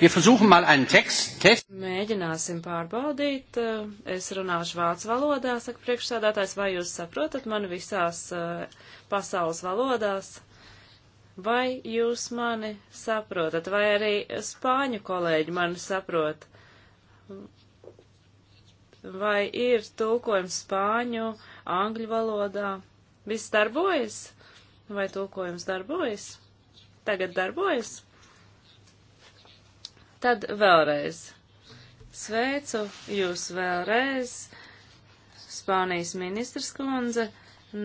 Wir versuchen mal einen Text. Test. Mēģināsim pārbaudīt. Eh, es runāšu vācu valodā, saka priekšsādātājs, vai jūs saprotat mani visās eh, pasaules valodās? Vai jūs mani saprotat, vai arī spāņu kolēģi mani saprot? Vai ir tulkojums spāņu, angļu valodā? Viss darbojas? Vai tulkojums darbojas? Tagad darbojas? Tad vēlreiz sveicu jūs vēlreiz, Spānijas ministrs kundze.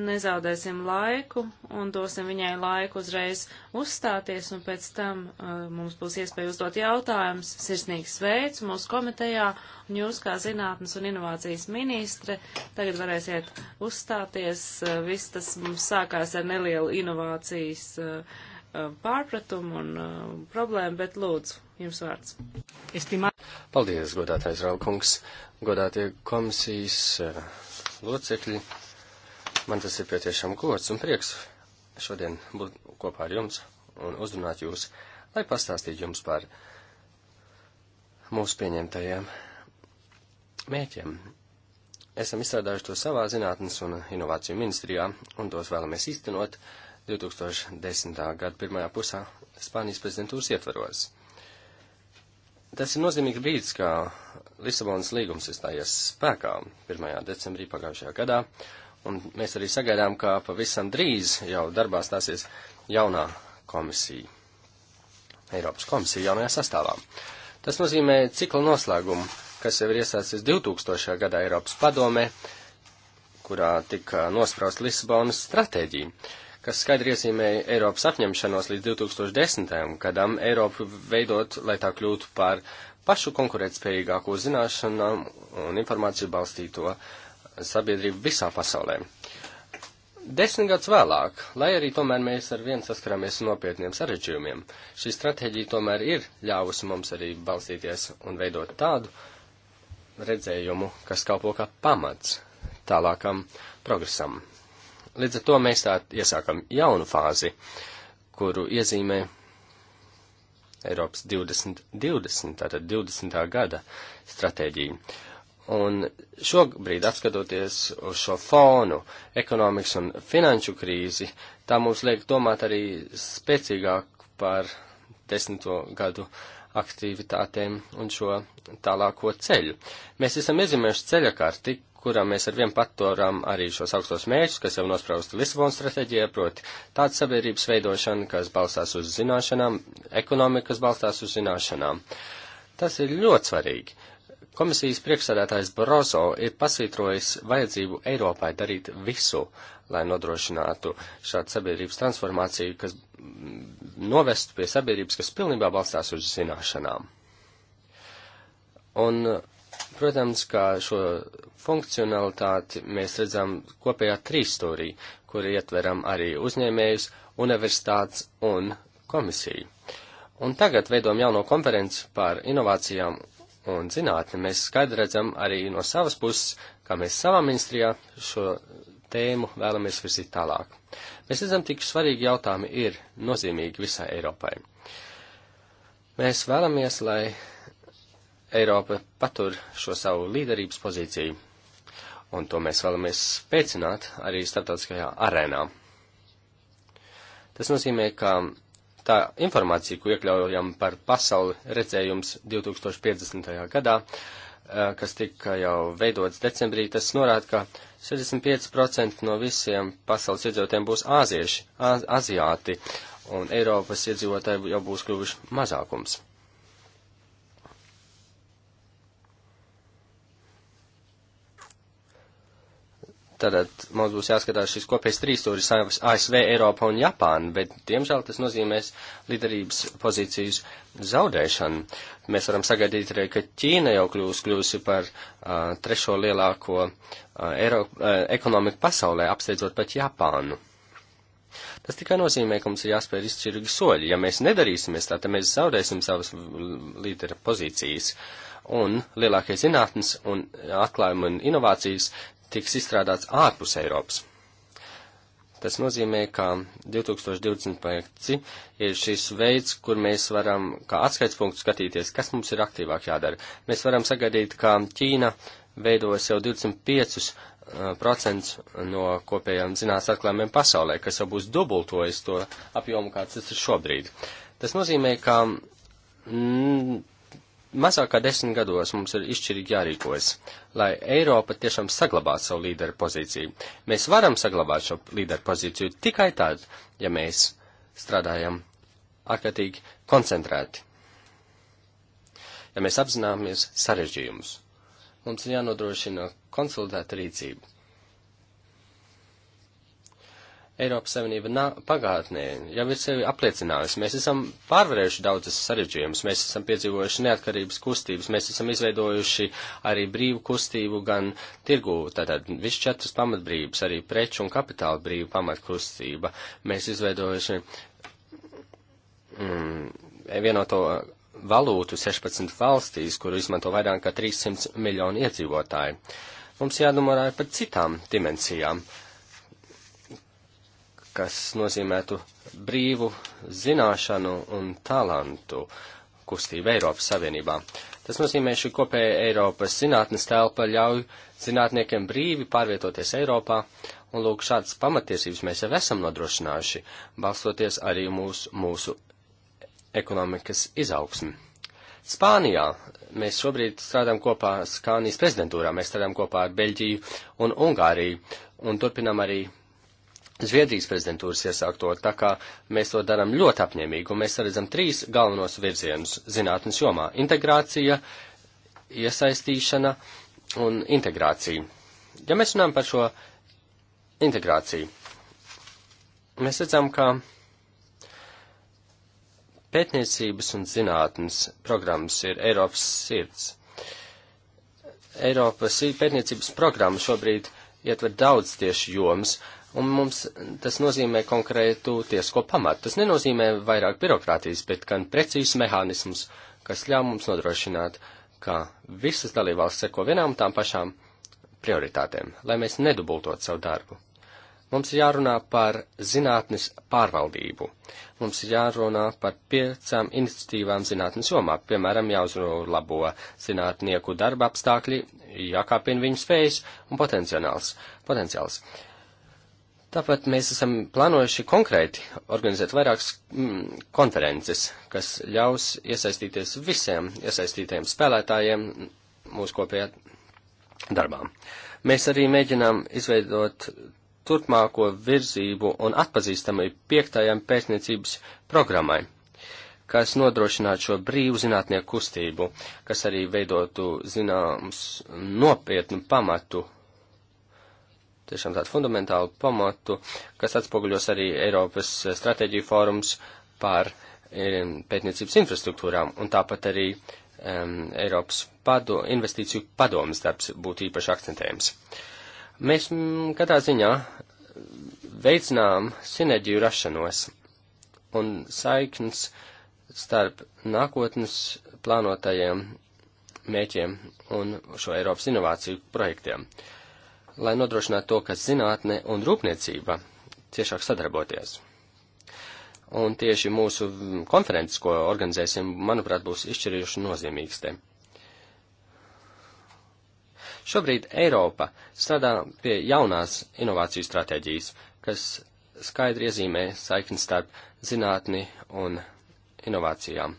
Nezaudēsim laiku un dosim viņai laiku uzreiz uzstāties, un pēc tam uh, mums būs iespēja uzdot jautājumus. Sirsnīgs sveicu mūsu komitejā, un jūs, kā zinātnes un inovācijas ministre, tagad varēsiet uzstāties. Uh, viss tas mums sākās ar nelielu inovācijas. Uh, Eh, pārpratumu un eh, problēmu, bet lūdzu, jums vārds. Estimā... Paldies, godātais Raukungs, godātie komisijas eh, locekļi. Man tas ir patiešām gods un prieks šodien būt kopā ar jums un uzrunāt jūs, lai pastāstītu jums par mūsu pieņemtajiem mēķiem. Esam izstrādājuši to savā zinātnes un inovāciju ministrijā, un tos vēlamies īstenot 2010. gada pirmajā pusā Spānijas prezidentūras ietvaros. Tas ir nozīmīgi brīdis, kā Lisabonas līgums izstājies spēkā 1. decembrī pagājušajā gadā, un mēs arī sagaidām, ka pavisam drīz jau darbā stāsies jaunā komisija, Eiropas komisija jaunajā sastāvā. Tas nozīmē cikla noslēgumu, kas jau ir iesācis 2000. gadā Eiropas padomē, kurā tika nospraust Lisabonas stratēģija kas skaidri iezīmēja Eiropas apņemšanos līdz 2010. gadam Eiropu veidot, lai tā kļūtu par pašu konkurētspējīgāko zināšanām un informāciju balstīto sabiedrību visā pasaulē. Desmit gadus vēlāk, lai arī tomēr mēs ar vienu saskaramies nopietniem sarežģījumiem, šī stratēģija tomēr ir ļāvusi mums arī balstīties un veidot tādu redzējumu, kas kalpo kā pamats tālākam progresam. Līdz ar to mēs tā iesākam jaunu fāzi, kuru iezīmē Eiropas 2020, tātad 20. gada stratēģija. Un šobrīd, atskatoties uz šo fonu, ekonomikas un finanšu krīzi, tā mums liek domāt arī spēcīgāk par desmito gadu aktivitātēm un šo tālāko ceļu. Mēs esam iezīmējuši ceļa karti, kurā mēs ar vien paturam arī šos augstos mērķus, kas jau nosprausti Lisabonas strateģijā, proti tāda sabiedrības veidošana, kas balstās uz zināšanām, ekonomika, kas balstās uz zināšanām. Tas ir ļoti svarīgi. Komisijas priekšsādātājs Barozo ir pasvītrojis vajadzību Eiropai darīt visu, lai nodrošinātu šādu sabiedrības transformāciju, kas novestu pie sabiedrības, kas pilnībā balstās uz zināšanām. Un Protams, kā šo funkcionalitāti mēs redzam kopējā trīsstūrī, kur ietveram arī uzņēmējus, universitātes un komisiju. Un tagad veidojam jauno konferenci par inovācijām un zinātni. Mēs skaidri redzam arī no savas puses, kā mēs savā ministrijā šo tēmu vēlamies virzīt tālāk. Mēs redzam, cik svarīgi jautājumi ir nozīmīgi visai Eiropai. Mēs vēlamies, lai Eiropa patur šo savu līderības pozīciju, un to mēs vēlamies spēcināt arī starptautiskajā arēnā. Tas nozīmē, ka tā informācija, ko iekļaujam par pasauli redzējums 2050. gadā, eh, kas tika jau veidots decembrī, tas norāda, ka 65% no visiem pasaules iedzīvotājiem būs āzieši, az, aziāti, un Eiropas iedzīvotāji jau būs kļuvuši mazākums. Tātad mums būs jāskatās šis kopējs trīstūris ASV, Eiropa un Japāna, bet, diemžēl, tas nozīmēs līderības pozīcijas zaudēšanu. Mēs varam sagaidīt arī, ka Ķīna jau kļūs, kļūsi par uh, trešo lielāko uh, Eiro, uh, ekonomiku pasaulē, apsteidzot pat Japānu. Tas tikai nozīmē, ka mums ir jāspēr izšķirīgi soļi. Ja mēs nedarīsimies tā, tad mēs zaudēsim savas līdera pozīcijas. Un lielākie zinātnes un atklājumi un inovācijas tiks izstrādāts ārpus Eiropas. Tas nozīmē, ka 2020 projekts ir šis veids, kur mēs varam kā atskaits punktu skatīties, kas mums ir aktīvāk jādara. Mēs varam sagaidīt, ka Ķīna veidos jau 25% uh, no kopējām zinātnes atklājumiem pasaulē, kas jau būs dubultojis to apjomu, kāds tas ir šobrīd. Tas nozīmē, ka mm, mazāk kā desmit gados mums ir izšķirīgi jārīkojas, lai Eiropa tiešām saglabātu savu līderu pozīciju. Mēs varam saglabāt šo līderu pozīciju tikai tad, ja mēs strādājam ārkārtīgi koncentrēti. Ja mēs apzināmies sarežģījumus, mums ir jānodrošina konsolidēta rīcība. Eiropas Savienība nā, pagātnē jau ir sevi apliecinājusi. Mēs esam pārvarējuši daudzas sarežģījumus, mēs esam piedzīvojuši neatkarības kustības, mēs esam izveidojuši arī brīvu kustību gan tirgū, tātad viss četras pamatbrības, arī preču un kapitāla brīvu pamatkustība. Mēs izveidojuši mm, vienoto valūtu 16 valstīs, kuru izmanto vairāk kā 300 miljonu iedzīvotāju. Mums jādomā arī par citām dimensijām. Uh, kas nozīmētu brīvu zināšanu un talantu kustību Eiropas Savienībā. Tas nozīmē, šī kopēja Eiropas zinātnes telpa ļauj zinātniekiem brīvi pārvietoties Eiropā, un lūk, šādas pamatiesības mēs jau esam nodrošinājuši, balstoties arī mūsu, mūsu ekonomikas izaugsmi. Spānijā mēs šobrīd strādājam kopā ar Skānijas prezidentūrā, mēs strādājam kopā ar Beļģiju un Ungāriju, un turpinam arī Zviedrijas prezidentūras iesākto, tā kā mēs to darām ļoti apņēmīgi, un mēs redzam trīs galvenos virzienus zinātnes jomā - integrācija, iesaistīšana un integrācija. Ja mēs runājam par šo integrāciju, mēs redzam, ka pētniecības un zinātnes programmas ir Eiropas sirds. Eiropas pētniecības programma šobrīd ietver daudz tieši jomas, uh, un mums tas nozīmē konkrētu tiesko pamatu. Tas nenozīmē vairāk birokrātijas, bet gan precīzs mehānismus, kas ļauj mums nodrošināt, ka visas dalībvalsts seko vienām un tām pašām prioritātēm, lai mēs nedubultot savu darbu. Mums ir jārunā par zinātnes pārvaldību. Mums ir jārunā par piecām iniciatīvām zinātnes jomā. Piemēram, jāuzlabo zinātnieku darba apstākļi, jākāpina viņu spējas un potenciāls. potenciāls. Uh, Tāpat mēs esam plānojuši konkrēti organizēt vairākas mm, konferences, kas ļaus iesaistīties visiem iesaistītajiem spēlētājiem mūsu kopējā darbā. Mēs arī mēģinām izveidot turpmāko virzību un atpazīstamību piektajam pētniecības programmai, kas nodrošinātu šo brīvu zinātnieku kustību, kas arī veidotu zināms nopietnu pamatu tiešām tādu fundamentālu pamatu, kas atspoguļos arī Eiropas stratēģiju fórums par pētniecības infrastruktūrām, un tāpat arī um, Eiropas pado, investīciju padomas darbs būtu īpaši akcentējams. Mēs mm, katrā ziņā veicinām sinerģiju rašanos un saiknes starp nākotnes plānotajiem mēķiem un šo Eiropas inovāciju projektiem. Uh, lai nodrošinātu to, ka zinātne un rūpniecība ciešāk sadarboties. Un tieši mūsu konferences, ko organizēsim, manuprāt, būs izšķirījuši nozīmīgs te. Šobrīd Eiropa strādā pie jaunās inovāciju stratēģijas, kas skaidri iezīmē saikni starp zinātni un inovācijām.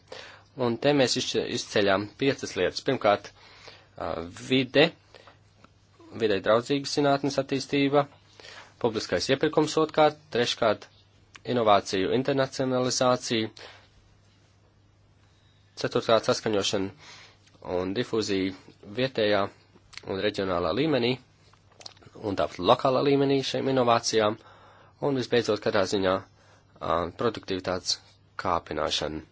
Un te mēs izceļām piecas lietas. Pirmkārt, vide, vidē draudzīgas zinātnes attīstība, publiskais iepirkums otrkārt, treškārt, inovāciju internacionalizācija, ceturtkārt, saskaņošana un difūzija vietējā un reģionālā līmenī, un tāpat lokālā līmenī šiem inovācijām, un visbeidzot, katrā ziņā, produktivitātes kāpināšana.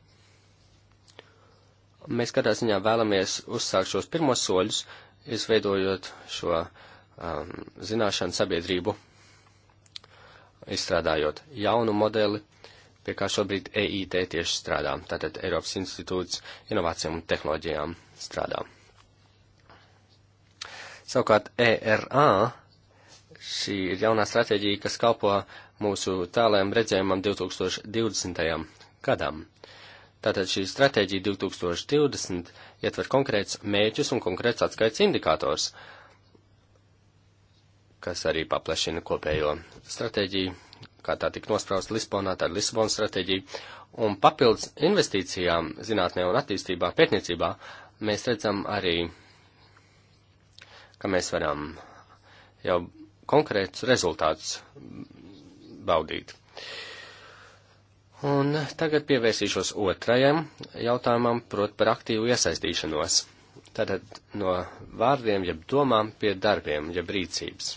Mēs katrā ziņā vēlamies uzsākt šos pirmos soļus, izveidojot šo um, zināšanu sabiedrību, izstrādājot jaunu modeli, pie kā šobrīd EIT tieši strādā, tātad Eiropas institūts inovācijām un tehnoloģijām strādā. Savukārt ERA šī ir jaunā stratēģija, kas kalpo mūsu tālēm redzējumam 2020. gadam. Tātad šī stratēģija 2020 ietver konkrēts mēķus un konkrēts atskaits indikators, kas arī paplašina kopējo stratēģiju, kā tā tika nospraust Lisbonā, tā ir Lisbonas stratēģija, un papildus investīcijām zinātnē un attīstībā, pētniecībā, mēs redzam arī, ka mēs varam jau konkrētus rezultātus baudīt. Uh, Un tagad pievērsīšos otrajam jautājumam, prot par aktīvu iesaistīšanos. Tātad no vārdiem, jeb domām pie darbiem, jeb rīcības.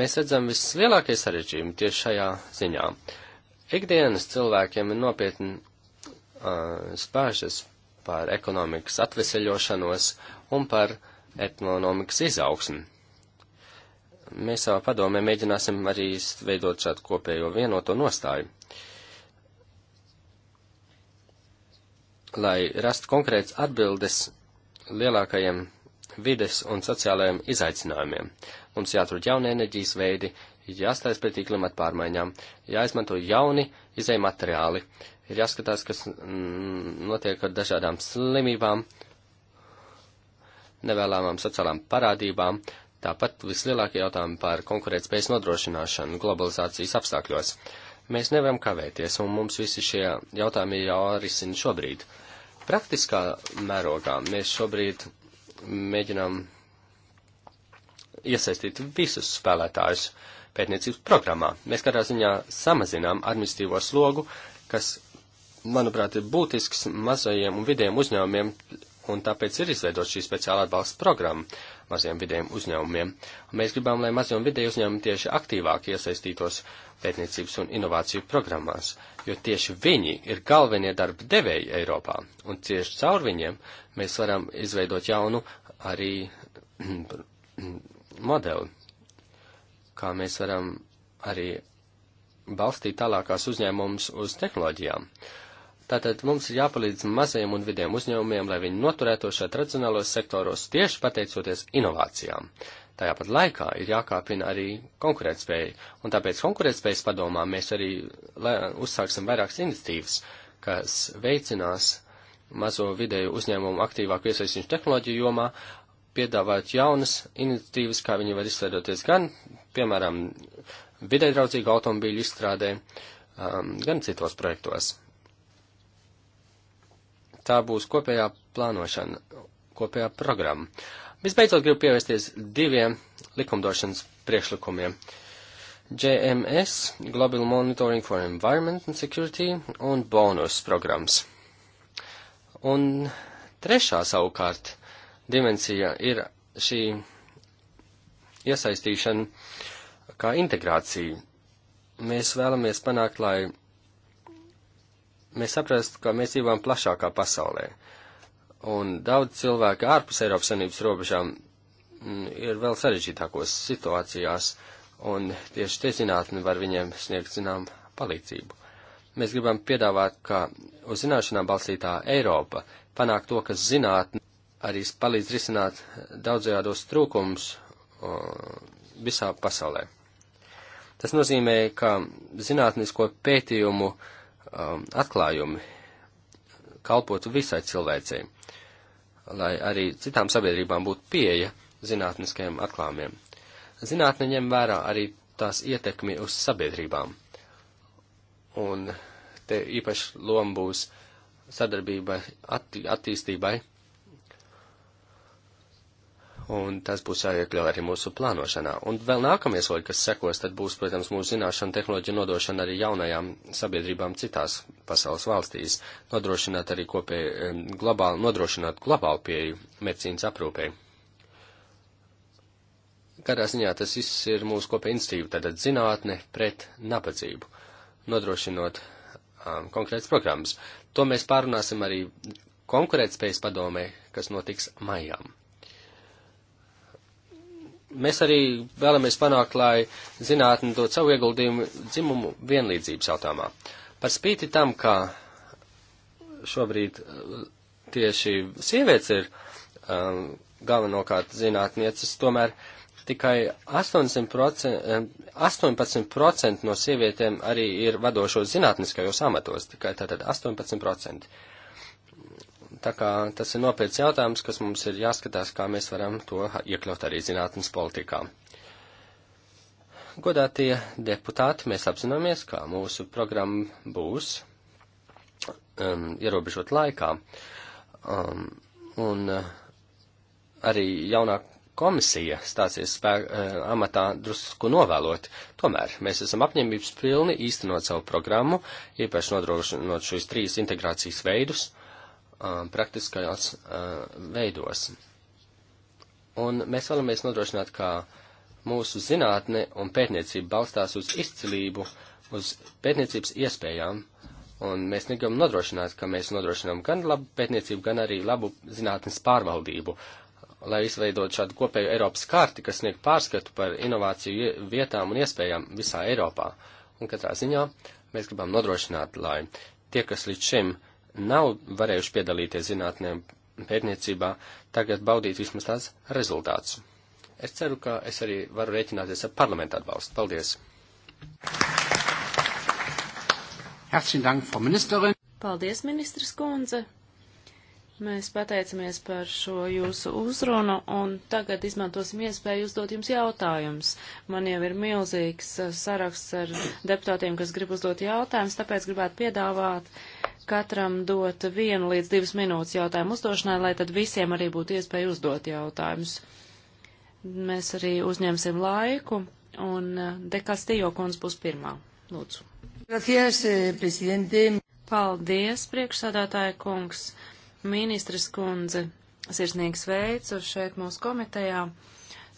Mēs redzam vislielākie sarežģījumi tieši šajā ziņā. Ikdienas cilvēkiem ir nopietni uh, spēšas par ekonomikas atveseļošanos un par ekonomikas izaugsmi mēs savā padomē mēģināsim arī veidot šādu kopējo vienoto nostāju, lai rastu konkrēts atbildes lielākajiem vides un sociālajiem izaicinājumiem. Mums jāatrod jauni enerģijas veidi, jāstājas pretī klimata pārmaiņām, jāizmanto jauni izēja materiāli, ir jāskatās, kas mm, notiek ar dažādām slimībām, nevēlāmām sociālām parādībām, Tāpat vislielākie jautājumi par konkurētspējas nodrošināšanu globalizācijas apstākļos. Mēs nevaram kavēties, un mums visi šie jautājumi ir jārisina šobrīd. Praktiskā mērogā mēs šobrīd mēģinām iesaistīt visus spēlētājus pētniecības programmā. Mēs katrā ziņā samazinām administīvo slogu, kas, manuprāt, ir būtisks mazajiem un vidējiem uzņēmumiem, un tāpēc ir izveidot šī speciāla atbalsta programma maziem vidējiem uzņēmumiem. Un mēs gribam, lai mazie un vidēji uzņēmumi tieši aktīvāk iesaistītos pētniecības un inovāciju programmās, jo tieši viņi ir galvenie darba devēji Eiropā, un tieši caur viņiem mēs varam izveidot jaunu arī modeli, kā mēs varam arī balstīt tālākās uzņēmumus uz tehnoloģijām. Uh, Tātad mums ir jāpalīdz mazajiem un vidiem uzņēmumiem, lai viņi noturētos šajā tradicionālos sektoros tieši pateicoties inovācijām. Tajāpat laikā ir jākāpina arī konkurētspēja, un tāpēc konkurētspējas padomā mēs arī uzsāksim vairākas iniciatīvas, kas veicinās mazo vidēju uzņēmumu aktīvāku iesaistīšanu tehnoloģiju jomā, piedāvāt jaunas iniciatīvas, kā viņi var izstrādāties gan, piemēram, vidē draudzīgu automobīļu izstrādē, um, gan citos projektos tā būs kopējā plānošana, kopējā programma. Visbeidzot, gribu pievērsties diviem likumdošanas priekšlikumiem. JMS, Global Monitoring for Environment and Security un bonus programmas. Un trešā savukārt dimensija ir šī iesaistīšana kā integrācija. Mēs vēlamies panākt, lai mēs saprastu, ka mēs dzīvojam plašākā pasaulē. Un daudz cilvēku ārpus Eiropas Savienības robežām mm, ir vēl sarežģītākos situācijās, un tieši te zinātni var viņiem sniegt zinām palīdzību. Mēs gribam piedāvāt, ka uz zināšanām balstītā Eiropa panāk to, ka zinātni arī palīdz risināt daudzajādos trūkums visā pasaulē. Tas nozīmē, ka zinātnisko pētījumu uh, um, atklājumi kalpotu visai cilvēcei, lai arī citām sabiedrībām būtu pieeja zinātniskajiem atklājumiem. Zinātne ņem vērā arī tās ietekmi uz sabiedrībām. Un te īpaši loma būs sadarbībai, atti, attīstībai un tas būs jāiekļauj arī mūsu plānošanā. Un vēl nākamie soļi, kas sekos, tad būs, protams, mūsu zināšanu tehnoloģiju nodošana arī jaunajām sabiedrībām citās pasaules valstīs, nodrošināt arī kopēju globālu, nodrošināt globālu pieeju medicīnas aprūpē. Kādā ziņā tas viss ir mūsu kopēja institīva, tātad zinātne pret nabadzību, nodrošinot um, konkrētas programmas. To mēs pārunāsim arī konkurētspējas padomē, kas notiks maijām mēs arī vēlamies panākt, lai zinātni dod savu ieguldījumu dzimumu vienlīdzības jautājumā. Par spīti tam, ka šobrīd uh, tieši sievietes ir um, galvenokārt zinātnieces, tomēr tikai 18%, 18% um, no sievietēm arī ir vadošos zinātniskajos amatos, tikai tātad 18%. Tā kā tas ir nopietns jautājums, kas mums ir jāskatās, kā mēs varam to iekļaut arī zinātnes politikā. Godātie deputāti, mēs apzināmies, kā mūsu programma būs um, ierobežot laikā. Um, un uh, arī jaunā komisija stāsies spēk, uh, amatā drusku novēlot. Tomēr mēs esam apņemības pilni īstenot savu programmu, īpaši nodrošinot šos trīs integrācijas veidus. Uh, Um, praktiskajos uh, veidos. Un mēs vēlamies nodrošināt, ka mūsu zinātne un pētniecība balstās uz izcilību, uz pētniecības iespējām, un mēs negribam nodrošināt, ka mēs nodrošinām gan labu pētniecību, gan arī labu zinātnes pārvaldību, lai izveidot šādu kopēju Eiropas karti, kas sniegt pārskatu par inovāciju vietām un iespējām visā Eiropā. Un katrā ziņā mēs gribam nodrošināt, lai tie, kas līdz šim uh, nav varējuši piedalīties zinātnē un pētniecībā, tagad baudīt vismaz tās rezultātus. Es ceru, ka es arī varu rēķināties ar parlamentu atbalstu. Paldies! Herzlichen Dank, Frau Ministerin! Paldies, ministrs kundze! Mēs pateicamies par šo jūsu uzrunu, un tagad izmantosim iespēju uzdot jums jautājumus. Man jau ir milzīgs uh, saraksts ar deputātiem, kas grib uzdot jautājumus, tāpēc gribētu piedāvāt katram dot vienu līdz divas minūtes jautājumu uzdošanai, lai tad visiem arī būtu iespēja uzdot jautājumus. Mēs arī uzņemsim laiku, un uh, Dekastījo kundze būs pirmā. Lūdzu. Gracias, eh, Paldies, priekšsādātāja kungs. Ministres kundze, sirsnīgi sveicu šeit mūsu komitejā.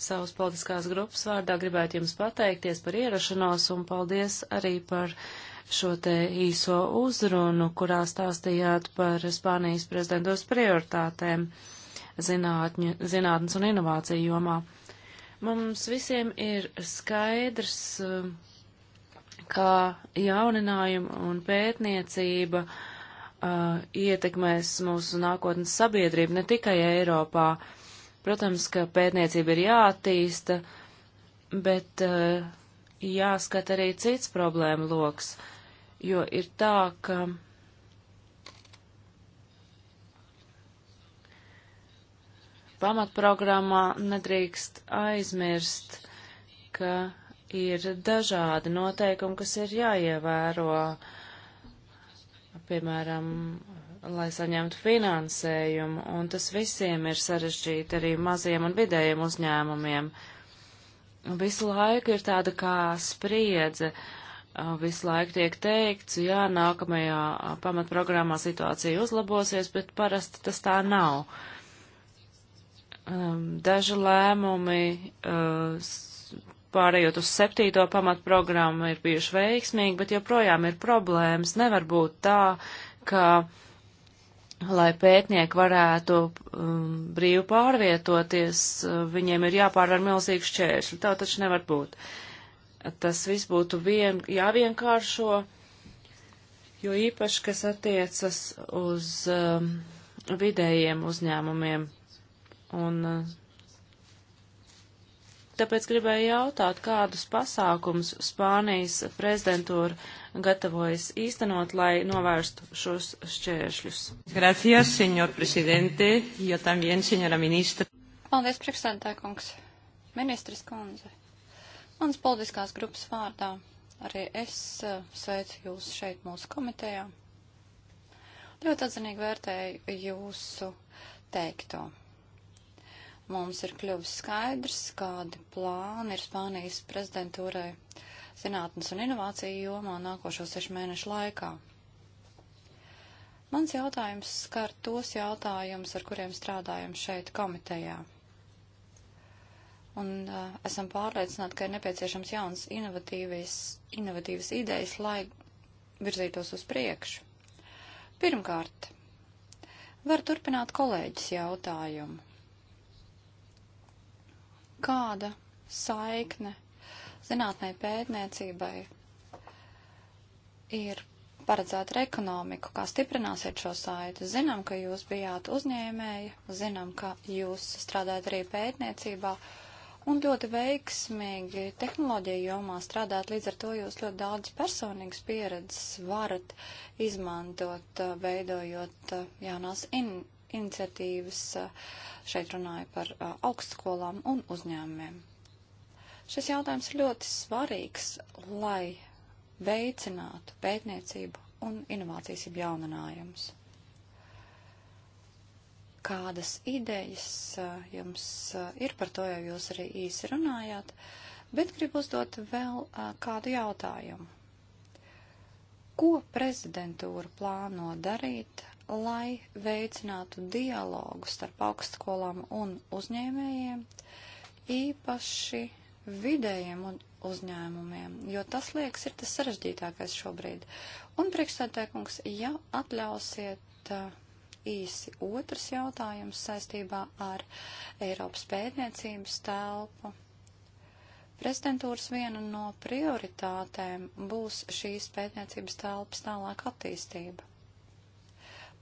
Savas politiskās grupas vārdā gribētu jums pateikties par ierašanos un paldies arī par šo te īso uzrunu, kurā stāstījāt par Spānijas prezidentos prioritātēm zinātņu, zinātnes un inovāciju jomā. Mums visiem ir skaidrs, eh, kā jauninājumi un pētniecība uh, uh, ietekmēs mūsu nākotnes sabiedrību ne tikai Eiropā. Protams, ka pētniecība ir jāattīsta, bet uh, jāskat arī cits problēma loks, jo ir tā, ka pamatprogrammā nedrīkst aizmirst, ka ir dažādi noteikumi, kas ir jāievēro. Uh, piemēram, lai saņemtu finansējumu, un tas visiem ir sarežģīti, arī maziem un vidējiem uzņēmumiem. Visu laiku ir tāda kā spriedze, uh, visu laiku tiek teikts, jā, nākamajā uh, pamatprogrammā situācija uzlabosies, bet parasti tas tā nav. Um, daži lēmumi uh, pārējot uz septīto pamatprogrammu, ir bijuši veiksmīgi, bet joprojām ir problēmas. Nevar būt tā, ka, lai pētnieki varētu um, brīvi pārvietoties, uh, viņiem ir jāpārvar milzīgs šķēršļi. Tā taču nevar būt. Tas viss būtu vien, jāvienkāršo, jo īpaši, kas attiecas uz um, vidējiem uzņēmumiem. Un, uh, Tāpēc gribēju jautāt, kādus pasākums Spānijas prezidentūra gatavojas īstenot, lai novērstu šos šķēršļus. Gracias, senor presidente, jo también, senora ministra. Paldies, priekšsēdētāj kungs. Ministris kundze. Mans politiskās grupas vārdā arī es eh, sveicu jūs šeit mūsu komitejā. Ļoti atzinīgi vērtēju jūsu teikto. Mums ir kļuvis skaidrs, kādi plāni ir Spānijas prezidentūrai zinātnes un inovāciju jomā nākošo sešu mēnešu laikā. Mans jautājums skar tos jautājumus, ar kuriem strādājam šeit komitejā. Un uh, esam pārliecināti, ka ir nepieciešams jauns inovatīvas idejas, lai virzītos uz priekšu. Pirmkārt, var turpināt kolēģis jautājumu kāda saikne zinātnē pētniecībai ir paredzēta ar ekonomiku, kā stiprināsiet šo saiti. Zinām, ka jūs bijāt uzņēmēji, zinām, ka jūs strādājat arī pētniecībā un ļoti veiksmīgi tehnoloģija jomā strādāt, līdz ar to jūs ļoti daudz personīgas pieredzes varat izmantot, veidojot uh, jaunās in iniciatīvas. Eh, šeit runāju par eh, augstskolām un uzņēmumiem. Šis jautājums ir ļoti svarīgs, lai veicinātu pētniecību un inovācijas jauninājumus. Kādas idejas eh, jums ir par to, jau jūs arī īsi runājāt, bet gribu uzdot vēl kādu jautājumu ko prezidentūra plāno darīt, lai veicinātu dialogu starp augstskolām un uzņēmējiem, īpaši vidējiem un uzņēmumiem, jo tas, liekas, ir tas sarežģītākais šobrīd. Un priekšstādēkungs, ja atļausiet uh, īsi otrs jautājums saistībā ar Eiropas pētniecības telpu. Prezidentūras viena no prioritātēm būs šīs pētniecības telpas tālāk attīstība.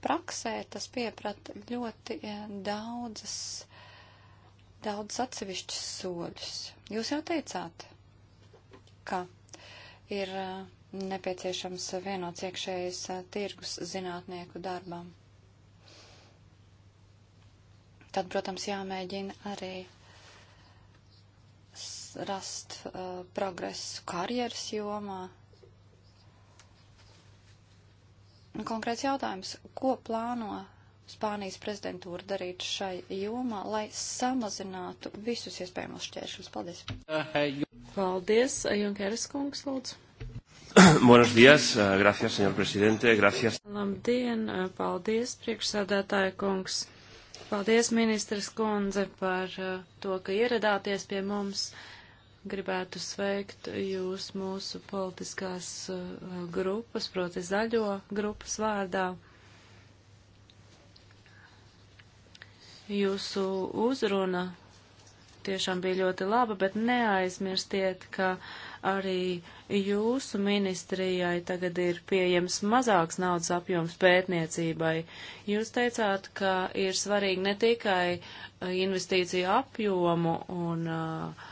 Praksē tas pieprata ļoti e, daudzas, daudzas atsevišķas soļus. Jūs jau teicāt, ka ir e, nepieciešams vienots iekšējais e, tirgus zinātnieku darbam. Tad, protams, jāmēģina arī rast uh, progresu karjeras jomā, Konkrēts jautājums, ko plāno Spānijas prezidentūra darīt šai jomā, lai samazinātu visus iespējamos šķēršļus? Paldies! Uh, paldies, Junkeris kungs, lūdzu! Buenos días, uh, gracias, señor presidente, gracias. Labdien, uh, paldies, priekšsādātāja kungs. Paldies, ministrs kundze, par to, ka ieradāties pie mums. Uh, gribētu sveikt jūs mūsu politiskās uh, grupas, proti zaļo grupas vārdā. Jūsu uzruna tiešām bija ļoti laba, bet neaizmirstiet, ka arī jūsu ministrijai tagad ir pieejams mazāks naudas apjoms pētniecībai. Jūs teicāt, ka ir svarīgi ne tikai uh, investīciju apjomu un uh,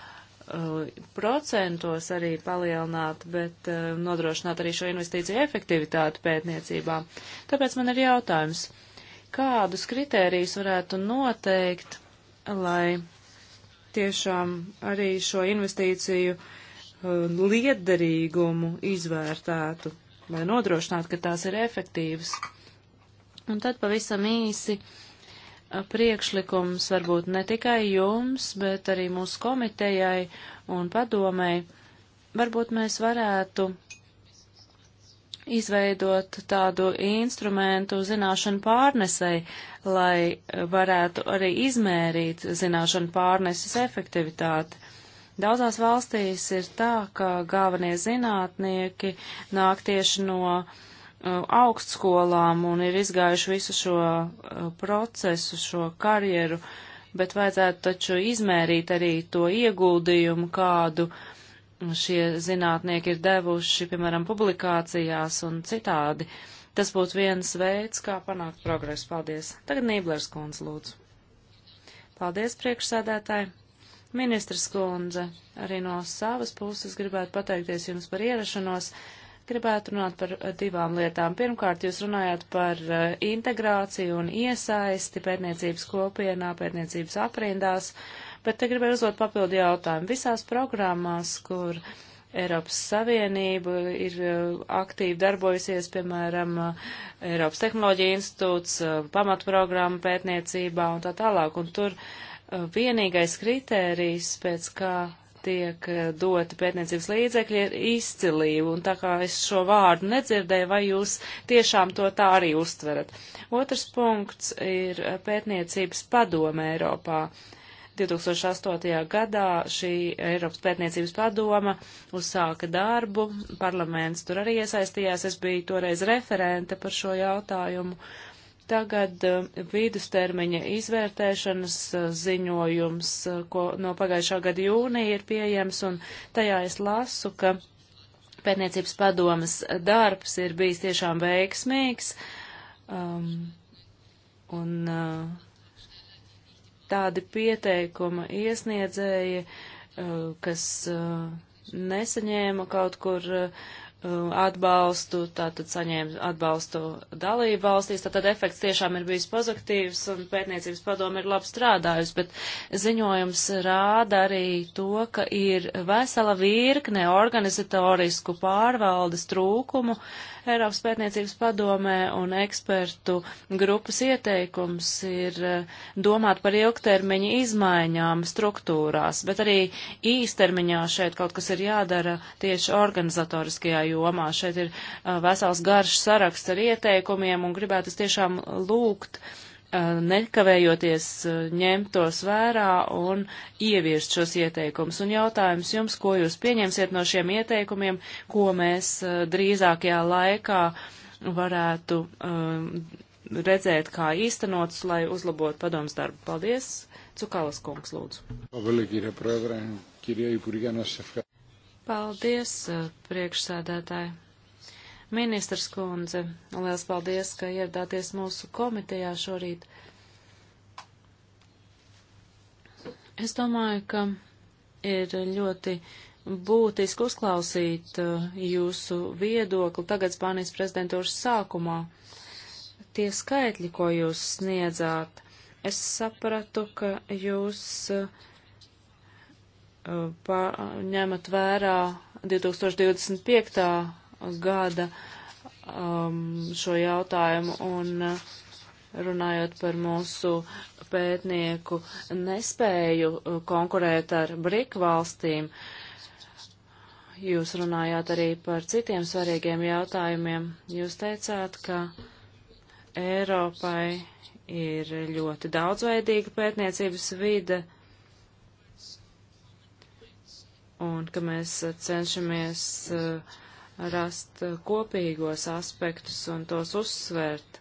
Uh, procentos arī palielināt, bet uh, nodrošināt arī šo investīciju efektivitāti pētniecībā. Tāpēc man ir jautājums, kādus kritērijus varētu noteikt, lai tiešām arī šo investīciju uh, liederīgumu izvērtētu, lai nodrošinātu, ka tās ir efektīvas. Un tad pavisam īsi uh, priekšlikums varbūt ne tikai jums, bet arī mūsu komitejai un padomei. Varbūt mēs varētu izveidot tādu instrumentu zināšanu pārnesei, lai varētu arī izmērīt zināšanu pārneses efektivitāti. Daudzās valstīs ir tā, ka galvenie zinātnieki nāk tieši no uh, Uh, augstskolām un ir izgājuši visu šo uh, procesu, šo karjeru, bet vajadzētu taču izmērīt arī to ieguldījumu, kādu šie zinātnieki ir devuši, piemēram, publikācijās un citādi. Tas būtu viens veids, kā panākt progresu. Paldies. Tagad Nīblers kundze, lūdzu. Paldies, priekšsēdētāji. Ministrs kundze, arī no savas puses gribētu pateikties jums par ierašanos. Gribētu runāt par eh, divām lietām. Pirmkārt, jūs runājāt par eh, integrāciju un iesaisti pētniecības kopienā, pētniecības aprindās, bet te gribēju uzdot papildu jautājumu. Visās programmās, kur Eiropas Savienība ir eh, aktīvi darbojusies, piemēram, Eiropas Tehnoloģija institūts, pamatprogramma pētniecībā un tā tālāk. Un tur vienīgais kritērijs, pēc kā tiek eh, doti pētniecības līdzekļi ir izcilība, un tā kā es šo vārdu nedzirdēju, vai jūs tiešām to tā arī uztverat. Otrs punkts ir eh, pētniecības padome Eiropā. 2008. gadā šī Eiropas pētniecības padoma uzsāka darbu, parlaments tur arī iesaistījās, es biju toreiz referente par šo jautājumu. Uh, Tagad eh, vidustermiņa izvērtēšanas eh, ziņojums, eh, ko no pagājušā gada jūnija ir pieejams, un tajā es lasu, ka pētniecības padomas darbs ir bijis tiešām veiksmīgs, um, un uh, tādi pieteikuma iesniedzēji, uh, kas uh, nesaņēma kaut kur uh, atbalstu, tātad saņēma atbalstu dalību valstīs, tātad efekts tiešām ir bijis pozitīvs un pētniecības padomu ir labi strādājusi, bet ziņojums rāda arī to, ka ir vesela virkne organizatorisku pārvaldes trūkumu, uh, Eiropas pētniecības padomē un ekspertu grupas ieteikums ir eh, domāt par ilgtermiņa izmaiņām struktūrās, bet arī īstermiņā šeit kaut kas ir jādara tieši organizatoriskajā jomā. Šeit ir eh, vesels garš saraksts ar ieteikumiem un gribētu es tiešām lūgt uh, Uh, nekavējoties uh, ņemt tos vērā un ieviest šos ieteikumus. Un jautājums jums, ko jūs pieņemsiet no šiem ieteikumiem, ko mēs uh, drīzākajā laikā varētu um, redzēt, kā īstenots, lai uzlabotu padomus darbu. Paldies! Cukalas kungs, lūdzu. Paldies, priekšsēdētāji! Ministrs kundze, liels paldies, ka ieradāties mūsu komitejā šorīt. Es domāju, ka ir ļoti būtiski uzklausīt uh, jūsu viedokli tagad Spānijas prezidentūras sākumā. Tie skaitļi, ko jūs sniedzāt, es sapratu, ka jūs uh, ņemat vērā 2025 gada um, šo jautājumu un uh, runājot par mūsu pētnieku nespēju uh, konkurēt ar BRIK valstīm. Jūs runājāt arī par citiem svarīgiem jautājumiem. Jūs teicāt, ka Eiropai ir ļoti daudzveidīga pētniecības vide un ka mēs uh, cenšamies uh, rast eh, kopīgos aspektus un tos uzsvērt,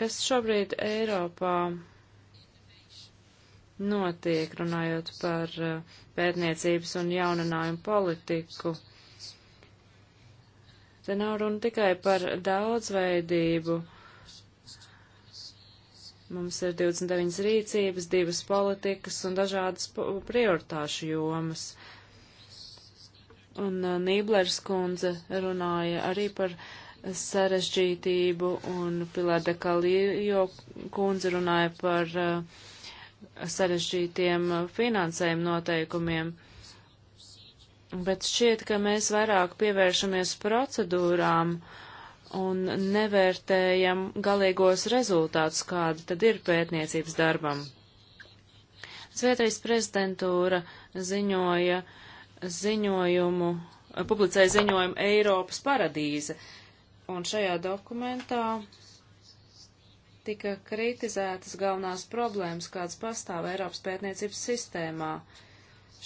kas šobrīd Eiropā notiek, runājot par eh, pētniecības un jauninājumu politiku. Te nav runa tikai par daudzveidību. Mums ir 29 rīcības, divas politikas un dažādas prioritāšu jomas. Uh, Un uh, Nīblers kundze runāja arī par sarežģītību, un Pilāda Kalījo kundze runāja par uh, sarežģītiem uh, finansējuma noteikumiem. Bet šķiet, ka mēs vairāk pievēršamies procedūrām un nevērtējam galīgos rezultātus, kādi tad ir pētniecības darbam. Zviedrijas prezidentūra ziņoja uh, ziņojumu, publicēja ziņojumu Eiropas paradīze. Un šajā dokumentā tika kritizētas galvenās problēmas, kādas pastāv Eiropas pētniecības sistēmā.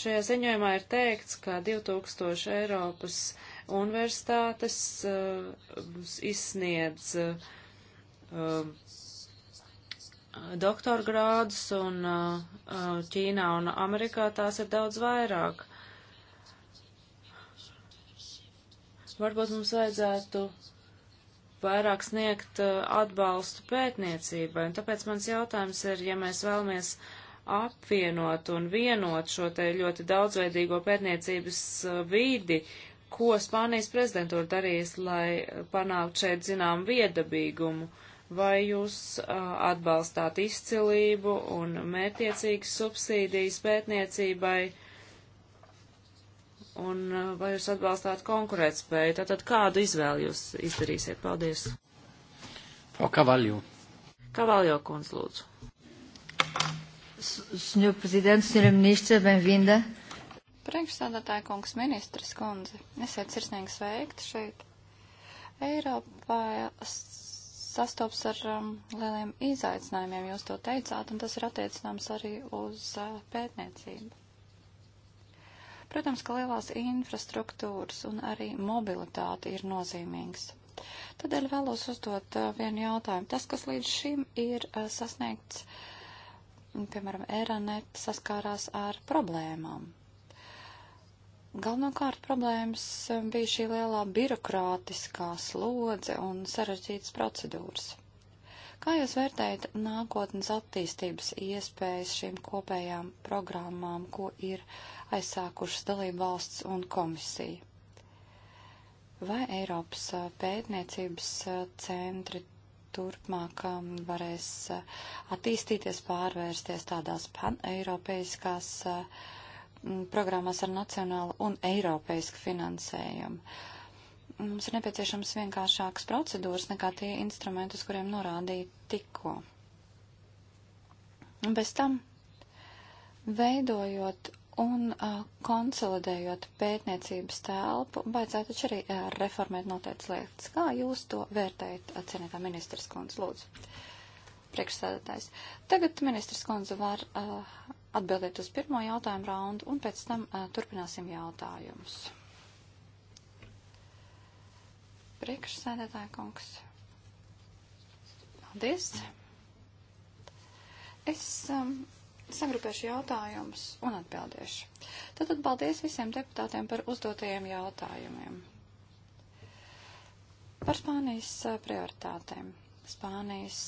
Šajā ziņojumā ir teikts, ka 2000 Eiropas universitātes uh, izsniedz uh, doktora grādus, un uh, uh, Ķīnā un Amerikā tās ir daudz vairāk. Varbūt mums vajadzētu vairāk sniegt uh, atbalstu pētniecībai, un tāpēc mans jautājums ir, ja mēs vēlamies apvienot un vienot šo te ļoti daudzveidīgo pētniecības uh, vīdi, ko Spānijas prezidentūra darīs, lai panāktu šeit zinām viedabīgumu, vai jūs uh, atbalstāt izcilību un mērtiecīgas subsīdijas pētniecībai? un uh, vai jūs atbalstāt konkurētspēju? Tātad kādu izvēli jūs izdarīsiet? Paldies. Frau Kavaljo. Kavaljo kundz, lūdzu. Sņu prezidents, sņu ministra, benvinda. Priekšsādātāja kungs, ministrs kundze, esiet sirsnīgi sveikti šeit. Eiropā sastops ar um, lieliem izaicinājumiem, jūs to teicāt, un tas ir attiecināms arī uz uh, pētniecību. Protams, ka lielās infrastruktūras un arī mobilitāte ir nozīmīgs. Tādēļ vēlos uzdot uh, vienu jautājumu. Tas, kas līdz šim ir uh, sasniegts, piemēram, Eranet, saskārās ar problēmām. Galvenokārt problēmas um, bija šī lielā birokrātiskā slodze un sarežģītas procedūras. Kā jūs vērtējat nākotnes attīstības iespējas šīm kopējām programmām, ko ir uh, aizsākušas dalību valsts un komisija. Vai Eiropas uh, pētniecības uh, centri turpmāk um, varēs uh, attīstīties, pārvērsties tādās paneiropeiskās programmās ar nacionālu un eiropeisku finansējumu? Mums ir nepieciešams vienkāršākas procedūras nekā tie instrumenti, uz kuriem norādīja tikko. Un bez tam, veidojot Un uh, konsolidējot pētniecības telpu, vajadzētu taču arī uh, reformēt noteikts lietas. Kā jūs to vērtējat, cienītā ministras kundze, lūdzu? Priekšsēdētājs. Tagad ministras kundze var uh, atbildēt uz pirmo jautājumu raundu, un pēc tam uh, turpināsim jautājumus. Priekšsēdētāja kungs. Paldies. Es um, sagrupēšu jautājumus un atbildēšu. Tātad paldies visiem deputātiem par uzdotajiem jautājumiem. Par Spānijas prioritātēm. Spānijas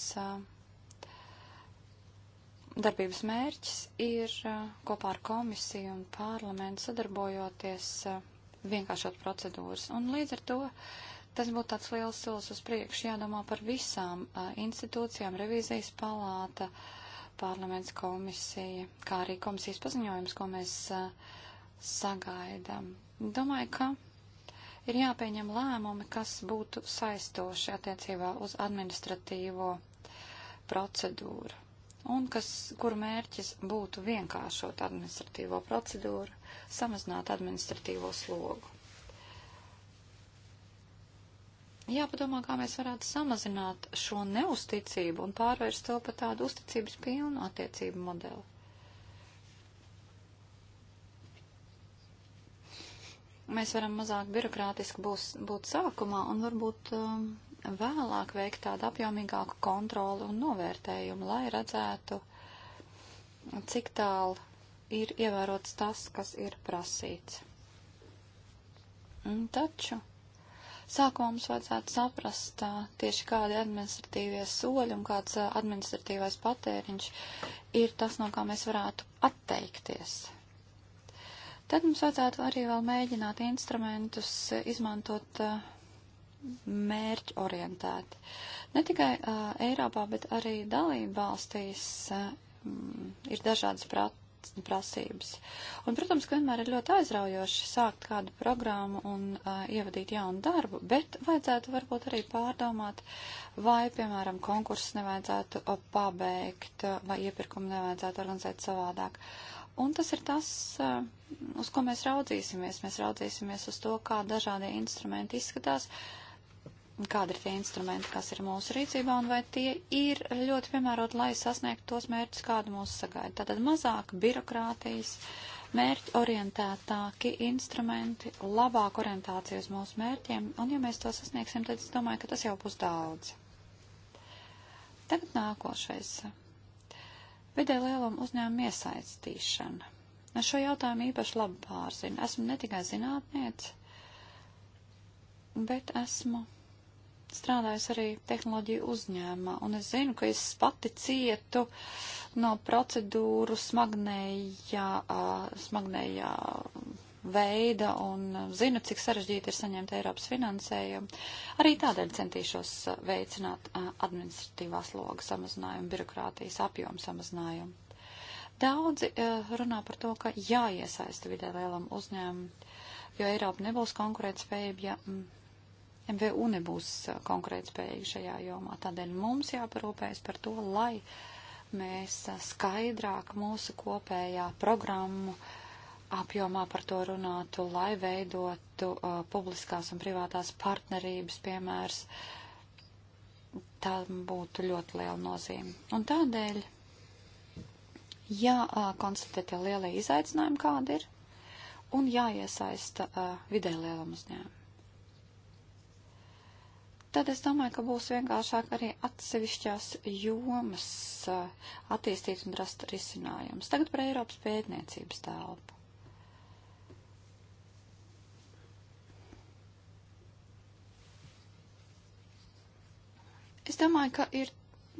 darbības mērķis ir kopā ar komisiju un parlamentu sadarbojoties vienkāršot procedūras. Un līdz ar to tas būtu tāds liels solis uz priekšu jādomā par visām a, institūcijām, revīzijas palāta, uh, parlaments komisija, kā arī komisijas paziņojums, ko mēs sagaidām. Domāju, ka ir jāpieņem lēmumi, kas būtu saistoši attiecībā uz administratīvo procedūru un kas, kur mērķis būtu vienkāršot administratīvo procedūru, samazināt administratīvo slogu jāpadomā, kā mēs varētu samazināt šo neusticību un pārvērst to par tādu uzticības pilnu attiecību modeli. Mēs varam mazāk birokrātiski būs, būt sākumā un varbūt um, vēlāk veikt tādu apjomīgāku kontroli un novērtējumu, lai redzētu, cik tālu ir ievērots tas, kas ir prasīts. Un taču Sākumā mums vajadzētu saprast uh, tieši kādi administratīvie soļi un kāds uh, administratīvais patēriņš ir tas, no kā mēs varētu atteikties. Tad mums vajadzētu arī vēl mēģināt instrumentus izmantot uh, mērķi orientēti. Ne tikai uh, Eiropā, bet arī dalību valstīs uh, ir dažādas prat prasības. Un, protams, ka vienmēr ir ļoti aizraujoši sākt kādu programmu un uh, ievadīt jaunu darbu, bet vajadzētu varbūt arī pārdomāt, vai, piemēram, konkursus nevajadzētu uh, pabeigt, uh, vai iepirkumu nevajadzētu organizēt savādāk. Un tas ir tas, uh, uz ko mēs raudzīsimies. Mēs raudzīsimies uz to, kā dažādie instrumenti izskatās, uh, kāda ir tie instrumenti, kas ir mūsu rīcībā, un vai tie ir ļoti piemēroti, lai sasniegtu tos mērķus, kādu mūs sagaida. Tātad mazāk birokrātijas, mērķi orientētāki instrumenti, labāk orientācija uz mūsu mērķiem, un ja mēs to sasniegsim, tad es domāju, ka tas jau būs daudz. Tagad nākošais. Vidē lieluma uzņēmuma iesaistīšana. Es šo jautājumu īpaši labi pārzinu. Esmu ne tikai zinātniece, bet esmu strādājusi arī tehnoloģiju uzņēmumā, un es zinu, ka es pati cietu no procedūru smagnējā, smagnējā veida un zinu, cik sarežģīti ir saņemt Eiropas finansējumu. Arī tādēļ centīšos veicināt administratīvās logas samazinājumu, birokrātijas apjomu samazinājumu. Daudzi runā par to, ka jāiesaista vidē lielam uzņēmumam, jo Eiropa nebūs konkurētspējība, ja MVU nebūs uh, konkurētspējīgi šajā jomā. Tādēļ mums jāparūpējas par to, lai mēs uh, skaidrāk mūsu kopējā programmu apjomā par to runātu, lai veidotu uh, publiskās un privātās partnerības piemērs. Tā būtu ļoti liela nozīme. Un tādēļ, jā, uh, konstatē tie lielie izaicinājumi, kāda ir, un jāiesaista uh, vidē lielam uzņēmumam tad es domāju, ka būs vienkāršāk arī atsevišķās jomas eh, attīstīt un rast risinājumus. Tagad par Eiropas pētniecības telpu. Es domāju, ka ir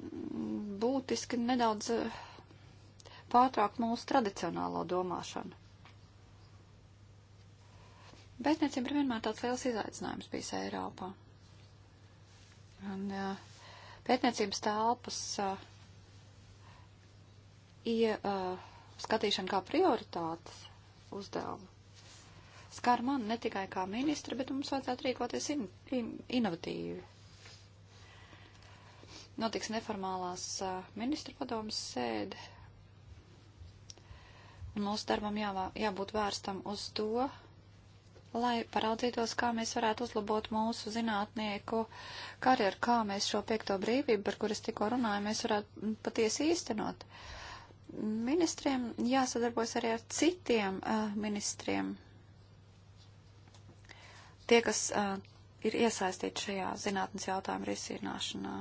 mm, būtiski nedaudz eh, pārtraukt mūsu tradicionālo domāšanu. Pētniecība ir vienmēr tāds liels izaicinājums bijis Eiropā. Un uh, pētniecības telpas uh, ie, uh, skatīšana kā prioritātes uzdevumu skar man ne tikai kā ministra, bet mums vajadzētu rīkoties in, in, inovatīvi. Notiks neformālās uh, ministra padomas sēde. Un mūsu darbam jā, jābūt vērstam uz to, lai paraudzītos, kā mēs varētu uzlabot mūsu zinātnieku karjeru, kā mēs šo piekto brīvību, par kuras tikko runāju, mēs varētu mm, patiesi īstenot. Ministriem jāsadarbojas arī ar citiem uh, ministriem. Tie, kas uh, ir iesaistīti šajā zinātnes jautājuma risināšanā.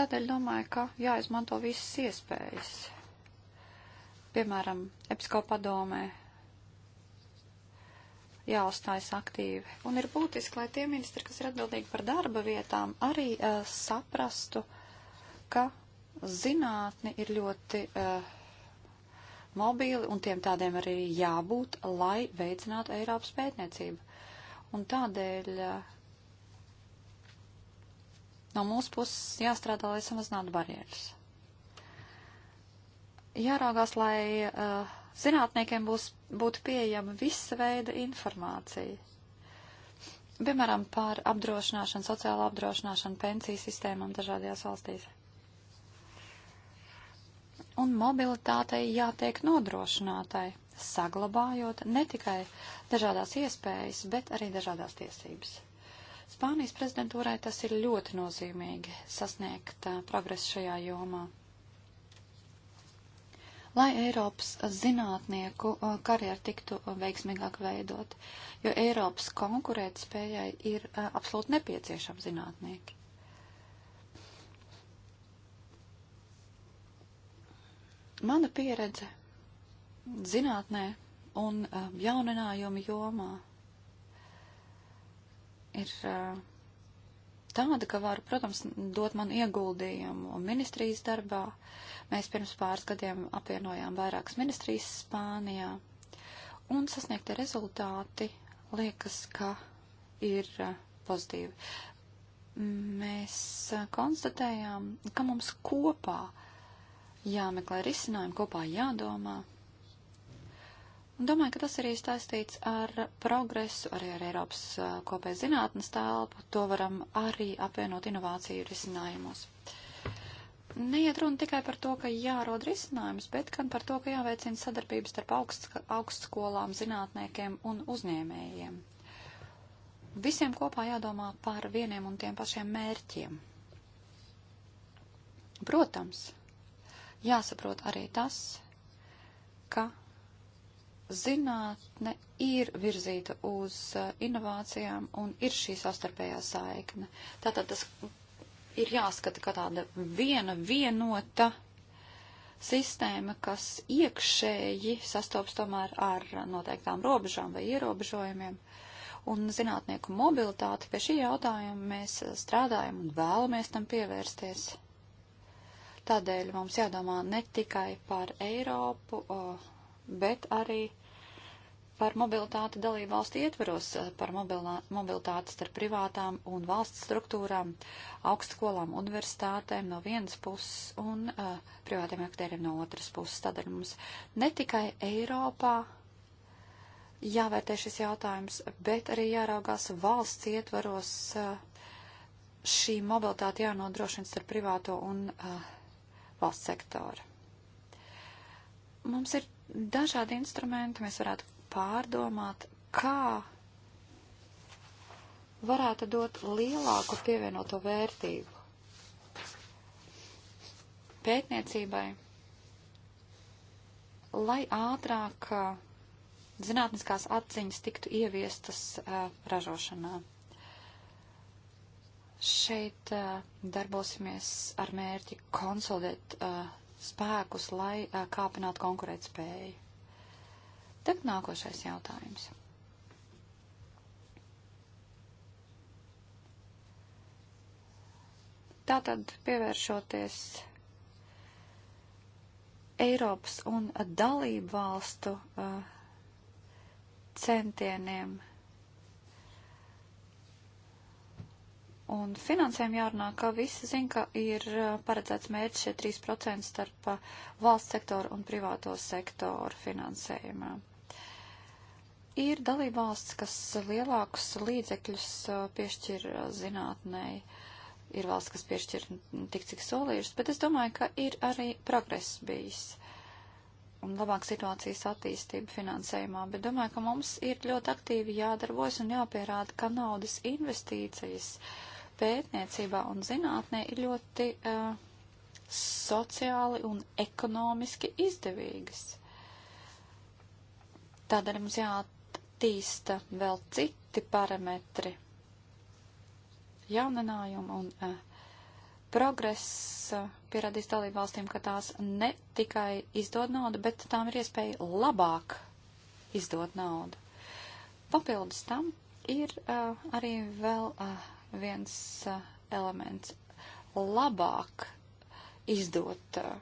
Tādēļ domāju, ka jāizmanto visas iespējas. Piemēram, EPSCO padomē jāuzstājas aktīvi. Un ir būtiski, lai tie ministri, kas ir atbildīgi par darba vietām, arī uh, saprastu, ka zinātni ir ļoti uh, mobīli un tiem tādiem arī jābūt, lai veicinātu Eiropas pētniecību. Un tādēļ uh, no mūsu puses jāstrādā, lai samazinātu barjeras. Jārāgās, lai uh, zinātniekiem būs, būtu pieejama visa veida informācija. Piemēram, par apdrošināšanu, sociālo apdrošināšanu, pensiju sistēmām dažādajās valstīs. Un mobilitātei jātiek nodrošinātai, saglabājot ne tikai dažādās iespējas, bet arī dažādās tiesības. Spānijas prezidentūrai tas ir ļoti nozīmīgi sasniegt uh, progresu šajā jomā lai Eiropas zinātnieku uh, karjeru tiktu uh, veiksmīgāk veidot, jo Eiropas konkurētspējai ir uh, absolūti nepieciešami zinātnieki. Mana pieredze zinātnē un jauninājumu jomā ir uh, tāda, ka varu, protams, dot manu ieguldījumu ministrijas darbā. Mēs pirms pāris gadiem apvienojām vairākas ministrijas Spānijā, un sasniegtie rezultāti liekas, ka ir eh, pozitīvi. Mēs eh, konstatējām, ka mums kopā jāmeklē risinājumi, kopā jādomā Domāju, ka tas arī saistīts ar progresu, arī ar Eiropas kopēju zinātnes telpu. To varam arī apvienot inovāciju risinājumos. Neiet runa tikai par to, ka jārod risinājums, bet gan par to, ka jāveicina sadarbības starp augst, augstskolām, zinātniekiem un uzņēmējiem. Visiem kopā jādomā par vieniem un tiem pašiem mērķiem. Protams, jāsaprot arī tas, ka zinātne ir virzīta uz eh, inovācijām un ir šī sastarpējā saikne. Tātad tas ir jāskata kā tāda viena vienota sistēma, kas iekšēji sastopas tomēr ar noteiktām robežām vai ierobežojumiem. Un zinātnieku mobilitāti pie šī jautājuma mēs strādājam un vēlamies tam pievērsties. Tādēļ mums jādomā ne tikai par Eiropu, eh, bet arī par par mobilitāti dalību valstu ietveros, eh, par mobilā, mobilitāti starp privātām un valsts struktūrām, augstskolām, universitātēm no vienas puses un uh, privātiem aktieriem no otras puses. Tādēļ mums ne tikai Eiropā jāvērtē šis jautājums, bet arī jāraugās valsts ietvaros uh, šī mobilitāte jānodrošina starp privāto un uh, valsts sektoru. Mums ir dažādi instrumenti, mēs varētu pārdomāt, kā varētu dot lielāku pievienoto vērtību pētniecībai, lai ātrāk uh, zinātniskās atziņas tiktu ieviestas uh, ražošanā. Šeit uh, darbosimies ar mērķi konsolidēt uh, spēkus, lai uh, kāpinātu konkurētspēju. Tagad nākošais jautājums. Tātad pievēršoties Eiropas un dalību valstu uh, centieniem un finansēm jārunā, ka visi zin, ka ir eh, paredzēts mērķis šie 3% starp eh, valsts sektoru un privāto sektoru finansējumā. Ir dalībvalsts, kas lielākus līdzekļus uh, piešķir uh, zinātnēji, ir valsts, kas piešķir tik, cik solījušas, bet es domāju, ka ir arī progress bijis un labāk situācijas attīstība finansējumā, bet domāju, ka mums ir ļoti aktīvi jādarbojas un jāpierāda, ka naudas investīcijas pētniecībā un zinātnē ir ļoti uh, sociāli un ekonomiski izdevīgas. Tādēļ mums jāt jātīsta vēl citi parametri, jauninājumi un uh, progress uh, pierādīs dalību valstīm, ka tās ne tikai izdod naudu, bet tām ir iespēja labāk izdot naudu. Papildus tam ir uh, arī vēl uh, viens uh, elements - labāk izdot uh,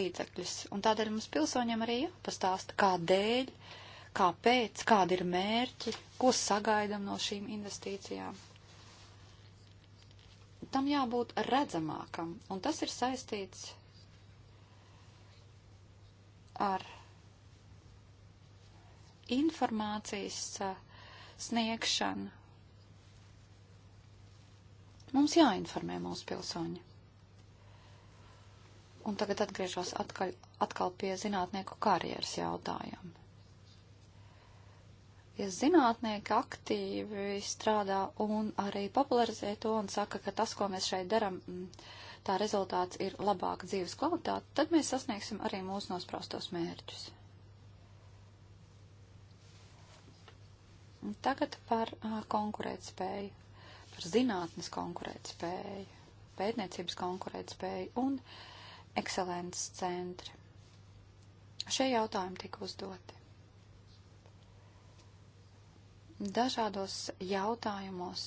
līdzekļus. Un tādēļ mums pilsoņiem arī jāpastāsta, kādēļ uh, kāpēc, kādi ir mērķi, ko sagaidam no šīm investīcijām. Tam jābūt redzamākam, un tas ir saistīts ar informācijas uh, sniegšanu. Mums jāinformē mūsu pilsoņi. Un tagad atgriežos atkal, atkal pie zinātnieku karjeras jautājumu ja zinātnieki aktīvi strādā un arī popularizē to un saka, ka tas, ko mēs šeit daram, mm, tā rezultāts ir labāka dzīves kvalitāte, tad mēs sasniegsim arī mūsu nospraustos mērķus. Tagad par konkurētspēju, par zinātnes konkurētspēju, pētniecības konkurētspēju un ekscelences centri. Šie jautājumi tika uzdoti. Dažādos jautājumos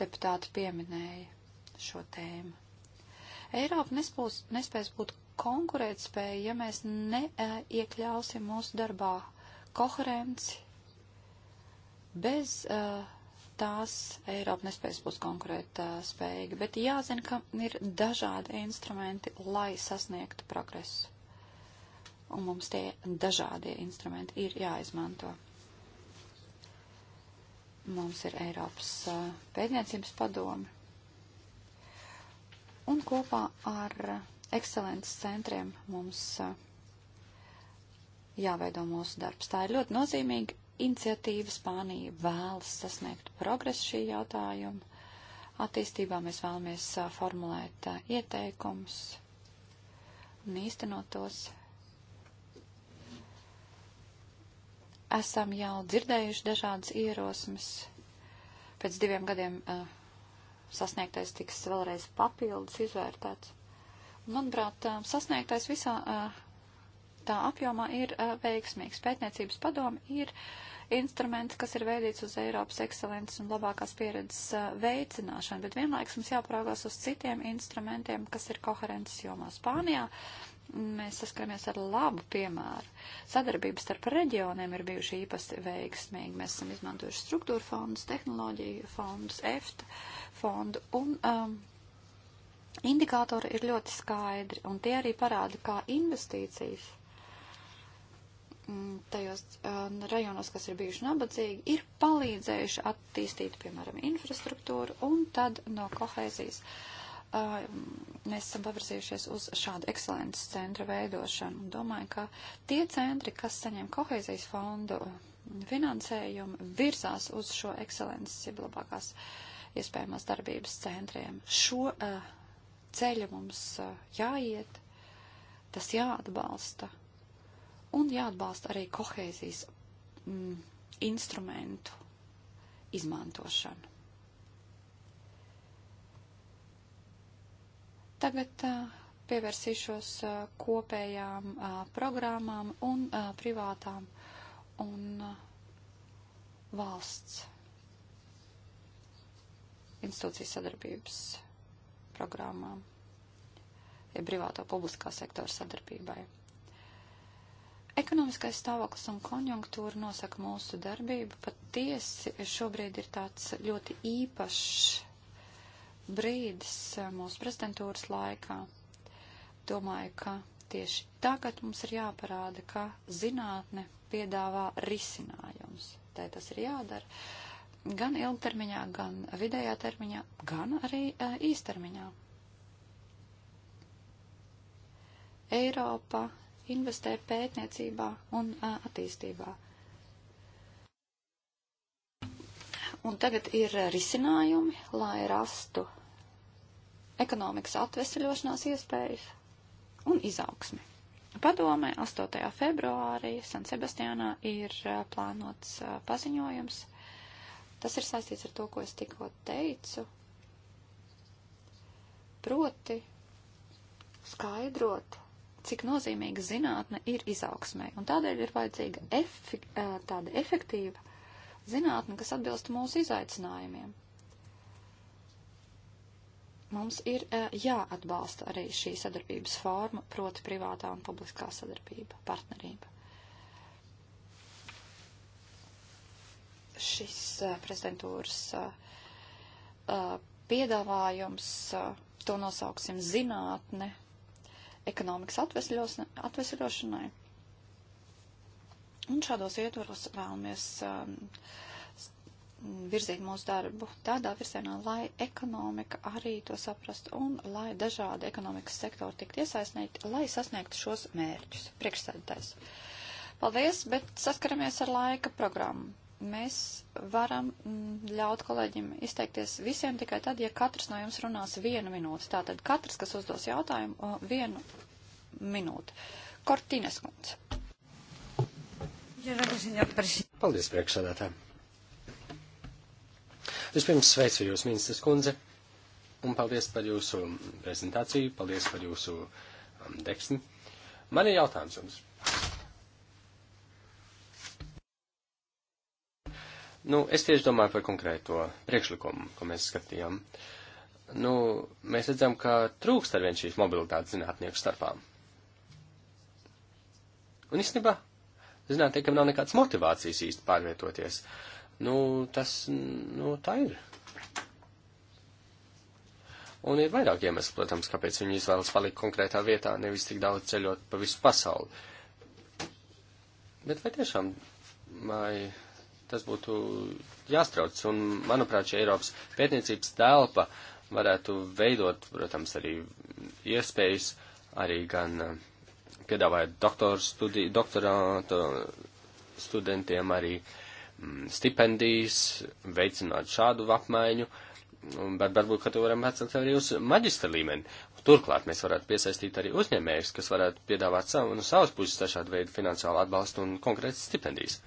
deputāti pieminēja šo tēmu. Eiropa nespūs, nespēs būt konkurētspēja, ja mēs neiekļausim e, mūsu darbā koherenci. Bez uh, tās Eiropa nespēs būt konkurētspējīga, uh, bet jāzina, ka ir dažādi instrumenti, lai sasniegtu progresu. Un mums tie dažādie instrumenti ir jāizmanto. Mums ir Eiropas eh, pētniecības padome. Un kopā ar ekscelences centriem mums eh, jāveido mūsu darbs. Tā ir ļoti nozīmīga iniciatīva. Spānija vēlas sasniegt progresu šī jautājuma. Attīstībā mēs vēlamies eh, formulēt ieteikumus un īstenot tos esam jau dzirdējuši dažādas ierosmes. Pēc diviem gadiem uh, sasniegtais tiks vēlreiz papildus izvērtēts. Manuprāt, uh, sasniegtais visā uh, tā apjomā ir uh, veiksmīgs. Pētniecības padomi ir instruments, kas ir veidīts uz Eiropas ekscelences un labākās pieredzes uh, veicināšanu, bet vienlaiks mums jāparaugās uz citiem instrumentiem, kas ir koherences jomā. Spānijā mēs saskaramies ar labu piemēru. Sadarbība starp reģioniem ir bijuši īpaši veiksmīgi. Mēs esam izmantojuši struktūra fondus, tehnoloģiju fondus, EFT fondu un um, indikātori ir ļoti skaidri un tie arī parāda, kā investīcijas mm, tajos uh, rajonos, kas ir bijuši nabadzīgi, ir palīdzējuši attīstīt, piemēram, infrastruktūru un tad no kohēzijas uh, mēs esam pavirzījušies uz šādu ekscelences centra veidošanu. Domāju, ka tie centri, kas saņem kohēzijas fondu finansējumu, virzās uz šo ekscelences, jeb labākās iespējamās darbības centriem. Šo uh, ceļu mums uh, jāiet, tas jāatbalsta un jāatbalsta arī kohēzijas mm, instrumentu izmantošanu. Tagad pievērsīšos kopējām programmām un privātām un valsts institūciju sadarbības programmām, ja privāto publiskā sektora sadarbībai. Ekonomiskais stāvoklis un konjunktūra nosaka mūsu darbību, patiesi šobrīd ir tāds ļoti īpašs brīdis eh, mūsu prezidentūras laikā. Domāju, ka tieši tagad mums ir jāparāda, ka zinātne piedāvā risinājums. Tā tas ir jādara gan ilgtermiņā, gan vidējā termiņā, gan arī eh, īstermiņā. Eiropa investē pētniecībā un eh, attīstībā. un tagad ir risinājumi, lai rastu ekonomikas atveseļošanās iespējas un izaugsmi. Padomē 8. februārī San Sebastianā ir plānots paziņojums. Tas ir saistīts ar to, ko es tikko teicu. Proti skaidrot, cik nozīmīga zinātne ir izaugsmē. Un tādēļ ir vajadzīga efi, tāda efektīva zinātni, kas atbilst mūsu izaicinājumiem. Mums ir e, jāatbalsta arī šī sadarbības forma, proti privātā un publiskā sadarbība, partnerība. Šis e, prezidentūras e, piedāvājums, to nosauksim zinātne, ekonomikas atvesļošanai Un šādos ietvaros vēlamies um, virzīt mūsu darbu tādā virzienā, lai ekonomika arī to saprastu un lai dažādi ekonomikas sektori tiktu iesaistīti, lai sasniegtu šos mērķus. Priekšsēdētājs. Paldies, bet saskaramies ar laika programmu. Mēs varam mm, ļaut kolēģim izteikties visiem tikai tad, ja katrs no jums runās vienu minūti. Tātad katrs, kas uzdos jautājumu, vienu minūti. Kortīnes kundze. Paldies, priekšsādātā. Vispirms sveicu jūs, ministrs kundze, un paldies par jūsu prezentāciju, paldies par jūsu um, deksmi. Man ir jautājums jums. Nu, es tieši domāju par konkrēto priekšlikumu, ko mēs skatījām. Nu, mēs redzam, ka trūkst arvien šīs mobilitātes zinātnieku starpā. Un īstenībā zinātniekam nav nekādas motivācijas īsti pārvietoties. Nu, tas, nu, tā ir. Un ir vairāk iemeslu, protams, kāpēc viņi izvēlas palikt konkrētā vietā, nevis tik daudz ceļot pa visu pasauli. Bet vai tiešām, vai tas būtu jāstrauc? Un, manuprāt, šī Eiropas pētniecības telpa varētu veidot, protams, arī iespējas arī gan uh, piedāvājot doktora studi, doktorāta studentiem arī mm, stipendijas, veicināt šādu apmaiņu, bet varbūt, ka to varam atcelt arī uz maģistra līmeni. Turklāt mēs varētu piesaistīt arī uzņēmējus, kas varētu piedāvāt savu, no savas puses dažādu veidu finansiālu atbalstu un konkrētas stipendijas.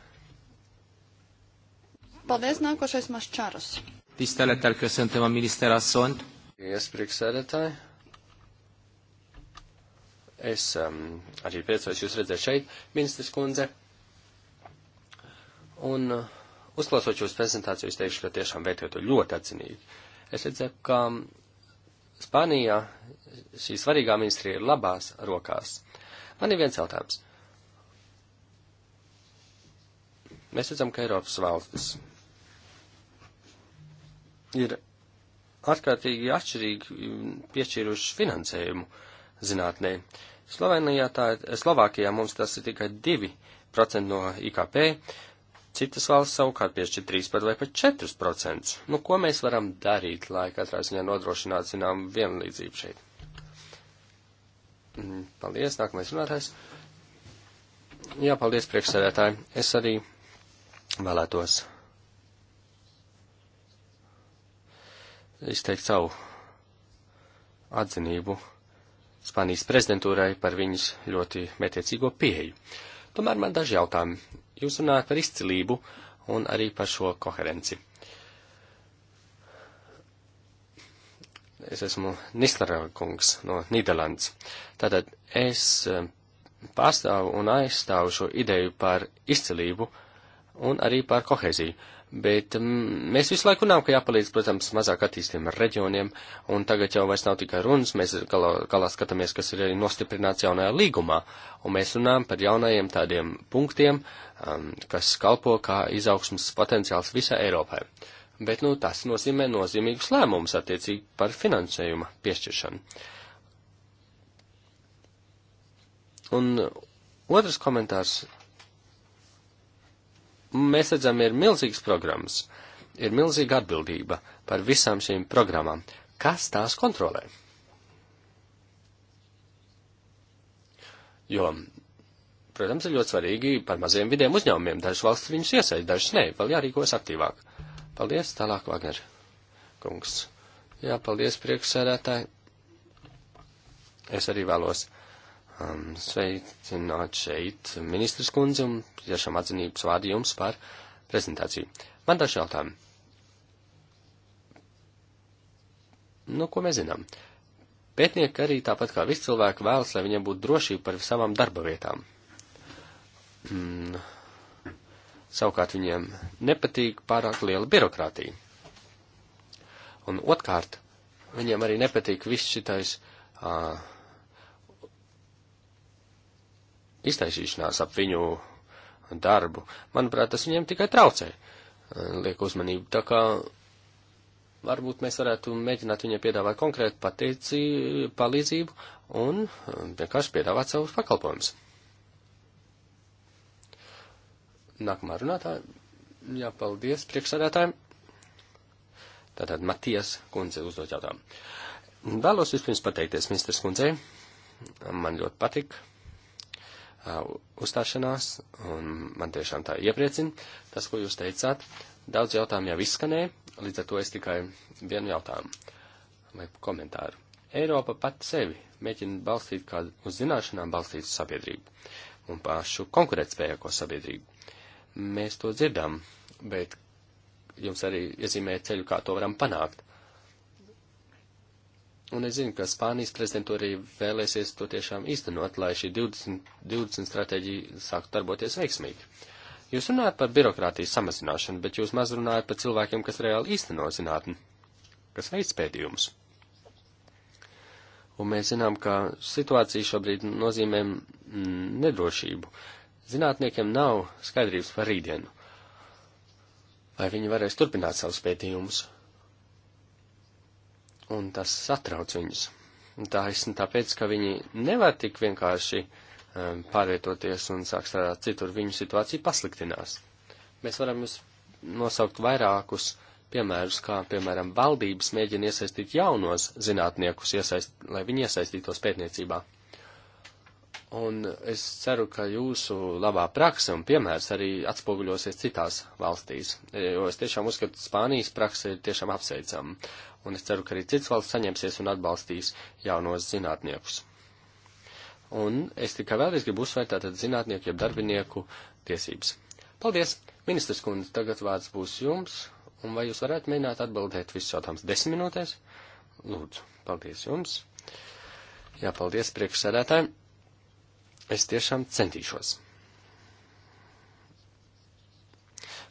Paldies, nākošais mašķārus. Tisztelettel köszöntöm a miniszter asszonyt. Iespriekšsēdētāji, Es um, arī priecājos jūs redzēt šeit, ministrs kundze. Un uh, uzklausot jūsu prezentāciju, es teikšu, ka tiešām vērtēju to ļoti atzinīgi. Es redzēju, ka Spānijā šī svarīgā ministrija ir labās rokās. Man ir viens jautājums. Mēs redzam, ka Eiropas valstis ir ārkārtīgi atšķirīgi piešķīruši finansējumu uh, zinātnē. Slovenijā tā, Slovākijā mums tas ir tikai 2% no IKP, citas valsts savukārt piešķir 3 vai pat 4%. Nu, ko mēs varam darīt, lai katrā ziņā nodrošinātu, zinām, vienlīdzību šeit? Mm, paldies, nākamais runātājs. Jā, paldies, priekšsēdētāji. Es arī vēlētos izteikt savu atzinību Spānijas prezidentūrai par viņas ļoti mētiecīgo pieeju. Tomēr man daži jautājumi. Jūs runājat par izcilību un arī par šo koherenci. Es esmu Nislara kungs no Nīderlandes. Tātad es eh, pārstāvu un aizstāvu šo ideju par izcilību un arī par koheziju. Bet um, mēs visu laiku runājam, ka jāpalīdz, protams, mazāk attīstiem reģioniem, un tagad jau vairs nav tikai runas, mēs galā, galā skatāmies, kas ir arī nostiprināts jaunajā līgumā, un mēs runājam par jaunajiem tādiem punktiem, um, kas kalpo kā izaugsmas potenciāls visai Eiropai. Bet, nu, tas nozīmē nozīmīgus lēmumus attiecīgi par finansējuma piešķiršanu. Un otrs komentārs mēs redzam, ir milzīgas programmas, ir milzīga atbildība par visām šīm programmām. Kas tās kontrolē? Jo, protams, ir ļoti svarīgi par maziem vidiem uzņēmumiem. Dažas valsts viņus iesaist, dažas nē, vēl jārīkojas aktīvāk. Paldies, tālāk Vagner kungs. Jā, paldies, priekšsēdētāji. Es arī vēlos um, sveicināt šeit ministrs kundzi un tiešām atzinības vārdi jums par prezentāciju. Man daži jautājumi. Nu, ko mēs zinām? Pētnieki arī tāpat kā visi cilvēki vēlas, lai viņiem būtu drošība par savām darba vietām. Mm. Savukārt viņiem nepatīk pārāk liela birokrātija. Un otrkārt, viņiem arī nepatīk viss šitais uh, iztaisīšanās ap viņu darbu. Manuprāt, tas viņiem tikai traucē, liek uzmanību. Tā kā varbūt mēs varētu mēģināt viņiem piedāvāt konkrētu pateici, palīdzību un vienkārši piedāvāt savus pakalpojumus. Nākamā runātāja. Jā, paldies priekšsādātājiem. Tātad Matijas kundze uzdot jautājumu. Vēlos vispirms pateikties ministrs kundzei. Man ļoti patika Uh, uzstāšanās, un man tiešām tā iepriecina tas, ko jūs teicāt. Daudz jautājumu jau izskanēja, līdz ar to es tikai vienu jautājumu vai komentāru. Eiropa pati sevi mēģina balstīt kā uz zināšanām balstītu sabiedrību un pašu konkurētspējāko sabiedrību. Mēs to dzirdam, bet jums arī iezīmē ceļu, kā to varam panākt. Un es zinu, ka Spānijas prezidentūrija vēlēsies to tiešām iztenot, lai šī 20, 20 stratēģija sāktu darboties veiksmīgi. Jūs runājat par birokrātijas samazināšanu, bet jūs maz runājat par cilvēkiem, kas reāli īsteno zinātni, kas veic pētījumus. Un mēs zinām, ka situācija šobrīd nozīmē mm, nedrošību. Zinātniekiem nav skaidrības par rītdienu. Vai viņi varēs turpināt savus pētījumus? un tas satrauc viņus. Tā ir tāpēc, ka viņi nevar tik vienkārši um, pārvietoties un sāk strādāt citur, viņu situācija pasliktinās. Mēs varam jūs nosaukt vairākus piemērus, kā, piemēram, valdības mēģina iesaistīt jaunos zinātniekus, iesaist, lai viņi iesaistītos pētniecībā. Un es ceru, ka jūsu labā praksa un piemērs arī atspoguļosies citās valstīs, e, jo es tiešām uzskatu, Spānijas praksa ir tiešām apsveicama, un es ceru, ka arī cits valsts saņemsies un atbalstīs jaunos zinātniekus. Un es tikai vēlreiz gribu uzsvērt tātad zinātnieku, jeb darbinieku tiesības. Paldies! Ministrs kundze, tagad vārds būs jums, un vai jūs varētu mēģināt atbildēt visus jautājumus desmit minūtēs? Lūdzu, paldies jums! Jā, paldies priekšsēdētājiem! Es tiešām centīšos.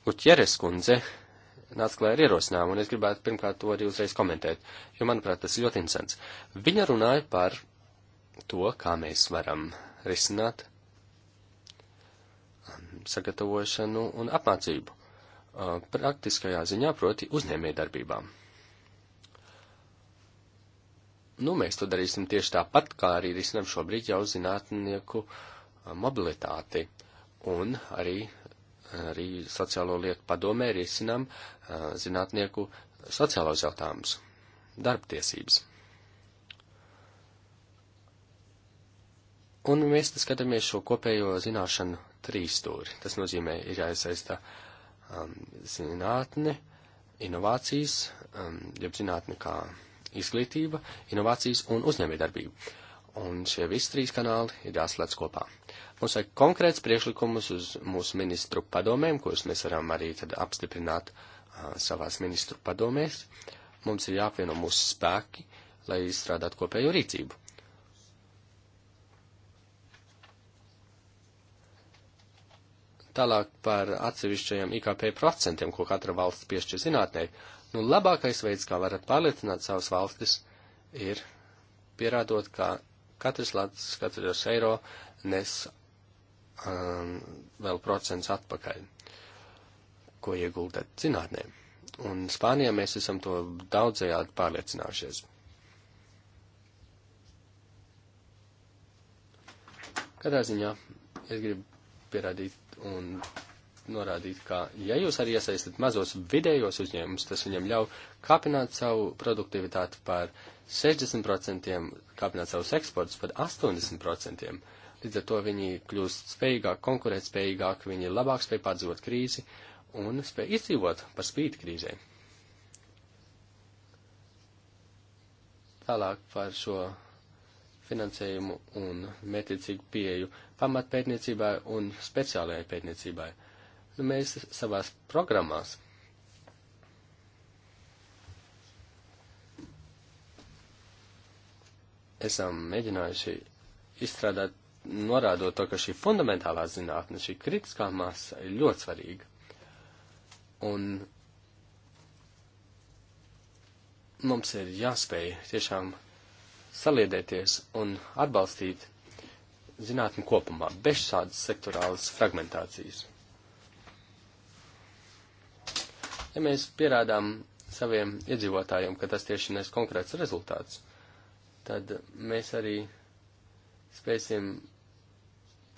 Gutjeres kundze nāca klāja ar ierosinājumu, un es gribētu pirmkārt to arī uzreiz komentēt, jo, manuprāt, tas ir ļoti interesants. Viņa runāja par to, kā mēs varam risināt um, sagatavošanu un apmācību uh, praktiskajā ziņā, proti uzņēmējdarbībām. darbībām. Nu, mēs to darīsim tieši tāpat, kā arī risinam šobrīd jau zinātnieku mobilitāti. Un arī, arī sociālo lietu padomē risinam zinātnieku sociālos jautājumus, darbtiesības. Un mēs skatāmies šo kopējo zināšanu trīsstūri. Tas nozīmē, ir jāiesaista um, zinātne, inovācijas, um, jeb zinātne kā izglītība, inovācijas un uzņēmējdarbība. Un šie visi trīs kanāli ir jāslēdz kopā. Mums vajag konkrēts priekšlikumus uz mūsu ministru padomēm, kurus mēs varam arī tad apstiprināt uh, savās ministru padomēs. Mums ir jāapvieno mūsu spēki, lai izstrādātu kopējo rīcību. Tālāk par atsevišķajiem IKP procentiem, ko katra valsts piešķir zinātnē. Uh, Nu, labākais veids, kā varat pārliecināt savas valstis, ir pierādot, ka katrs lats, katrs eiro nes um, vēl procents atpakaļ, ko ieguldat zinātnē. Un Spānijā mēs esam to daudzējādi pārliecinājušies. Katrā ziņā es gribu pierādīt un norādīt, ka, ja jūs arī iesaistat mazos vidējos uzņēmumus, tas viņam ļauj kāpināt savu produktivitāti par 60%, kāpināt savus eksportus par 80%. Līdz ar to viņi kļūst spējīgāk, konkurētspējīgāk, viņi labāk spēj pārdzīvot krīzi un spēj izdzīvot par spīti krīzē. Tālāk par šo finansējumu un mētiecīgu pieeju pamatpētniecībai un speciālajai pētniecībai. Nu, mēs savās programmās esam mēģinājuši izstrādāt, norādot to, ka šī fundamentālā zinātne, šī kritiskā masa ir ļoti svarīga. Un mums ir jāspēj tiešām saliedēties un atbalstīt zinātni kopumā, bez šādas sektorālas fragmentācijas. Ja mēs pierādām saviem iedzīvotājiem, ka tas tieši nes konkrēts rezultāts, tad mēs arī spēsim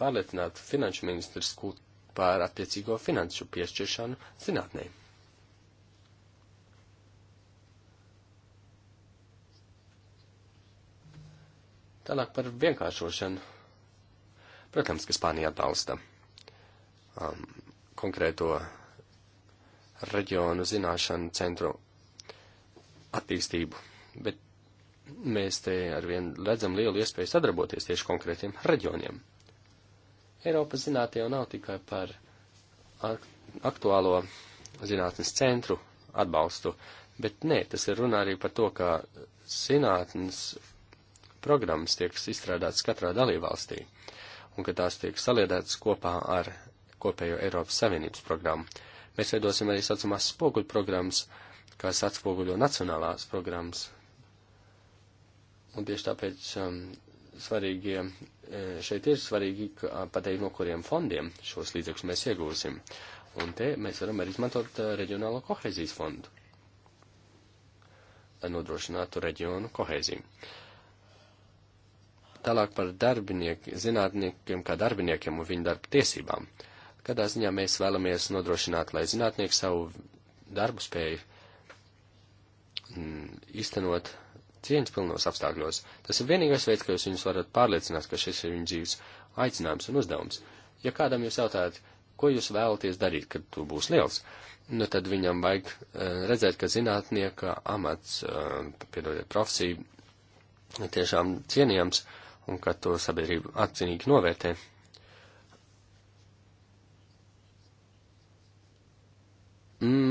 pārliecināt finanšu ministrs kūt pār attiecīgo finanšu piešķiršanu zinātnē. Tālāk par vienkāršošanu. Protams, ka Spānija atbalsta um, konkrēto reģionu zināšanu centru attīstību, bet mēs te arvien redzam lielu iespēju sadarboties tieši konkrētiem reģioniem. Eiropas zinātnē jau nav tikai par aktuālo zinātnes centru atbalstu, bet nē, tas ir runā arī par to, ka zinātnes programmas tiek izstrādātas katrā dalībvalstī, un ka tās tiek saliedētas kopā ar kopējo Eiropas Savienības programmu. Mēs veidosim arī saucamās spoguļu programmas, kas atspoguļo nacionālās programmas. Un tieši tāpēc um, svarīgi, e, šeit ir svarīgi pateikt, no kuriem fondiem šos līdzekļus mēs iegūsim. Un te mēs varam arī izmantot e, reģionālo kohēzijas fondu, lai nodrošinātu reģionu kohēziju. Tālāk par darbiniekiem, zinātniekiem kā darbiniekiem un viņu darba tiesībām. Uh, Kādā ziņā mēs vēlamies nodrošināt, lai zinātnieki savu darbu spēju mm, īstenot cieņas pilnos apstākļos. Tas ir vienīgais veids, kā jūs viņus varat pārliecināt, ka šis ir viņu dzīves aicinājums un uzdevums. Ja kādam jūs jautājat, ko jūs vēlaties darīt, kad tu būs liels, nu tad viņam vajag eh, redzēt, ka zinātnieka amats, eh, piedodiet, profesija tiešām cienījams un ka to sabiedrība atcinīgi novērtē.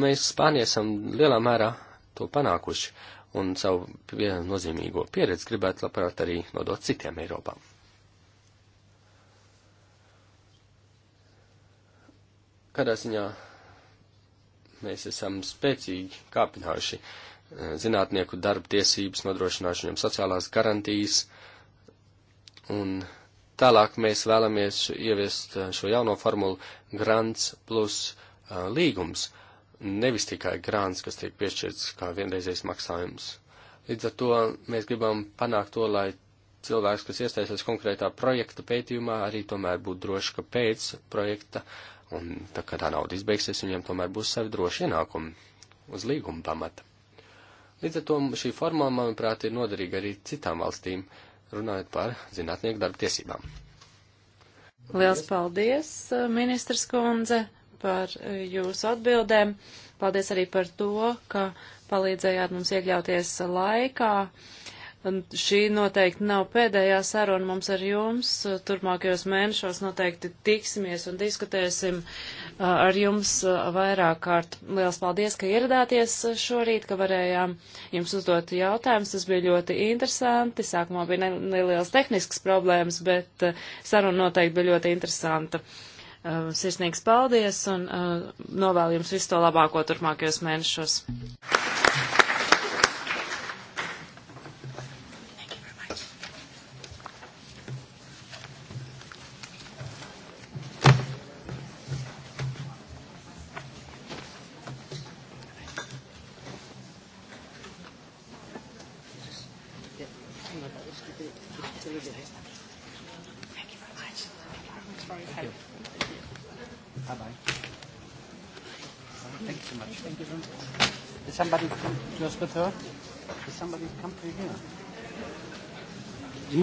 Mēs Spānijā esam lielā mērā to panākuši un savu nozīmīgo pieredzi gribētu labprāt arī nodot citiem Eiropā. Kādā ziņā mēs esam spēcīgi kāpinājuši e, zinātnieku darba tiesības, nodrošinājuši viņiem sociālās garantijas, un tālāk mēs vēlamies ieviest e, šo jauno formulu grants plus uh, līgums. Uh, nevis tikai grāns, kas tiek piešķirts kā vienreizējs maksājums. Līdz ar to mēs gribam panākt to, lai cilvēks, kas iesaistās konkrētā projekta pētījumā, arī tomēr būtu droši, ka pēc projekta, un tā kā tā nauda izbeigsies, viņam tomēr būs savi droši ienākumi uz līguma pamata. Līdz ar to šī formula, manuprāt, ir noderīga arī citām valstīm, runājot par zinātnieku darba tiesībām. Liels paldies, ministrs kundze! par eh, jūsu atbildēm. Paldies arī par to, ka palīdzējāt mums iekļauties laikā. Šī noteikti nav pēdējā saruna mums ar jums. Turpmākajos mēnešos noteikti tiksimies un diskutēsim eh, ar jums eh, vairāk kārt. Liels paldies, ka ieradāties šorīt, ka varējām jums uzdot jautājumus. Tas bija ļoti interesanti. Sākumā bija nelielas tehniskas problēmas, bet saruna noteikti bija ļoti interesanta. Uh, sirsnīgs paldies un uh, novēlu jums visu to labāko turpmākajos mēnešos.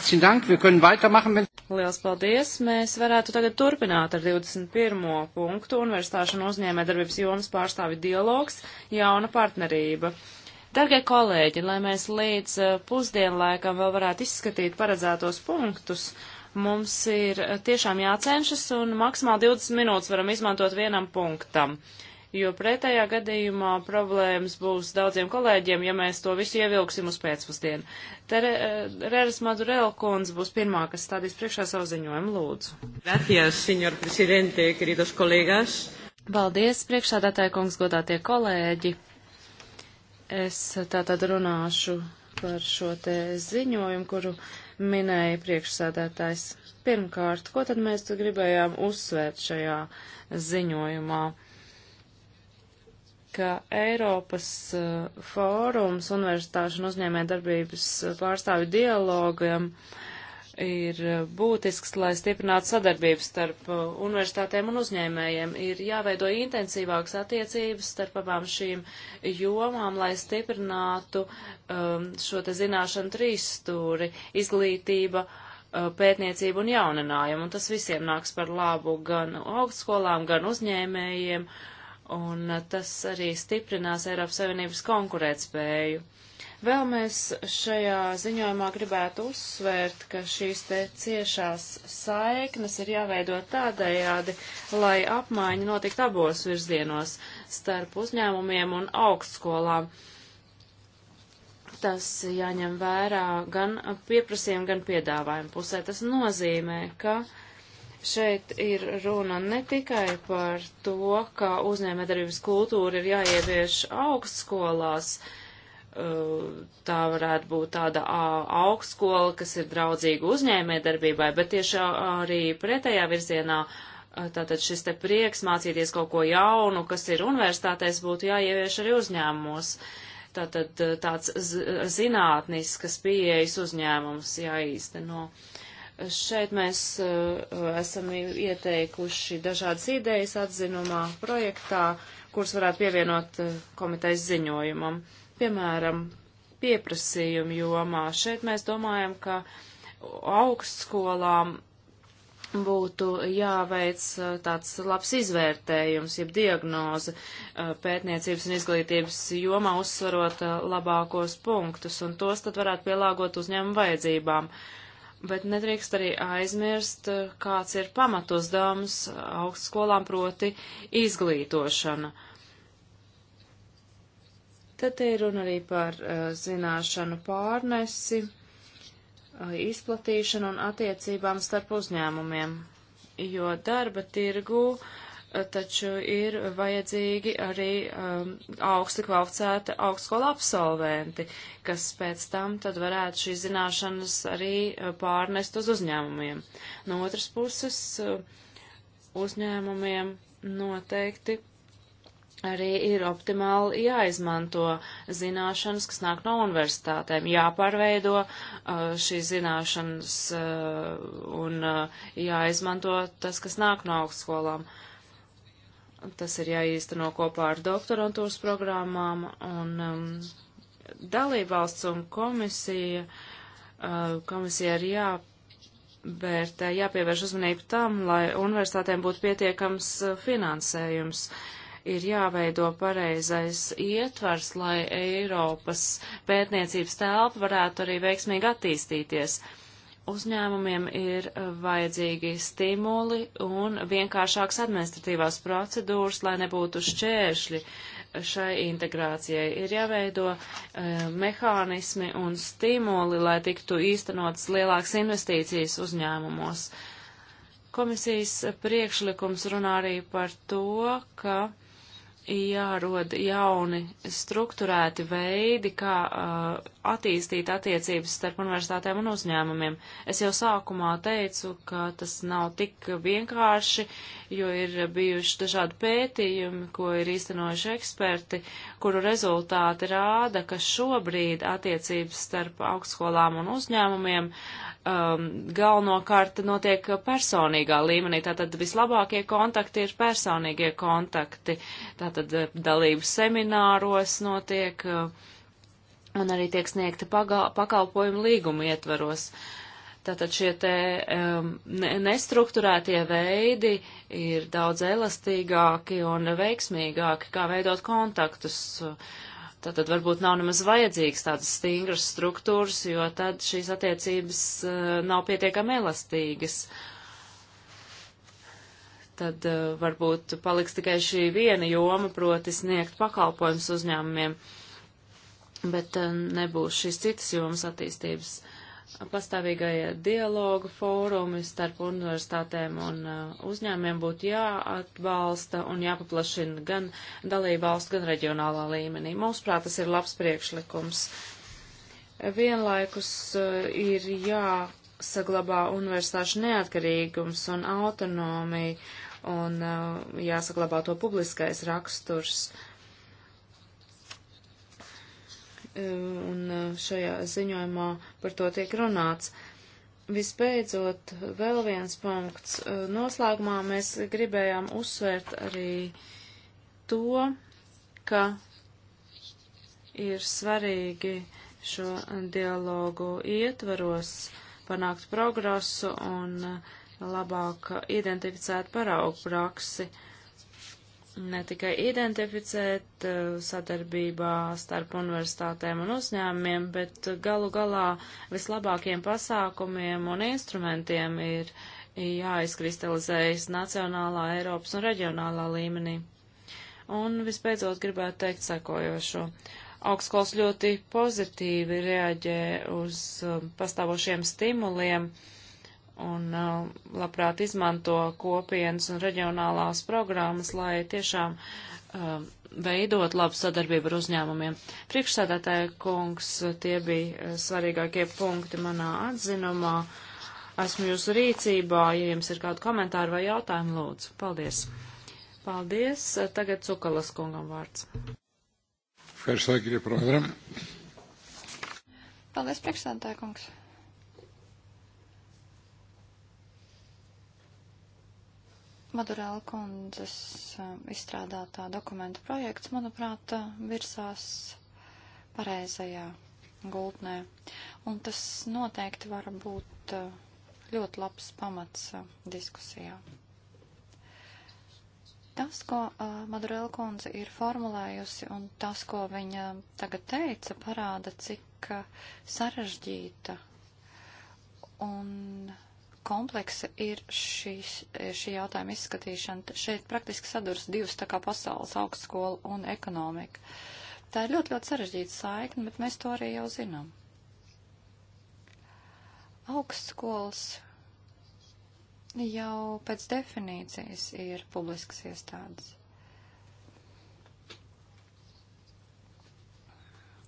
Herzlichen Dank, wir können weitermachen. Wenn... Liels paldies. Mēs varētu tagad turpināt ar 21. punktu universitāšanu uzņēmē darbības jomas pārstāvi dialogs, jauna partnerība. Dargie kolēģi, lai mēs līdz eh, pusdienlaikam vēl varētu izskatīt paredzētos punktus, mums ir eh, tiešām jācenšas un maksimāli 20 minūtes varam izmantot vienam punktam. Uh, jo pretējā gadījumā problēmas būs daudziem kolēģiem, ja mēs to visu ievilksim uz pēcpusdienu. Te eh, Rēras Madurela kundze būs pirmā, kas stādīs priekšā savu ziņojumu lūdzu. Gracias, senor presidente, queridos kolēgas. Paldies, priekšsādātāja kungs, godātie kolēģi. Es tātad runāšu par šo te ziņojumu, kuru minēja priekšsādātājs. Pirmkārt, ko tad mēs gribējām uzsvērt šajā ziņojumā? ka Eiropas uh, fórums universitāšu un uzņēmē darbības uh, pārstāvju dialogam ir uh, būtisks, lai stiprinātu sadarbību starp universitātēm un uzņēmējiem. Ir jāveido intensīvākas attiecības starp abām šīm jomām, lai stiprinātu um, šo te zināšanu trīsstūri - izglītība, pētniecība un jauninājumu. Un tas visiem nāks par labu gan augstskolām, gan uzņēmējiem. Uh, un tas arī stiprinās Eiropas Savienības konkurētspēju. Vēl mēs šajā ziņojumā gribētu uzsvērt, ka šīs te ciešās saiknes ir jāveido tādējādi, lai apmaiņa notikt abos virzienos starp uzņēmumiem un augstskolām. Tas jāņem vērā gan pieprasījuma, gan piedāvājuma pusē. Tas nozīmē, ka uh, Šeit ir runa ne tikai par to, ka uzņēmēdarības kultūra ir jāievieš augstskolās, uh, tā varētu būt tāda augstskola, kas ir draudzīga uzņēmēdarbībai, bet tieši arī pretējā virzienā tātad šis te prieks mācīties kaut ko jaunu, kas ir universitātēs, būtu jāievieš arī uzņēmumos. Tātad tāds zinātniskas pieejas uzņēmums jāīsteno. No Šeit mēs uh, esam ieteikuši dažādas idejas atzinumā projektā, kuras varētu pievienot uh, komitejas ziņojumam. Piemēram, pieprasījumu jomā. Šeit mēs domājam, ka augstskolām būtu jāveic uh, tāds labs izvērtējums, jeb diagnoze pētniecības un izglītības jomā uzsvarot labākos punktus, un tos tad varētu pielāgot uzņēmumu vajadzībām. Uh, bet nedrīkst arī aizmirst, eh, kāds ir pamatuzdevums augstskolām, proti izglītošana. Tad ir runa arī par uh, zināšanu pārnesi, uh, izplatīšanu un attiecībām starp uzņēmumiem, jo darba tirgu uh, taču ir vajadzīgi arī um, augsti kvalificēti augstskolu absolventi, kas pēc tam tad varētu šīs zināšanas arī uh, pārnest uz uzņēmumiem. No otras puses, uh, uzņēmumiem noteikti arī ir optimāli jāizmanto zināšanas, kas nāk no universitātēm, jāpārveido uh, šīs zināšanas un jāizmanto tas, kas nāk no augstskolām. Uh, Tas ir jāīsteno kopā ar doktorantūras programmām, un um, dalībvalsts un komisija, uh, komisija ir jā, bet jāpievērš uzmanību tam, lai universitātēm būtu pietiekams uh, finansējums. Ir jāveido pareizais ietvars, lai Eiropas pētniecības telpa varētu arī veiksmīgi attīstīties. Uh, uzņēmumiem ir eh, vajadzīgi stimuli un vienkāršāks administratīvās procedūras, lai nebūtu šķēršļi šai integrācijai. Ir jāveido eh, mehānismi un stimuli, lai tiktu īstenotas lielākas investīcijas uzņēmumos. Komisijas priekšlikums runā arī par to, ka jārod jauni struktūrēti veidi, kā uh, attīstīt attiecības starp universitātēm un uzņēmumiem. Es jau sākumā teicu, ka tas nav tik vienkārši, jo ir bijuši dažādi pētījumi, ko ir īstenojuši eksperti, kuru rezultāti rāda, ka šobrīd attiecības starp augstskolām un uzņēmumiem um, galvenokārt notiek personīgā līmenī. Tātad vislabākie kontakti ir personīgie kontakti. Tātad uh, dalības semināros notiek. Uh, un arī tiek sniegti pakalpojumu līgumu ietvaros. Tātad šie te um, nestruktūrētie veidi ir daudz elastīgāki un veiksmīgāki, kā veidot kontaktus. Tātad varbūt nav nemaz vajadzīgs tādas stingras struktūras, jo tad šīs attiecības uh, nav pietiekami elastīgas. Tad uh, varbūt paliks tikai šī viena joma, proti sniegt pakalpojums uzņēmumiem. Uh, bet eh, nebūs šīs citas jomas attīstības pastāvīgai dialogu fórumi starp universitātēm un eh, uzņēmiem būtu jāatbalsta un jāpaplašina gan dalību valstu, gan reģionālā līmenī. Mūsuprāt, tas ir labs priekšlikums. Vienlaikus eh, ir jāsaglabā universitāšu neatkarīgums un autonomija un jāsaglabā to publiskais raksturs. Uh, E, un e, šajā ziņojumā par to tiek runāts. Vispēdzot, vēl viens punkts. E, noslēgumā mēs gribējām uzsvērt arī to, ka ir svarīgi šo dialogu ietvaros panākt progresu un labāk identificēt paraugu praksi. Uh, ne tikai identificēt eh, sadarbībā starp universitātēm un uzņēmumiem, bet galu galā vislabākiem pasākumiem un instrumentiem ir jāizkristalizējas nacionālā, Eiropas un reģionālā līmenī. Un vispēcot gribētu teikt sekojošo. Augstskols ļoti pozitīvi reaģē uz eh, pastāvošiem stimuliem, uh, un uh, labprāt izmanto kopienas un reģionālās programmas, lai tiešām uh, veidot labu sadarbību ar uzņēmumiem. Priekšsēdētāja kungs, uh, tie bija svarīgākie punkti manā atzinumā. Esmu jūsu rīcībā, ja jums ir kādu komentāru vai jautājumu, lūdzu. Paldies! Paldies! Tagad Cukalas kungam vārds. Paldies, priekšsēdētāja kungs! Madurēla kundzes um, izstrādātā dokumenta projekts, manuprāt, uh, virsās pareizajā gultnē. Un tas noteikti var būt uh, ļoti labs pamats uh, diskusijā. Tas, ko Madurēla kundze ir formulējusi un tas, ko viņa tagad teica, parāda, cik sarežģīta un kompleksa ir šīs, šī jautājuma izskatīšana. Šeit praktiski sadurs divas tā kā pasaules augstskola un ekonomika. Tā ir ļoti, ļoti sarežģīta saikne, bet mēs to arī jau zinām. Augstskolas jau pēc definīcijas ir publiskas iestādes.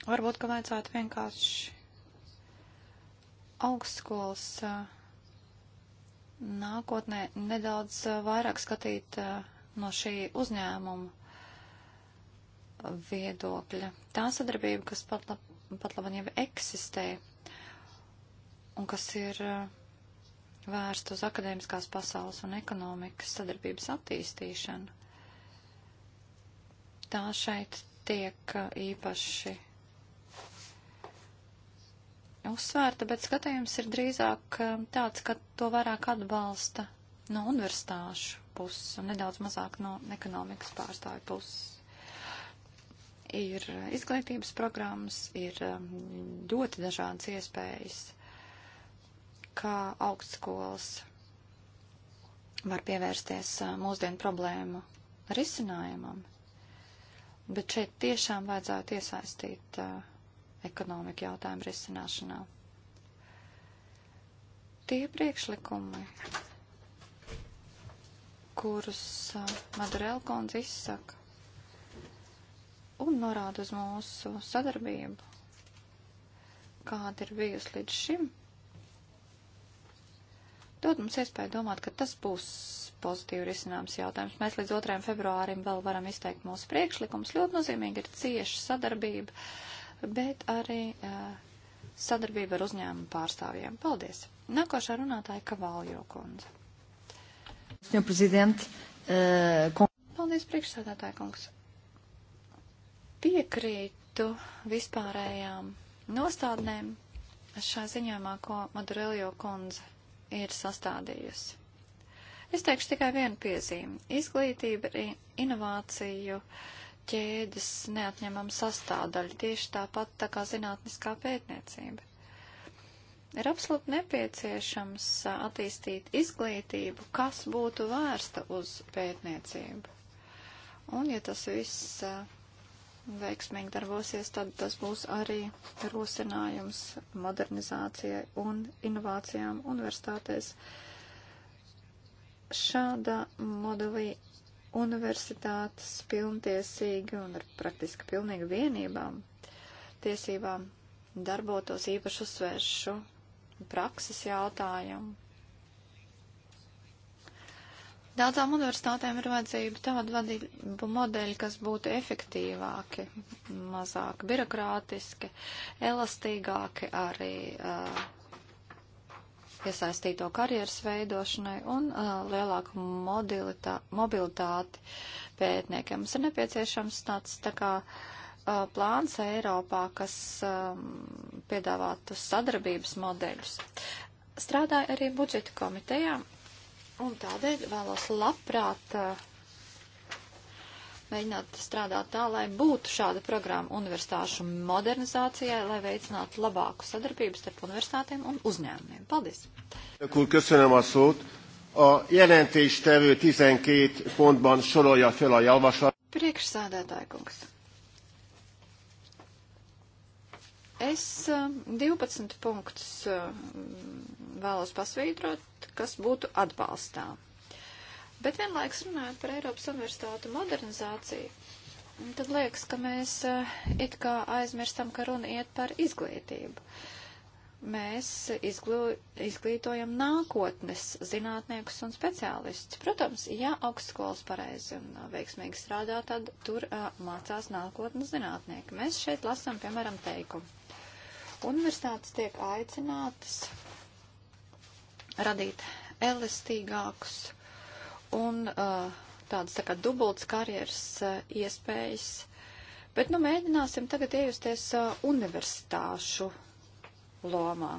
Varbūt, ka vajadzētu vienkārši augstskolas uh, nākotnē nedaudz eh, vairāk skatīt eh, no šī uzņēmuma viedokļa. Tā sadarbība, kas pat, lab, pat labam jau eksistē un kas ir eh, vērsta uz akadēmiskās pasaules un ekonomikas sadarbības attīstīšanu, tā šeit tiek īpaši uzsvērta, bet skatījums ir drīzāk eh, tāds, ka to vairāk atbalsta no universitāšu puses un nedaudz mazāk no ekonomikas pārstāju puses. Ir eh, izglītības programmas, ir ehm, ļoti dažādas iespējas, kā augstskolas var pievērsties eh, mūsdienu problēmu risinājumam, bet šeit tiešām vajadzētu iesaistīt uh, ekonomika jautājumu risināšanā. Tie priekšlikumi, kurus uh, Madurelkons izsaka un norāda uz mūsu sadarbību, kāda ir bijusi līdz šim, dod mums iespēju domāt, ka tas būs pozitīvi risināms jautājums. Mēs līdz 2. februārim vēl varam izteikt mūsu priekšlikums. Ļoti nozīmīgi ir cieša sadarbība bet arī sadarbība ar uzņēmumu pārstāvjiem. Paldies! Nākošā runātāja Kavaljo kundze. Paldies, priekšsēdētāja kungs. Piekrītu vispārējām nostādnēm šā ziņojumā, ko Madurelio kundze ir sastādījusi. Es teikšu tikai vienu piezīmi. Izglītība ir inovāciju uh, ķēdes neatņemama sastāvdaļa, tieši tāpat tā kā zinātniskā pētniecība. Ir absolūti nepieciešams attīstīt izglītību, kas būtu vērsta uz pētniecību. Un, ja tas viss veiksmīgi darbosies, tad tas būs arī rosinājums modernizācijai un inovācijām universitātēs. Šāda modelī universitātes pilntiesīgi un ar praktiski pilnīgi vienībām tiesībām darbotos īpaši uzsvēršu prakses jautājumu. Daudzām universitātēm ir vajadzība tāda vadība modeļa, kas būtu efektīvāki, mazāk birokrātiski, elastīgāki arī uh, iesaistīto karjeras veidošanai un uh, lielāku modilitā, mobilitāti pētniekiem. Mums ir nepieciešams tāds tā kā uh, plāns Eiropā, kas um, piedāvātu sadarbības modeļus. Strādāju arī budžeta komitejā un tādēļ vēlos labprāt uh, mēģināt strādāt tā, lai būtu šāda programma universitāšu modernizācijai, lai veicinātu labāku sadarbību starp universitātiem un uzņēmumiem. Paldies! Köszönöm a szót. A jelentéstevő 12 pontban sorolja fel a javaslatot. Priekšsādātāja kungs. Es 12 punktus vēlos pasvītrot, kas būtu atbalstām. Bet vienlaiks runājot par Eiropas universitātu modernizāciju, tad liekas, ka mēs eh, it kā aizmirstam, ka runa iet par izglītību. Mēs izglū, izglītojam nākotnes zinātniekus un speciālistus. Protams, ja augstskolas pareizi un eh, veiksmīgi strādā, tad tur uh, mācās nākotnes zinātnieki. Mēs šeit lasām, piemēram, teikumu. Universitātes tiek aicinātas radīt elastīgākus un uh, tādas tā kā dubultas karjeras uh, iespējas. Bet nu mēģināsim tagad iejusties uh, universitāšu lomā.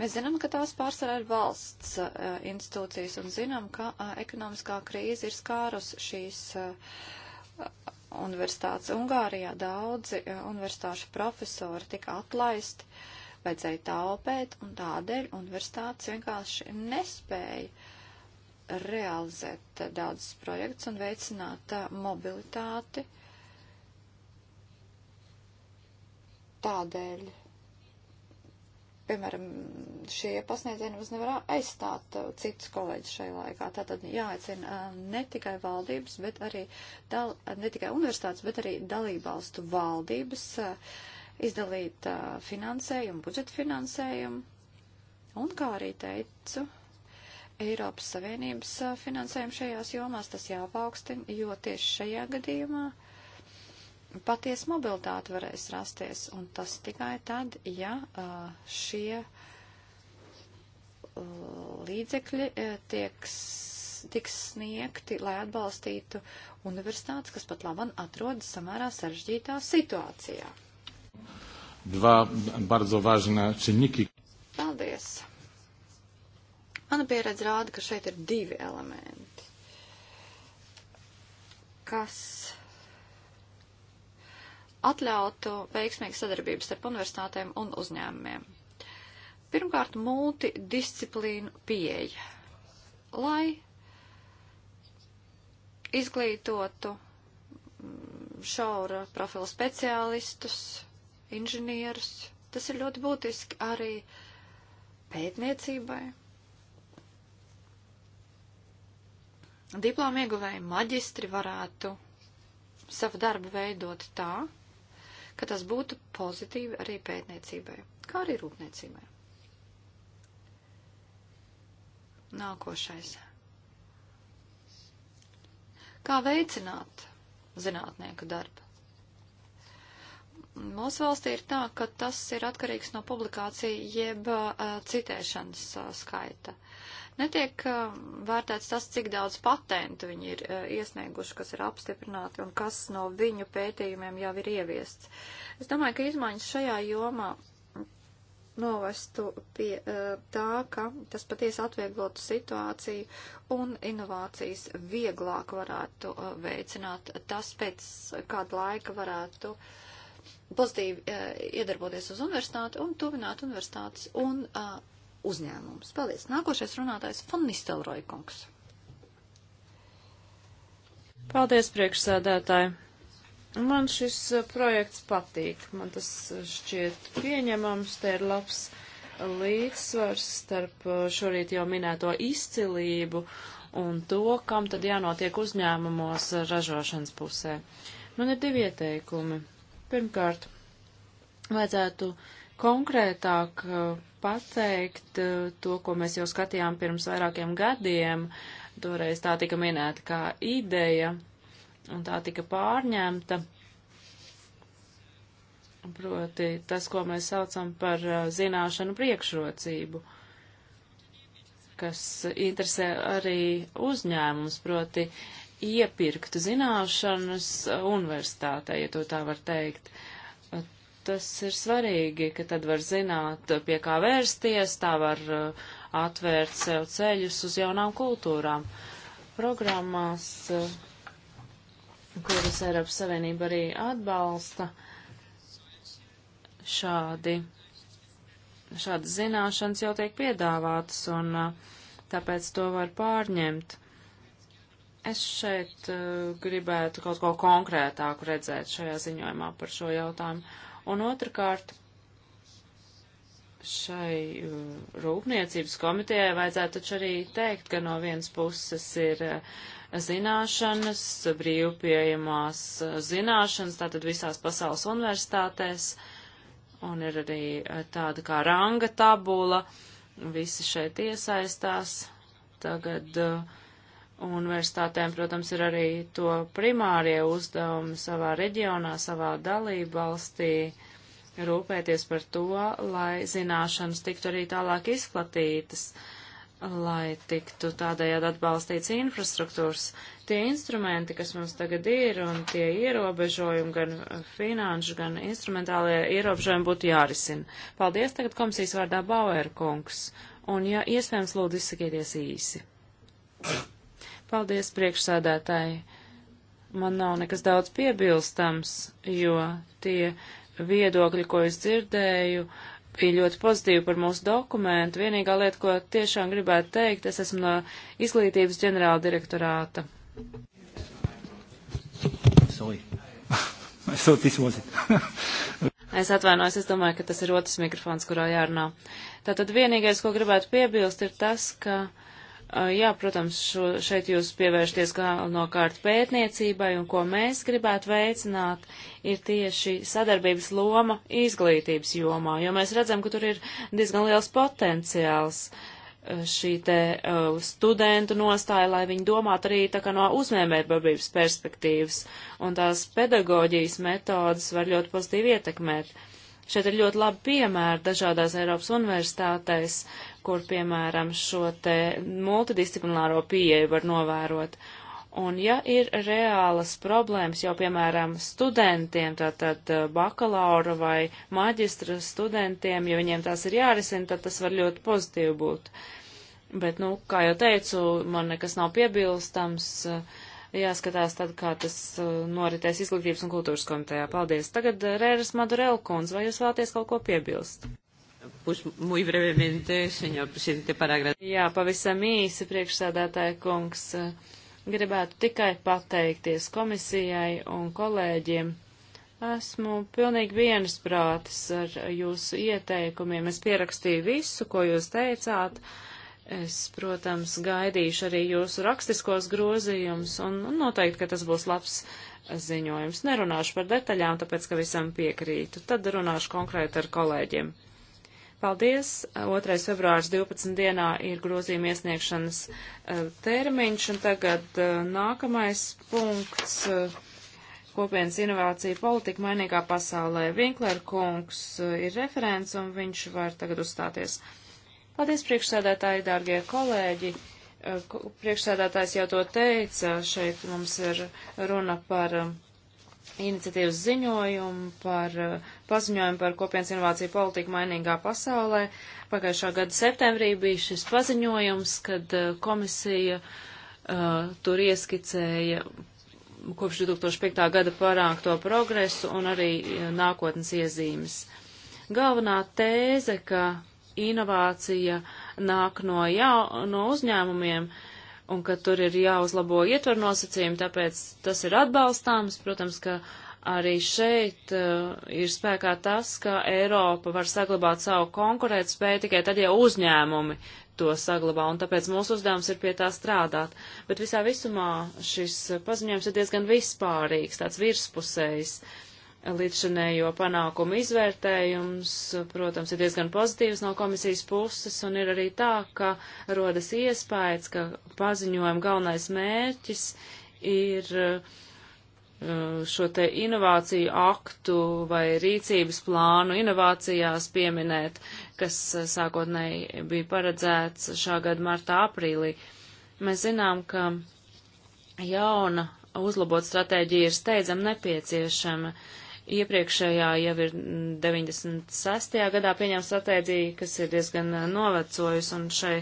Mēs zinām, ka tās pārsvarā ir valsts uh, institūcijas un zinām, ka uh, ekonomiskā krīze ir skārus šīs uh, universitātes. Ungārijā daudzi uh, universitāšu profesori tika atlaisti, vajadzēja taupēt un tādēļ universitātes vienkārši nespēja uh, realizēt eh, daudzus projektus un veicināt eh, mobilitāti. Tādēļ, piemēram, šie pasniedzēji mums nevar aizstāt eh, citus kolēģus šajā laikā. Tātad jāaicina ne tikai valdības, bet arī dal, ne tikai universitātes, bet arī dalībvalstu valdības izdalīt finansējumu, budžeta finansējumu. Un kā arī teicu, Eiropas Savienības finansējumu šajās jomās, tas jāpaukstina, jo tieši šajā gadījumā paties mobilitāte varēs rasties, un tas tikai tad, ja šie līdzekļi tieks, tiks sniegti, lai atbalstītu universitātes, kas pat laban atrodas samērā sarežģītā situācijā. Dva bardzo ważne czynniki. Paldies! Mana pieredze rāda, ka šeit ir divi elementi, kas atļautu veiksmīgu sadarbību starp universitātēm un uzņēmumiem. Pirmkārt, multidisciplīnu pieeja, lai izglītotu mm, šaura profila speciālistus, inženierus. Tas ir ļoti būtiski arī pētniecībai, diplomu ieguvēji maģistri varētu savu darbu veidot tā, ka tas būtu pozitīvi arī pētniecībai, kā arī rūpniecībai. Nākošais. Kā veicināt zinātnieku darbu? Mūsu valstī ir tā, ka tas ir atkarīgs no publikācija jeb uh, citēšanas uh, skaita. Uh, Netiek uh, vērtēts tas, cik daudz patentu viņi ir uh, iesnieguši, kas ir apstiprināti un kas no viņu pētījumiem jau ir ieviests. Es domāju, ka izmaiņas šajā jomā novestu pie uh, tā, ka tas patiesi atvieglotu situāciju un inovācijas vieglāk varētu veicināt. Tas pēc kāda laika varētu pozitīvi iedarboties uz universitāti un tuvināt universitātes un uzņēmumus. Paldies. Nākošais runātājs Fannistelroja kungs. Paldies, priekšsēdētāji. Man šis eh, projekts patīk, man tas eh, šķiet pieņemams, te ir labs eh, līdzsvars starp šorīt jau minēto izcilību un to, kam tad jānotiek uzņēmumos ražošanas pusē. Man ir divi ieteikumi. Pirmkārt, vajadzētu uh, konkrētāk eh, pateikt eh, to, ko mēs jau skatījām pirms vairākiem gadiem. Toreiz tā tika minēta kā ideja, un tā tika pārņemta. Proti tas, ko mēs saucam par eh, zināšanu priekšrocību, kas interesē arī uzņēmums, proti iepirkt zināšanas universitātē, ja to tā var teikt. Uh, tas ir svarīgi, ka tad var zināt, pie kā vērsties, tā var uh, atvērt sev ceļus uz jaunām kultūrām. Programmās, uh, kuras Eiropas Savienība arī atbalsta, šādi, šādas zināšanas jau tiek piedāvātas, un uh, tāpēc to var pārņemt. Es šeit uh, gribētu kaut ko konkrētāku redzēt šajā ziņojumā par šo jautājumu. Uh, Un otrkārt, šai uh, rūpniecības komitejai vajadzētu taču arī teikt, ka no vienas puses ir uh, zināšanas, brīvpieejamās uh, zināšanas, tātad visās pasaules universitātēs, un ir arī tāda kā ranga tabula, visi šeit iesaistās. Tagad uh, Universitātēm, protams, ir arī to primārie uzdevumi savā reģionā, savā dalību valstī rūpēties par to, lai zināšanas tiktu arī tālāk izplatītas, lai tiktu tādējādi atbalstīts infrastruktūras. Tie instrumenti, kas mums tagad ir, un tie ierobežojumi, gan finanšu, gan instrumentālie ierobežojumi būtu jārisina. Paldies tagad komisijas vārdā Bauer kungs, un, ja iespējams, lūdzu izsakieties īsi. Thank you. Paldies priekšsādātāji. Man nav nekas daudz piebilstams, jo tie viedokļi, ko es dzirdēju, bija ļoti pozitīvi par mūsu dokumentu. Vienīgā lieta, ko tiešām gribētu teikt, es esmu no izglītības ģenerāla direktorāta. Sorry. So this was it. es atvainojos, es domāju, ka tas ir otrs mikrofons, kurā jārunā. Tātad vienīgais, ko gribētu piebilst, ir tas, ka Jā, protams, šo, šeit jūs pievēršties galvenokārt pētniecībai, un ko mēs gribētu veicināt, ir tieši sadarbības loma izglītības jomā, jo mēs redzam, ka tur ir diezgan liels potenciāls šī te uh, studentu nostāja, lai viņi domātu arī tā kā no uzņēmējdarbības perspektīvas, un tās pedagoģijas metodas var ļoti pozitīvi ietekmēt. Šeit ir ļoti labi piemēri dažādās Eiropas universitātēs, uh, kur, piemēram, šo te multidisciplināro pieeju var novērot. Un ja ir reālas problēmas, jau, piemēram, studentiem, tātad eh, bakalaura vai maģistra studentiem, ja viņiem tās ir jārisina, tad tas var ļoti pozitīvi būt. Bet, nu, kā jau teicu, man nekas nav piebilstams. Eh, jāskatās tad, kā tas eh, noritēs izglītības un kultūras komitejā. Paldies. Tagad Rēras Madurelkons, vai jūs vēlaties kaut ko piebilst? Pues muy brevemente, señor presidente, para agradecer. Jā, pavisam īsi, priekšsādātāja kungs. Gribētu tikai pateikties komisijai un kolēģiem. Esmu pilnīgi viensprātis ar jūsu ieteikumiem. Es pierakstīju visu, ko jūs teicāt. Es, protams, gaidīšu arī jūsu rakstiskos grozījumus un noteikti, ka tas būs labs ziņojums. Nerunāšu par detaļām, tāpēc, ka visam piekrītu. Tad runāšu konkrēti ar kolēģiem. Paldies! 2. februārs 12. dienā ir grozījuma iesniegšanas e, termiņš, un tagad e, nākamais punkts e, - kopienas inovācija politika mainīgā pasaulē. Vinklēra kungs ir referents, un viņš var tagad uzstāties. Paldies, priekšsēdētāji, dārgie kolēģi! Priekšsēdētājs jau to teica, šeit mums ir runa par iniciatīvas ziņojumu par paziņojumu par kopienas inovāciju politiku mainīgā pasaulē. Pagājušā gada septembrī bija šis paziņojums, kad uh, komisija uh, tur ieskicēja kopš 2005. gada parākto progresu un arī uh, nākotnes iezīmes. Galvenā tēze, ka inovācija nāk no, jau, no uzņēmumiem, uh, un ka tur ir jāuzlabo ietver nosacījumi, tāpēc tas ir atbalstāms. Protams, ka arī šeit uh, ir spēkā tas, ka Eiropa var saglabāt savu konkurētspēju tikai tad, ja uzņēmumi to saglabā, un tāpēc mūsu uzdevums ir pie tā strādāt. Bet visā visumā šis paziņojums ir diezgan vispārīgs, tāds virspusējs. Līdzšanējo panākumu izvērtējums, protams, ir diezgan pozitīvs no komisijas puses, un ir arī tā, ka rodas iespējas, ka paziņojuma galvenais mērķis ir uh, Eh, šo te inovāciju aktu vai rīcības plānu inovācijās pieminēt, kas eh, sākotnēji bija paredzēts šā gada martā aprīlī. Mēs zinām, ka jauna uzlabot stratēģija ir steidzam nepieciešama. Iepriekšējā jau ir 96. Mm, gadā pieņemta stratēģija, kas ir diezgan eh, novecojusi, un šai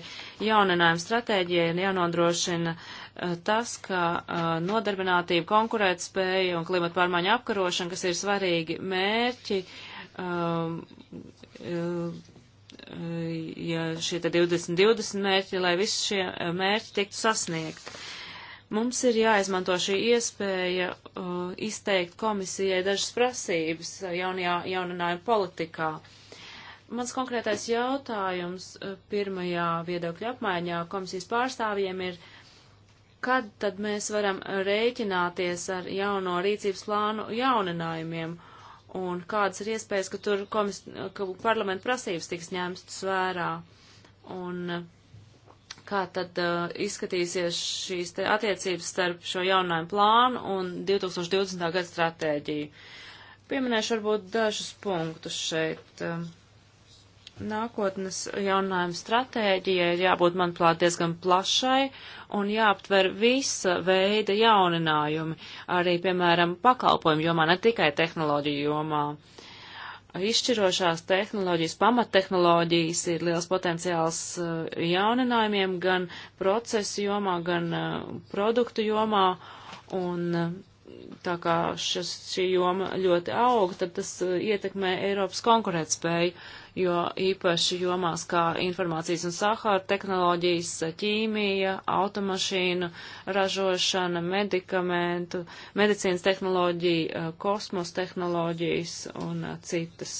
jauninājuma stratēģijai ir jānodrošina uh, Eh, tas, ka eh, nodarbinātība, konkurētspēja un klimata pārmaiņa apkarošana, kas ir svarīgi mērķi, ehm, eh, ja šie 2020 mērķi, lai visi šie mērķi tiktu sasniegt. Mums ir jāizmanto šī iespēja izteikt komisijai dažas prasības jaunajā jauninājuma politikā. Mans konkrētais jautājums pirmajā viedokļa apmaiņā komisijas pārstāvjiem ir, uh, kad tad mēs varam rēķināties ar jauno rīcības plānu jauninājumiem un kādas ir iespējas, ka tur komis, ka parlamenta prasības tiks ņemtas vērā un kā tad uh, izskatīsies šīs te attiecības starp šo jaunājumu plānu un 2020. gada stratēģiju. Pieminēšu varbūt dažus punktus šeit. Uh, Nākotnes jauninājuma stratēģija ir jābūt, manuprāt, diezgan plašai un jāaptver visa veida jauninājumi, arī, piemēram, pakalpojumu jomā, ne tikai tehnoloģiju jomā. Izšķirošās tehnoloģijas, pamattehnoloģijas ir liels potenciāls uh, jauninājumiem gan procesu jomā, gan uh, produktu jomā, un uh, tā kā šis, šī joma ļoti aug, tad tas ietekmē Eiropas konkurētspēju. spēju jo īpaši jomās kā informācijas un sahāra tehnoloģijas, ķīmija, automašīnu ražošana, medikamentu, medicīnas tehnoloģija, eh, kosmos tehnoloģijas un eh, citas.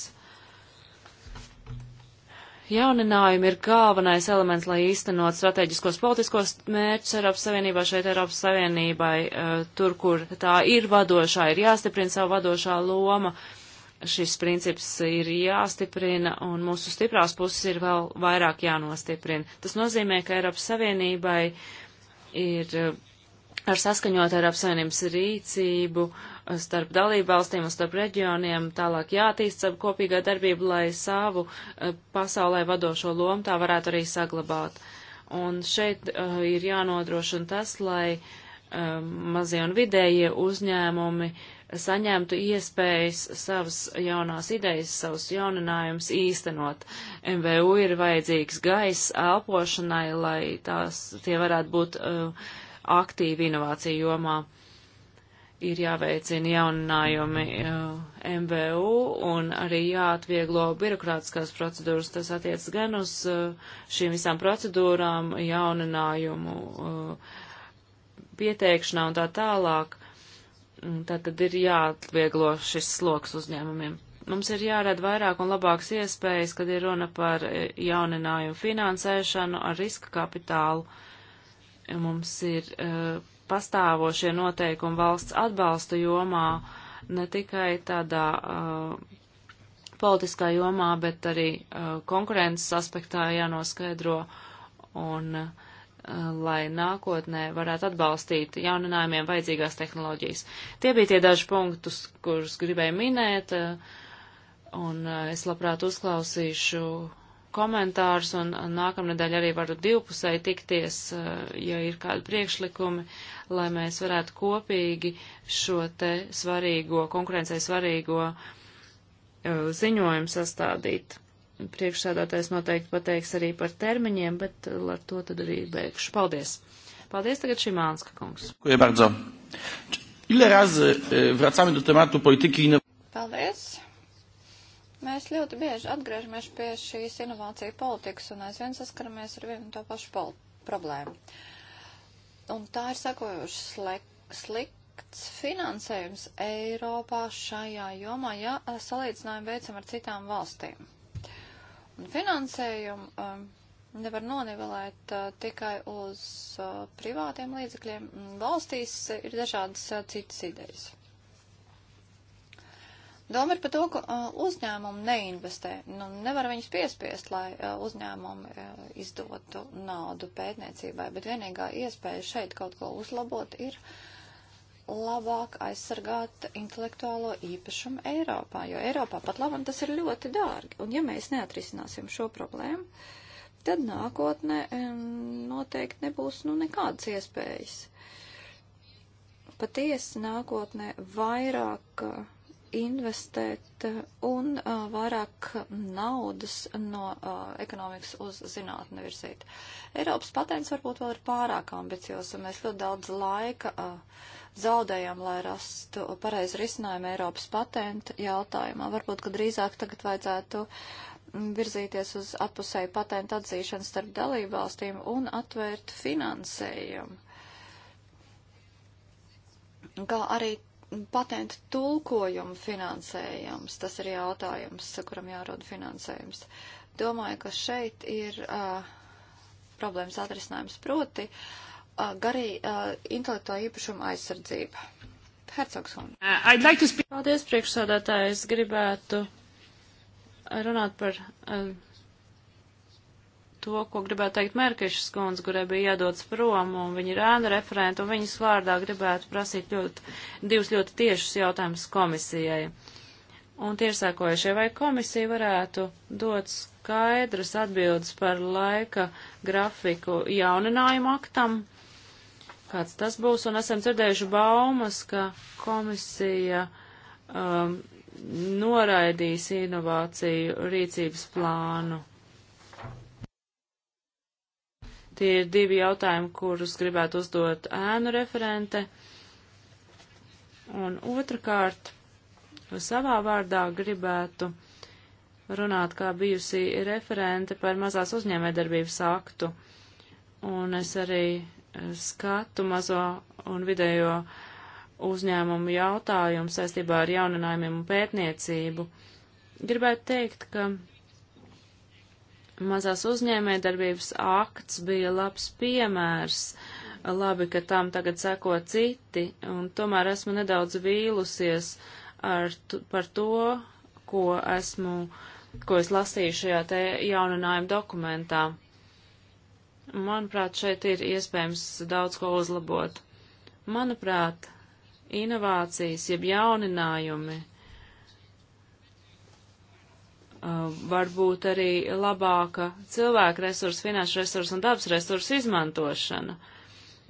Jauninājumi ir galvenais elements, lai īstenot strateģiskos politiskos mērķus Eiropas Savienībā šeit Eiropas Savienībai. Eh, tur, kur tā ir vadošā, ir jāstiprina savu vadošā loma. Uh, šis princips ir jāstiprina, un mūsu stiprās puses ir vēl vairāk jānostiprina. Tas nozīmē, ka Eiropas Savienībai ir eh, ar saskaņot Eiropas Savienības rīcību eh, starp dalībvalstīm un starp reģioniem tālāk jātīst savu kopīgā darbību, lai savu eh, pasaulē vadošo lomu tā varētu arī saglabāt. Un šeit uh, ir jānodrošina tas, lai uh, mazie un vidējie uzņēmumi uh, saņemtu iespējas savas jaunās idejas, savus jauninājumus īstenot. MVU ir vajadzīgs gaiss elpošanai, lai tās, tie varētu būt uh, aktīvi inovāciju jomā ir jāveicina jauninājumi uh, MVU un arī jāatvieglo birokrātiskās procedūras. Tas attiec gan uz uh, šīm visām procedūrām, jauninājumu uh, pieteikšanā un tā tālāk. Tātad ir jāatvieglo šis sloks uzņēmumiem. Mums ir jārada vairāk un labāks iespējas, kad ir runa par jauninājumu finansēšanu ar riska kapitālu. Mums ir uh, pastāvošie noteikumi valsts atbalsta jomā, ne tikai tādā uh, politiskā jomā, bet arī uh, konkurences aspektā jānoskaidro. Un, uh, Uh, lai nākotnē varētu atbalstīt jauninājumiem vajadzīgās tehnoloģijas. Tie bija tie daži punktus, kurus gribēju minēt, uh, un uh, es labprāt uzklausīšu komentārus, un nākamnedēļ arī varu divpusēji tikties, ja ir kādi priekšlikumi, lai mēs varētu kopīgi šo te svarīgo, konkurencei svarīgo ziņojumu sastādīt priekšsēdātais noteikti pateiks arī par termiņiem, bet eh, ar to tad arī beigšu. Paldies! Paldies tagad Šimānska kungs. E, Paldies! Mēs ļoti bieži atgriežamies pie šīs inovāciju politikas un aizvien saskaramies ar vienu to pašu problēmu. Un tā ir sakojoša slik slikts finansējums Eiropā šajā jomā, ja e, salīdzinājumu veicam ar citām valstīm. Finansējumu um, nevar nonivelēt uh, tikai uz uh, privātiem līdzekļiem. Valstīs ir dažādas uh, citas idejas. Doma ir par to, ka uh, uzņēmumi neinvestē. Nu, nevar viņus piespiest, lai uh, uzņēmumi uh, izdotu naudu pētniecībai, bet vienīgā iespēja šeit kaut ko uzlabot ir uh, labāk aizsargāt intelektuālo īpašumu Eiropā, jo Eiropā pat labam tas ir ļoti dārgi. Un ja mēs neatrisināsim šo problēmu, tad nākotnē noteikti nebūs nu nekādas iespējas. Patiesi nākotnē vairāk uh, investēt eh, un uh, vairāk naudas no uh, ekonomikas uz zinātni virzīt. Eiropas patents varbūt vēl ir pārāk ambiciozs, un mēs ļoti daudz laika uh, zaudējam, lai rastu pareizi risinājumu Eiropas patenta jautājumā. Varbūt, ka drīzāk tagad vajadzētu mm, virzīties uz atpusēju patentu atzīšanu starp dalībvalstīm un atvērt finansējumu. Kā arī patentu tulkojumu finansējums, tas ir jautājums, kuram jārod finansējums. Domāju, ka šeit ir uh, problēmas atrisinājums proti uh, garī uh, intelektuāla īpašuma aizsardzība. Hercogs un. Uh, like to... Paldies, priekšsādātāji. Es gribētu runāt par uh, to, ko gribētu teikt Merkešas kundze, kurai bija jādodas prom, un viņa ir ēna referenta, un viņas vārdā gribētu prasīt ļoti, divus ļoti tiešus jautājumus komisijai. Un tiesākojušie, vai komisija varētu dot skaidras atbildes par laika grafiku jauninājumu aktam, kāds tas būs, un esam dzirdējuši baumas, ka komisija um, noraidīs inovāciju rīcības plānu Tie ir divi jautājumi, kurus gribētu uzdot ēnu referente. Un otrkārt, savā vārdā gribētu runāt kā bijusī referente par mazās uzņēmējdarbības aktu. Un es arī skatu mazo un vidējo uzņēmumu jautājumu saistībā ar jauninājumiem un pētniecību. Gribētu teikt, ka Mazās uzņēmējdarbības akts bija labs piemērs. Labi, ka tam tagad seko citi, un tomēr esmu nedaudz vīlusies ar, par to, ko esmu, ko es lasīju šajā te jauninājuma dokumentā. Manuprāt, šeit ir iespējams daudz ko uzlabot. Manuprāt, inovācijas, jeb jauninājumi Uh, varbūt arī labāka cilvēka resursa, finanšu resursa un dabas resursa izmantošana.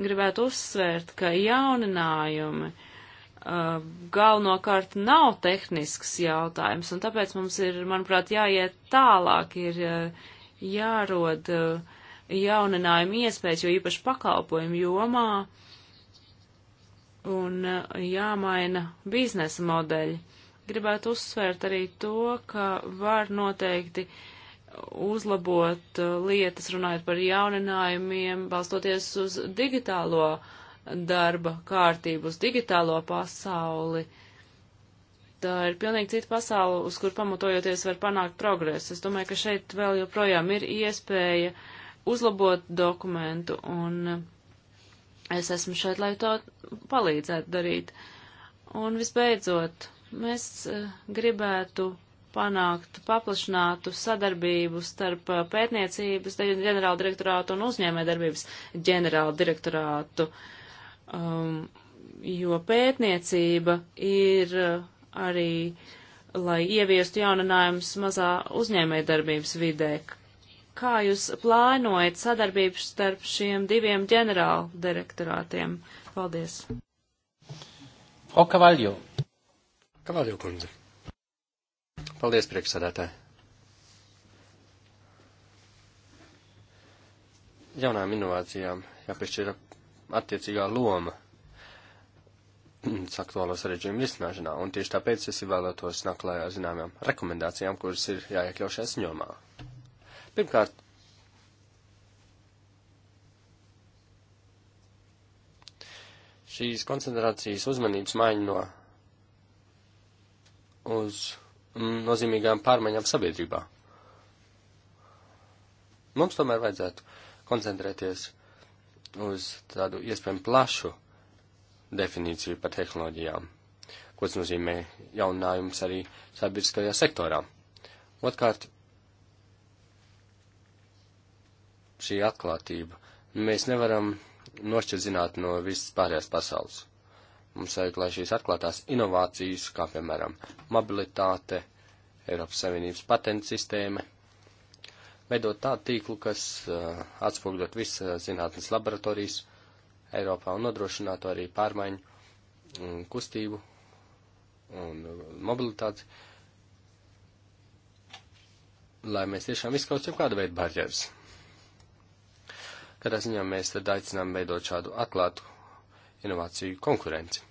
Gribētu uzsvērt, ka jauninājumi uh, galvenokārt nav tehnisks jautājums, un tāpēc mums ir, manuprāt, jāiet tālāk, ir uh, jārod jauninājumi iespējas, jo īpaši pakalpojumu jomā, un jāmaina biznesa modeļi Gribētu uzsvērt arī to, ka var noteikti uzlabot uh, lietas, runājot par jauninājumiem, balstoties uz digitālo darba kārtību, uz digitālo pasauli. Tā ir pilnīgi cita pasaule, uz kur pamatojoties var panākt progresu. Es domāju, ka šeit vēl joprojām ir iespēja uzlabot dokumentu, un es esmu šeit, lai to palīdzētu darīt. Un visbeidzot, Mēs eh, gribētu panākt paplašinātu sadarbību starp eh, pētniecības ģenerāla direktorātu un uzņēmē darbības ģenerāla direktorātu, um, jo pētniecība ir eh, arī, lai ieviestu jauninājumus mazā uzņēmē darbības vidē. Kā jūs plānojat sadarbību starp šiem diviem ģenerāla direktorātiem? Paldies! Frau Cavallo. Kavaljo kundze. Paldies, priekšsādātāji. Jaunām inovācijām jāpiešķir attiecīgā loma aktuālo sarežģījumu risināšanā, un tieši tāpēc es vēlētos nākt klājā ar zināmām rekomendācijām, kuras ir jāiekļauj šajā ziņomā. Pirmkārt, šīs koncentrācijas uzmanības maiņa no uz nozīmīgām pārmaiņām sabiedrībā. Mums tomēr vajadzētu koncentrēties uz tādu iespējami plašu definīciju par tehnoloģijām, ko tas nozīmē jauninājums arī sabiedriskajā sektorā. Otkārt, šī atklātība. Mēs nevaram nošķirt zināt no visas pārējās pasaules. Mums vajag, lai šīs atklātās inovācijas, kā piemēram mobilitāte, Eiropas Savienības patents sistēma, veidot tādu tīklu, kas uh, atspūgdot visas uh, zinātnes laboratorijas Eiropā un nodrošinātu arī pārmaiņu un mm, kustību un uh, mobilitāti, lai mēs tiešām izskaucam kādu veidu barjeras. Katrā ziņā mēs tad aicinām veidot šādu atklātu inovāciju konkurenci.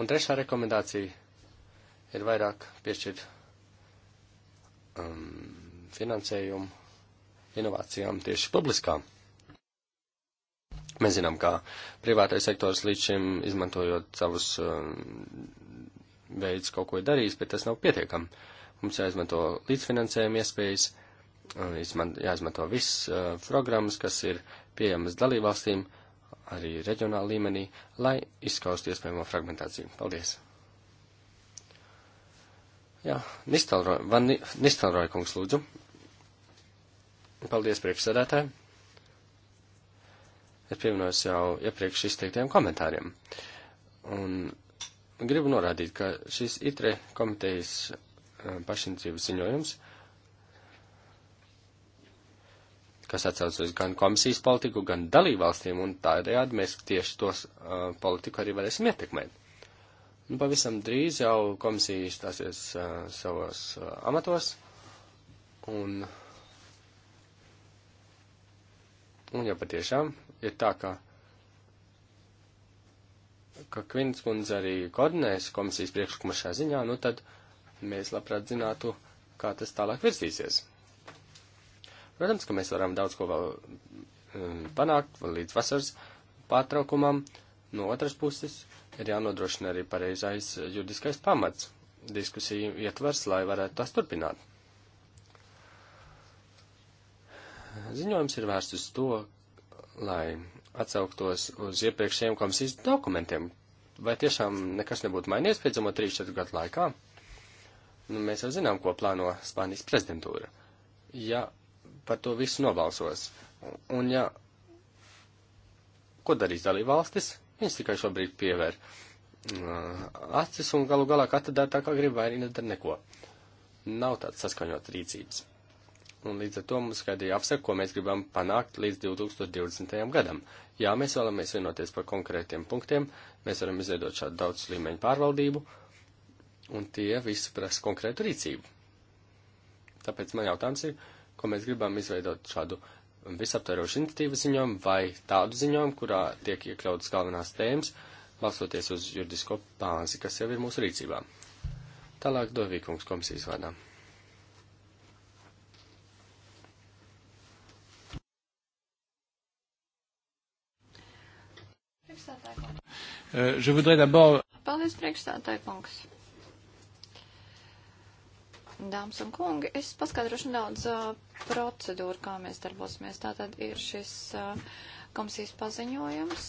Un trešā rekomendācija ir vairāk piešķirt um, finansējumu inovācijām tieši publiskām. Mēs zinām, ka privātais sektors līdz šim izmantojot savus um, veids kaut ko ir darījis, bet tas nav pietiekami. Mums jāizmanto līdzfinansējuma iespējas, um, jāizmanto viss uh, programmas, kas ir pieejamas dalībvalstīm. Uh, arī reģionāla līmenī, lai izskaustu iespējamo fragmentāciju. Paldies! Jā, Nistelroja, Van Nistelroja kungs lūdzu. Paldies priekšsēdētājiem. Es pievienojos jau iepriekš izteiktiem komentāriem. Un gribu norādīt, ka šis ITRE komitejas eh, pašinicības ziņojums uh, kas atcauc uz gan komisijas politiku, gan dalībvalstīm, un tādējādi mēs tieši tos uh, politiku arī varēsim ietekmēt. Un nu, pavisam drīz jau komisija izstāsies uh, savos uh, amatos, un, un jau patiešām ir tā, ka ka Kvints kundze arī koordinēs komisijas priekšlikumu šajā ziņā, nu tad mēs labprāt zinātu, kā tas tālāk virzīsies. Protams, ka mēs varam daudz ko vēl um, panākt vēl līdz vasaras pārtraukumam. No otras puses, ir jānodrošina arī pareizais juridiskais pamats diskusiju ietvers, lai varētu tās turpināt. Ziņojums ir vērsts uz to, lai atsauktos uz iepriekšējiem komisijas dokumentiem. Vai tiešām nekas nebūtu mainījies pēdējo 3-4 gadu laikā? Nu, mēs jau zinām, ko plāno Spānijas prezidentūra. Ja par to visu nobalsos. Un ja, ko darīs dalībvalstis? Viņas tikai šobrīd pievēr uh, acis un galu galā katra dara tā, kā grib, vai arī nedara neko. Nav tāds saskaņot rīcības. Un līdz ar to mums skaidri jāapsaka, ko mēs gribam panākt līdz 2020. gadam. Jā, mēs vēlamies vienoties par konkrētiem punktiem, mēs varam izveidot šādu daudz līmeņu pārvaldību, un tie visi prasa konkrētu rīcību. Tāpēc man jautājums ir, ko mēs gribam izveidot šādu visaptverošu iniciatīvas ziņojumu vai tādu ziņojumu, kurā tiek iekļautas galvenās tēmas, balstoties uz juridisko bāzi, kas jau ir mūsu rīcībā. Tālāk Dovīkungs komisijas vārdā. Euh, Paldies, priekšstādāji kungs. Dāmas un kungi, es paskaidrošu nedaudz procedūru, kā mēs darbosimies. Tātad ir šis komisijas paziņojums,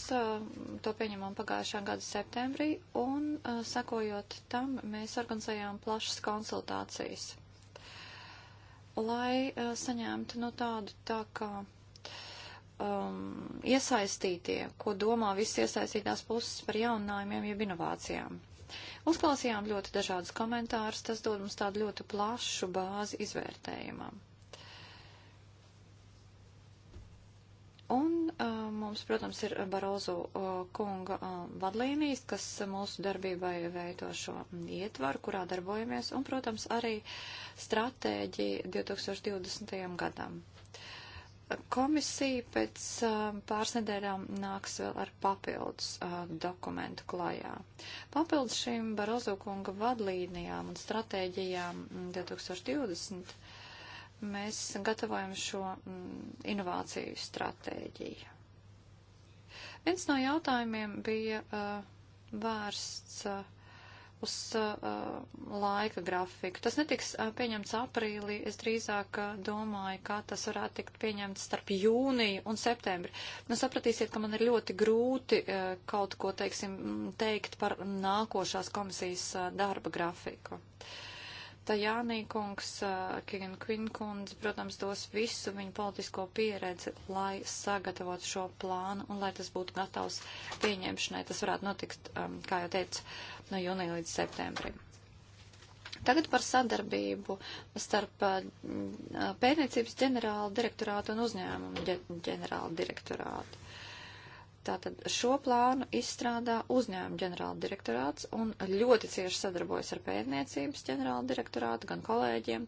to pieņemam pagājušā gada septembrī, un sakojot tam, mēs organizējām plašas konsultācijas, lai saņemtu no tādu tā kā um, iesaistītie, ko domā visi iesaistītās puses par jauninājumiem, jeb inovācijām. Uzklausījām ļoti dažādus komentārus, tas dod mums tādu ļoti plašu bāzi izvērtējumam. Un uh, mums, protams, ir Barozo uh, kunga uh, vadlīnijas, kas mūsu darbībai veido šo ietvaru, kurā darbojamies, un, protams, arī stratēģija 2020. gadam. Komisija pēc um, pāris nedēļām nāks vēl ar papildus uh, dokumentu klajā. Papildus šīm Barozo kunga vadlīnijām un stratēģijām 2020 mm, mēs gatavojam šo mm, inovāciju stratēģiju. Viens no jautājumiem bija uh, vērsts uh, ārpus uh, laika grafiku. Tas netiks uh, pieņemts aprīlī. Es drīzāk uh, domāju, kā tas varētu tikt pieņemts starp jūniju un septembri. Nu, sapratīsiet, ka man ir ļoti grūti kaut ko, teiksim, teikt par nākošās komisijas darba grafiku. Uh, Tajānī kungs, Kigan Kvinkundze, protams, dos visu viņu politisko pieredzi, lai sagatavotu šo plānu un lai tas būtu gatavs pieņemšanai. Tas varētu notikt, um, kā jau teicu, no jūnija līdz septembrim. Tagad par sadarbību starp uh, pētniecības ģenerāla direktorātu un uzņēmumu ģenerāla direktorātu. Tātad šo plānu izstrādā uzņēmuma ģenerāla direktorāts un ļoti cieši sadarbojas ar pētniecības ģenerāla direktorātu, gan kolēģiem.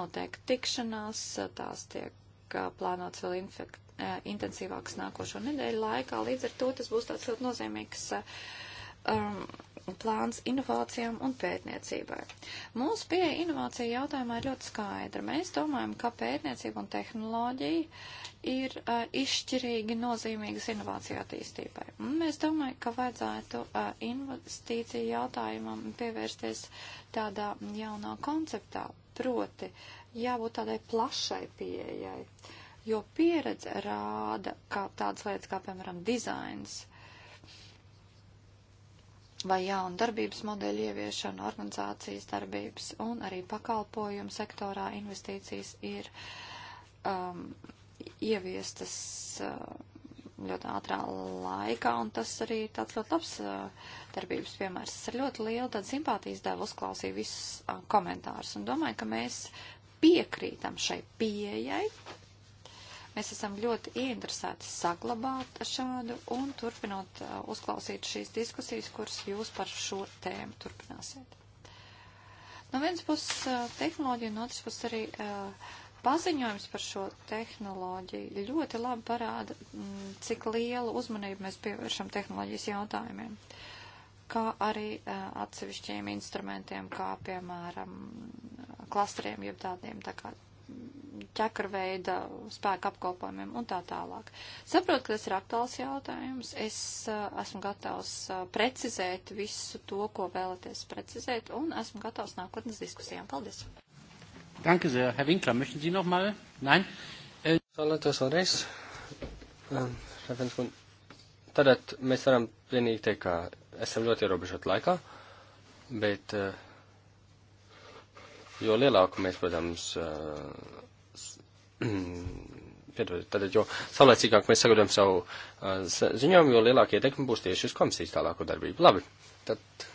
Notiek tikšanās, tās tiek plānotas vēl infekt, intensīvākas nākošo nedēļu laikā. Līdz ar to tas būs tāds ļoti nozīmīgs um, plāns inovācijām un pētniecībai. Mūsu pieeja inovācija jautājumā ir ļoti skaidra. Mēs domājam, ka pētniecība un tehnoloģija ir uh, izšķirīgi nozīmīgas inovācija attīstībai. Un mēs domājam, ka vajadzētu uh, investīciju jautājumam pievērsties tādā jaunā konceptā, proti jābūt tādai plašai pieejai, jo pieredze rāda, ka tādas lietas kā, piemēram, dizains, vai jaunu darbības modeļu ieviešanu, organizācijas darbības un arī pakalpojumu sektorā investīcijas ir um, ieviestas uh, ļoti ātrā laikā, un tas arī tāds ļoti labs uh, darbības piemērs. Es ar ļoti lielu tādu simpātijas devu uzklausīju visus uh, komentārus un domāju, ka mēs piekrītam šai pieejai, Mēs esam ļoti ieinteresēti saglabāt šādu un turpinot uh, uzklausīt šīs diskusijas, kuras jūs par šo tēmu turpināsiet. No vienas puses uh, tehnoloģija, no otras puses arī uh, paziņojums par šo tehnoloģiju ļoti labi parāda, mm, cik lielu uzmanību mēs pievēršam tehnoloģijas jautājumiem kā arī uh, atsevišķiem instrumentiem, kā piemēram klasteriem, jeb tādiem tā kā ķekarveida spēku apkopojumiem un tā tālāk. Saprotu, ka tas ir aktuāls jautājums. Es uh, esmu gatavs uh, precizēt visu to, ko vēlaties precizēt, un esmu gatavs nākotnes diskusijām. Paldies! Danke sehr. Herr Winkler, möchten Sie noch mal? Nein? Vēlētos vēlreiz. Tātad mēs varam vienīgi teikt, ka esam ļoti ierobežot laikā, bet uh, jo lielāku mēs, protams, uh, piedod, tad, jo saulēcīgāk mēs sagatavojam savu uh, ziņojumu, jo lielākie ietekmi būs tieši uz komisijas tālāko darbību. Labi, tad.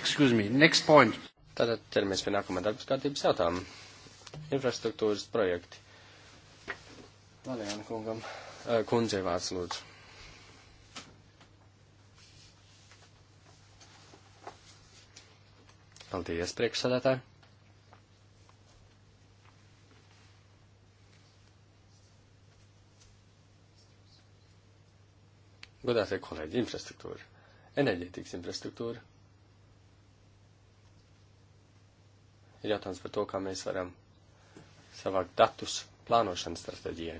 Excuse me, next point. Tātad ķeramies pie nākamā darbas kārtības jautājuma. Infrastruktūras projekti. Valjāna kungam, uh, kundzei vārds lūdzu. Paldies, priekšsādātāji. Godātie kolēģi, infrastruktūra, enerģētikas infrastruktūra. Ir jautājums par to, kā mēs varam savākt datus plānošanas stratēģijai.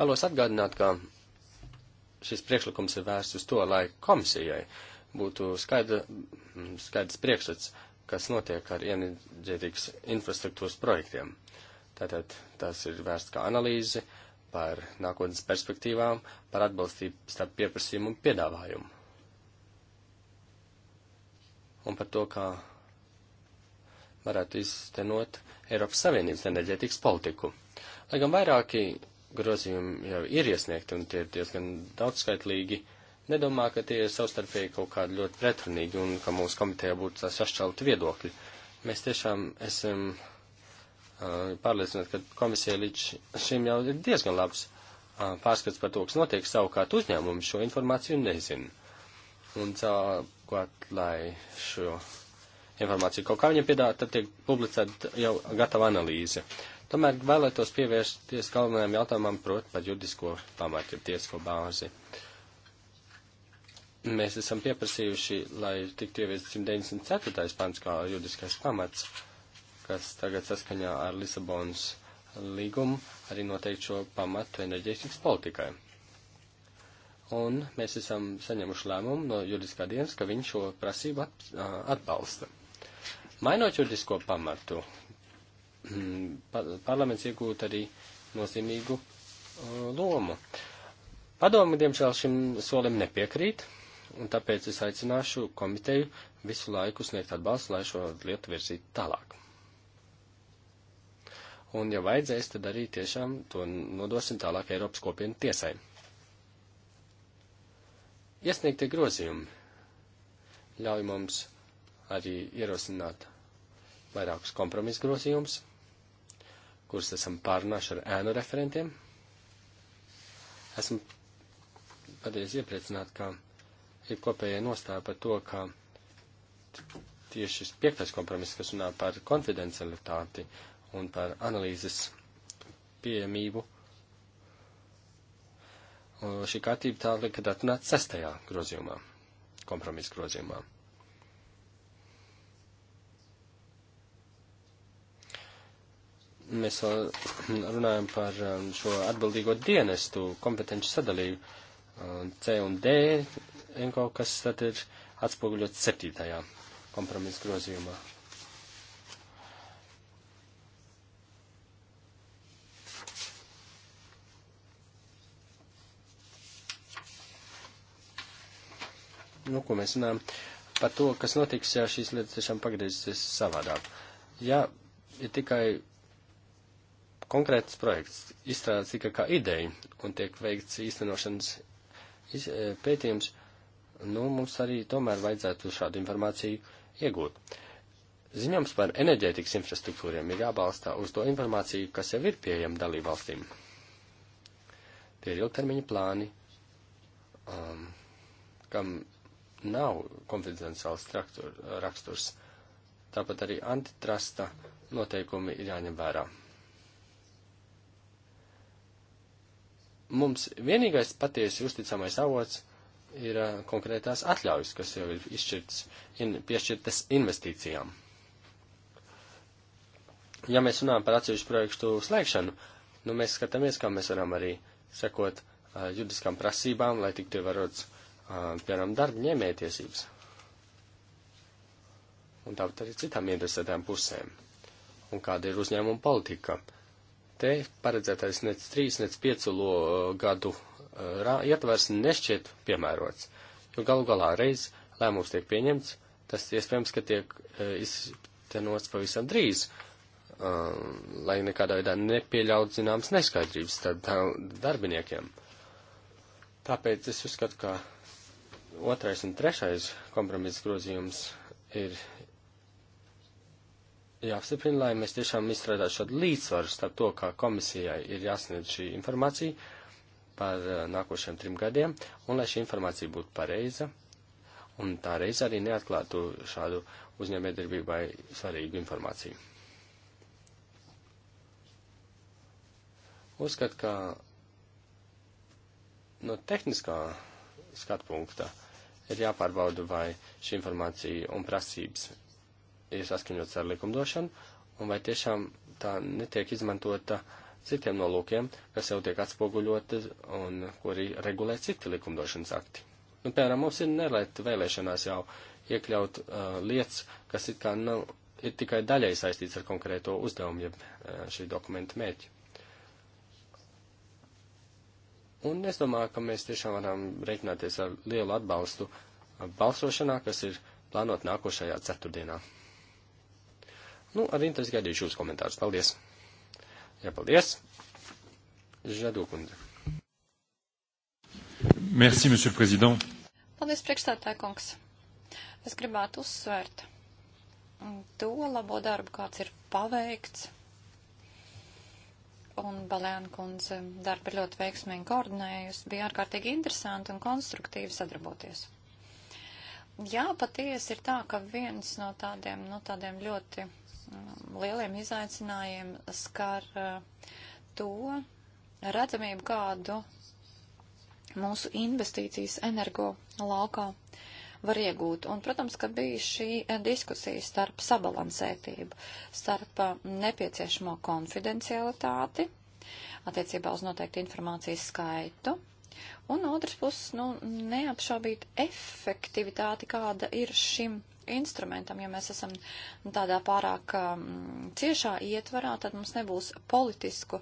Vēlos atgādināt, ka šis priekšlikums ir vērsts uz to, lai komisijai būtu skaidra, mm, skaidrs priekšsats, kas notiek ar enerģētikas infrastruktūras projektiem. Tātad tas ir vērsts kā analīze par nākotnes perspektīvām, par atbalstību starp pieprasījumu un piedāvājumu. Un par to, kā varētu iztenot Eiropas Savienības enerģētikas politiku. Lai gan vairāki grozījumi jau ir iesniegti un tie ir diezgan daudzskaitlīgi, uh, nedomā, ka tie ir savstarpēji kaut kādi ļoti pretrunīgi un ka mūsu komitejā būtu tā sašķelti viedokļi. Mēs tiešām esam uh, pārliecināti, ka komisija līdz šim jau ir diezgan labs uh, pārskats par to, kas notiek savukārt uzņēmumi šo informāciju nezinu. Un savukārt, lai šo informāciju kaut kā viņam piedāvā, tad tiek publicēta jau gatava analīze. Tomēr vēlētos pievērsties galvenajam jautājumam, proti, par juridisko pamatu, tiesisko bāzi. Uh, mēs esam pieprasījuši, lai tiktu ieviests 194. pants kā judiskais pamats, kas tagad saskaņā ar Lisabonas līgumu arī noteikti šo pamatu enerģētikas politikai. Un mēs esam saņemuši lēmumu no juridiskā dienas, ka viņš šo prasību at, atbalsta. Mainot juridisko pamatu, mm, parlaments iegūt arī nozīmīgu lomu. Padomu, diemžēl, šim solim nepiekrīt, Un tāpēc es aicināšu komiteju visu laiku sniegt atbalstu, lai šo lietu virzītu tālāk. Un, ja vajadzēs, tad arī tiešām to nodosim tālāk Eiropas kopienu tiesai. Iesniegtie grozījumi ļauj mums arī ierosināt vairākus kompromisu grozījumus, kurus esam pārunājuši ar ēnu referentiem. Esmu patiesi iepriecināti, ka ir kopējai nostāja par to, ka tieši šis piektais kompromiss, kas runā par konfidencialitāti un par analīzes pieejamību, šī kārtība tā lika datināt sestajā grozījumā, kompromisa grozījumā. Mēs runājam par um, šo atbildīgo dienestu kompetenci sadalību. Um, C un D enko, kas tad ir atspoguļots septītajā kompromisa grozījumā. Nu, ko mēs runājam par to, kas notiks, ja šīs lietas tiešām pagriezīsies savādāk. Ja ir tikai konkrēts projekts, izstrādāts tikai kā ideja un tiek veikts īstenošanas e, pētījums, nu, mums arī tomēr vajadzētu šādu informāciju iegūt. Ziņojums par enerģētikas infrastruktūriem ir jābalstā uz to informāciju, kas jau ir pieejama dalībvalstīm. Tie ir ilgtermiņa plāni, um, kam nav konfidenciāls traktur, raksturs. Tāpat arī antitrusta noteikumi ir jāņem vērā. Mums vienīgais patiesi uzticamais avots ir uh, konkrētās atļaujas, kas jau ir izšķirts, in, piešķirtas investīcijām. Ja mēs runājam par atsevišķu projektu slēgšanu, nu mēs skatāmies, kā mēs varam arī sekot uh, juridiskām prasībām, lai tiktu ievērots, uh, piemēram, darba ņēmēja tiesības. Un tāpat arī citām interesētām pusēm. Un kāda ir uzņēmuma politika? Te paredzētais nec 3, nec 5 lo, uh, gadu ietvars nešķiet piemērots, jo galu galā reiz lēmums tiek pieņemts, tas iespējams, ka tiek e, iztenots pavisam drīz, e, lai nekādā veidā nepieļaut zināmas neskaidrības starp darbiniekiem. Tāpēc es uzskatu, ka otrais un trešais kompromiss grozījums ir jāapstiprina, lai mēs tiešām izstrādātu šādu līdzsvaru starp to, kā komisijai ir jāsniedz šī informācija, par uh, nākošiem trim gadiem, un lai šī informācija būtu pareiza, un tā reiz arī neatklātu šādu uzņēmējdarbībai svarīgu informāciju. Uzskat, ka no tehniskā skatu punkta ir jāpārbauda, vai šī informācija un prasības ir saskaņots ar likumdošanu, un vai tiešām tā netiek izmantota uh, citiem nolūkiem, kas jau tiek atspoguļoti un kuri regulē citi likumdošanas akti. Nu, piemēram, mums ir nerēt vēlēšanās jau iekļaut uh, lietas, kas it kā nav, nu, ir tikai daļai saistīts ar konkrēto uzdevumu, ja uh, šī dokumenta mērķi. Un es domāju, ka mēs tiešām varam reiķināties ar lielu atbalstu uh, balsošanā, kas ir plānot nākošajā ceturtdienā. Nu, ar interesi gaidīšu jūs komentārus. Paldies! Jā, paldies. Žadu kundze. Merci, monsieur prezident. Paldies, priekšstādāja kungs. Es gribētu uzsvērt to labo darbu, kāds ir paveikts. Un Balēna kundze darba ļoti veiksmīgi koordinējusi. Bija ārkārtīgi interesanti un konstruktīvi sadarboties. Jā, patiesi ir tā, ka viens no tādiem, no tādiem ļoti lieliem izaicinājumiem skar e, to redzamību, kādu mūsu investīcijas energo laukā var iegūt. Un, protams, ka bija šī diskusija starp sabalansētību, starp e, nepieciešamo konfidencialitāti attiecībā uz noteiktu informācijas skaitu. Un otrs puses, nu, neapšaubīt efektivitāti, kāda ir šim instrumentam. Ja mēs esam tādā pārāk um, ciešā ietvarā, tad mums nebūs politisku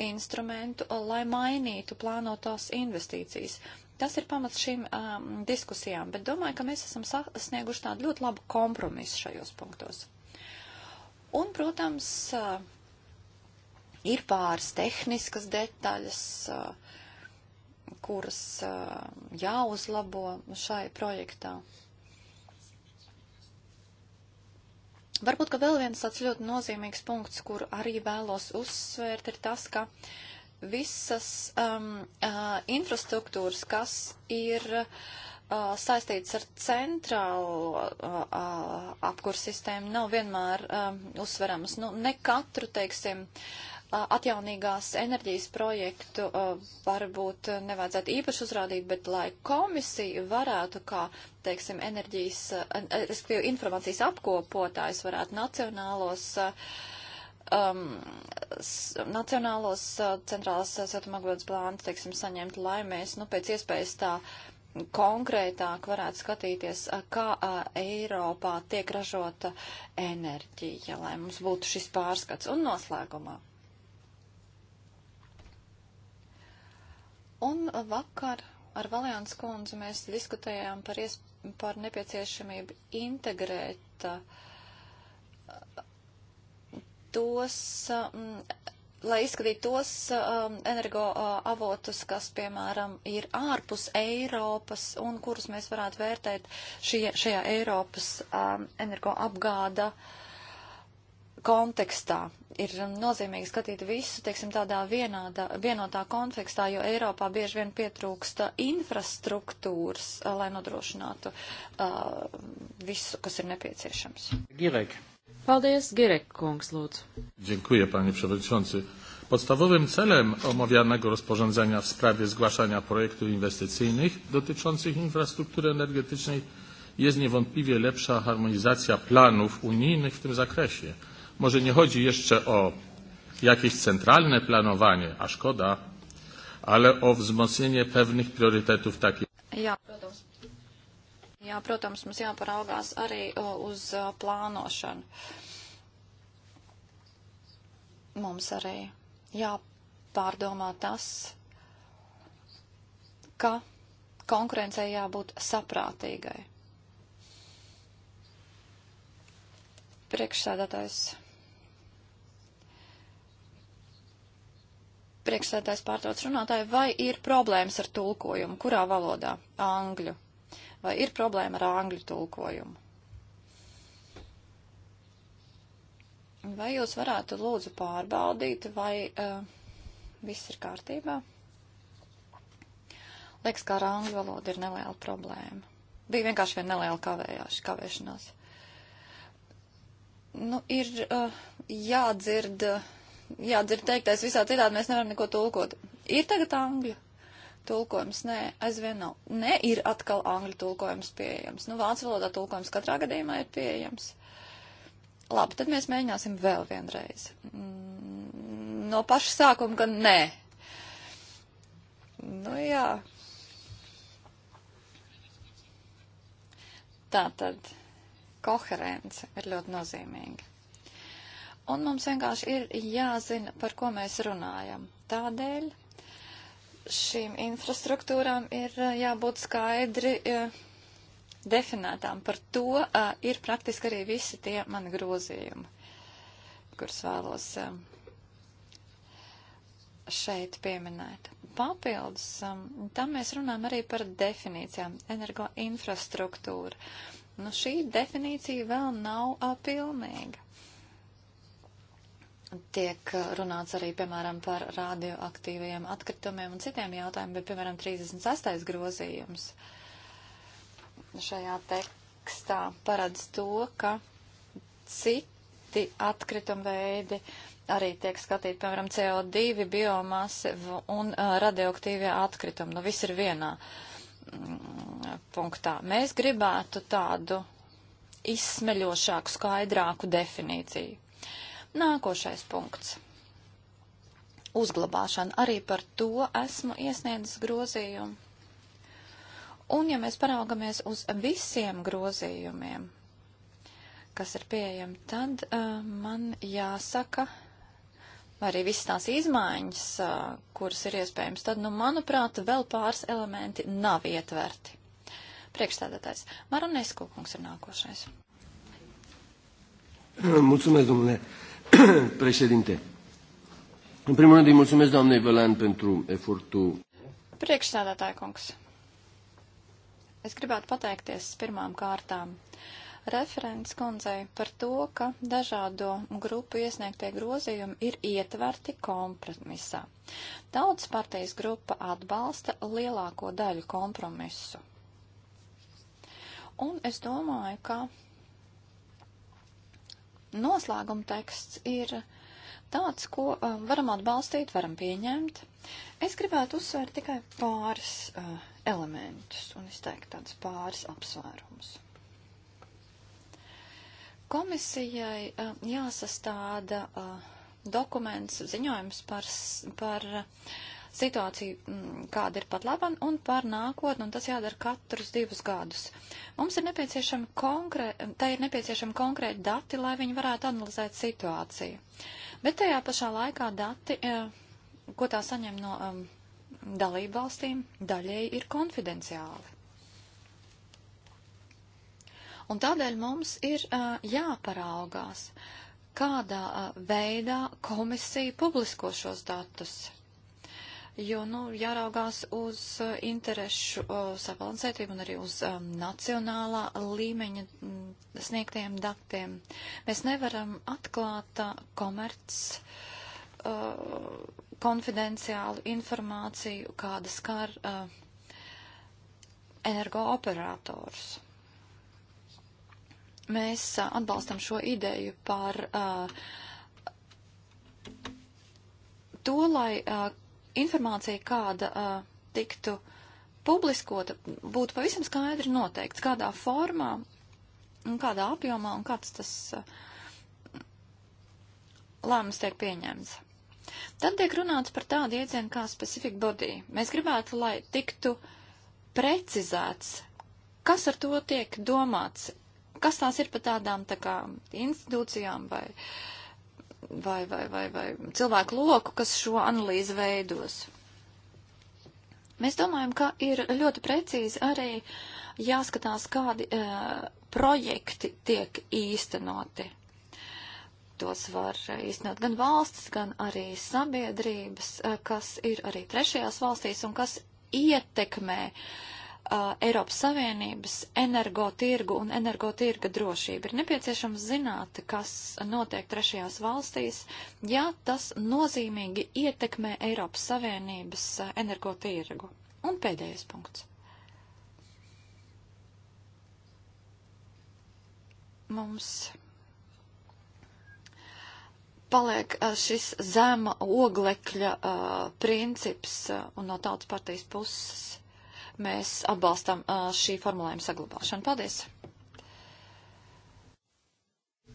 instrumentu, lai mainītu plānotās investīcijas. Tas ir pamats šīm um, diskusijām, bet domāju, ka mēs esam sasnieguši tādu ļoti labu kompromisu šajos punktos. Un, protams, uh, ir pāris tehniskas detaļas. Uh, kuras uh, jāuzlabo šai projektā. Varbūt, ka vēl viens tāds ļoti nozīmīgs punkts, kuru arī vēlos uzsvērt, ir tas, ka visas um, uh, infrastruktūras, kas ir uh, saistīts ar centrālo uh, uh, apkursu sistēmu, nav vienmēr uh, uzsveramas. Nu, ne katru, teiksim, uh, atjaunīgās enerģijas projektu varbūt nevajadzētu īpaši uzrādīt, bet lai komisija varētu, kā, teiksim, enerģijas, e, respektīvi informācijas apkopotājs varētu nacionālos, um, nacionālos centrālās satumaglodas plānus, teiksim, saņemt, lai mēs, nu, pēc iespējas tā konkrētāk varētu skatīties, kā Eiropā tiek ražota enerģija, lai mums būtu šis pārskats. Un noslēgumā Un vakar ar Valjāns kundzi mēs diskutējām par, ies, par nepieciešamību integrēt uh, tos, um, lai izskatītu tos um, energoavotus, uh, kas, piemēram, ir ārpus Eiropas un kurus mēs varētu vērtēt šie, šajā Eiropas um, energoapgāda apgāda kontekstā. Ir nozīmīgi skatīt visu, teiksim, tādā vienāda, vienotā kontekstā, jo Eiropā bieži vien pietrūksta infrastruktūras, eh, lai nodrošinātu uh, visu, kas ir nepieciešams. Girek. Paldies, Girek kungs, lūdzu. Dziękuję, panie przewodniczący. Podstawowym celem omawianego rozporządzenia w sprawie zgłaszania projektów inwestycyjnych dotyczących infrastruktury energetycznej jest niewątpliwie lepsza harmonizacja planów unijnych w tym zakresie Może nie chodzi jeszcze o jakieś centralne planowanie, a szkoda, ale o wzmocnienie pewnych priorytetów takich. Jā, protams. Jā, protams, mums jāparaugās arī uz plānošanu. Mums arī jāpārdomā tas, ka konkurencei jābūt saprātīgai. Priekšsēdētājs. Priekšsētājs pārtrauc runātāju, vai ir problēmas ar tulkojumu? Kurā valodā? Angļu. Vai ir problēma ar angļu tulkojumu? Vai jūs varētu lūdzu pārbaudīt, vai uh, viss ir kārtībā? Liekas, kā ar angļu valodu ir neliela problēma. Bija vienkārši viena neliela kavējāš, kavēšanās. Nu, ir uh, jādzird. Uh, jādzird teiktais visā citādi, mēs nevaram neko tulkot. Ir tagad angļu tulkojums? Nē, aizvien nav. Nē, ir atkal angļu tulkojums pieejams. Nu, vācu valodā tulkojums katrā gadījumā ir pieejams. Labi, tad mēs mēģināsim vēl vienreiz. Mm, no paša sākuma, ka nē. Nu, jā. Tā tad koherence ir ļoti nozīmīga. Un mums vienkārši ir jāzina, par ko mēs runājam. Tādēļ šīm infrastruktūrām ir eh, jābūt skaidri eh, definētām. Par to eh, ir praktiski arī visi tie mani grozījumi, kurus vēlos šeit pieminēt. Papildus tam mēs runājam arī par definīcijām - energoinfrastruktūra. Nu, šī definīcija vēl nav a, pilnīga tiek eh, runāts arī, piemēram, par radioaktīvajiem atkritumiem un citiem jautājumiem, bet, piemēram, 36. grozījums šajā tekstā paredz to, ka citi atkrituma veidi arī tiek skatīti, piemēram, CO2, biomasa un uh, radioaktīvie atkritumi. Nu, viss ir vienā mm, punktā. Mēs gribētu tādu izsmeļošāku, skaidrāku definīciju Nākošais punkts. Uzglabāšana. Arī par to esmu iesniedzis grozījumu. Un ja mēs paraugamies uz visiem grozījumiem, kas ir pieejami, tad uh, man jāsaka, vai arī visas tās izmaiņas, uh, kuras ir iespējams, tad, nu, manuprāt, vēl pāris elementi nav ietverti. Priekšstādātājs Maronesku kungs ir nākošais. Mulțumesc, domnule președinte. În primul rând îi mulțumesc doamnei Vălean pentru efortul. Priekšsēdētāja kungs, es gribētu pateikties pirmām kārtām referents kundzei par to, ka dažādo grupu iesniegtie grozījumi ir ietverti kompromisā. Daudz partijas grupa atbalsta lielāko daļu kompromisu. Un es domāju, ka noslēguma teksts ir tāds, ko um, varam atbalstīt, varam pieņemt. Es gribētu uzsvērt tikai pāris uh, elementus un izteikt tādus pāris apsvērumus. Komisijai uh, jāsastāda uh, dokuments, ziņojums par, par uh, situāciju, mm, kāda ir pat laban, un par nākotni, un tas jādara katrus divus gadus. Mums ir nepieciešama konkrēta, tā ir nepieciešama konkrēta dati, lai viņi varētu analizēt situāciju. Bet tajā pašā laikā dati, e, ko tā saņem no um, dalību valstīm, daļēji ir konfidenciāli. Un tādēļ mums ir uh, jāparaugās, kādā uh, veidā komisija publisko šos datus jo, nu, jāraugās uz uh, interešu uh, sabalansētību un arī uz um, nacionālā līmeņa mm, sniegtiem datiem. Mēs nevaram atklāt uh, komerc uh, konfidenciālu informāciju, kāda skar uh, energooperatorus mēs a, uh, atbalstam šo ideju par a, to, lai a, informācija, kāda uh, tiktu publiskota, būtu pavisam skaidri noteikts, kādā formā un kādā apjomā un kāds tas uh, lēmums tiek pieņemts. Tad tiek runāts par tādu iedzienu kā specific body. Mēs gribētu, lai tiktu precizēts, kas ar to tiek domāts, kas tās ir pa tādām tā kā institūcijām vai uh, vai, vai, vai, vai cilvēku loku, kas šo analīzi veidos. Mēs domājam, ka ir ļoti precīzi arī jāskatās, kādi uh, projekti tiek īstenoti. Tos var īstenot gan valstis, gan arī sabiedrības, uh, kas ir arī trešajās valstīs un kas ietekmē uh, uh, Eiropas Savienības energotirgu un energotirga drošību. Ir nepieciešams zināt, kas notiek trešajās valstīs, ja tas nozīmīgi ietekmē Eiropas Savienības uh, energotirgu. Un pēdējais punkts. Mums paliek uh, šis zema oglekļa uh, princips uh, un no tautas partijas puses mēs atbalstam šī formulējuma saglabāšanu. Paldies!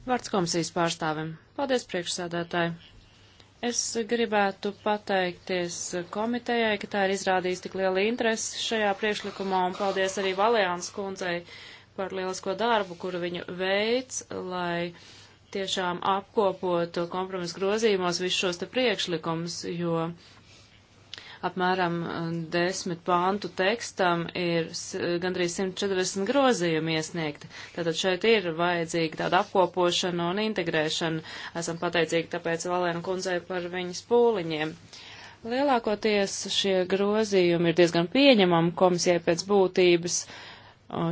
Vārds komisijas pārstāvim. Paldies, priekšsēdētāji. Es gribētu pateikties komitejai, ka tā ir izrādījusi tik lielu interesi šajā priekšlikumā, un paldies arī Valēns kundzei par lielisko darbu, kuru viņa veic, lai tiešām apkopotu kompromisu grozījumos visus šos te priekšlikumus, jo uh, apmēram eh, desmit pāntu tekstam ir eh, gandrīz 140 grozījumi iesniegti. Tātad šeit ir vajadzīga tāda apkopošana un integrēšana. Esam pateicīgi tāpēc Valēna kundzei par viņas pūliņiem. Lielākoties šie grozījumi ir diezgan pieņemami komisijai pēc būtības.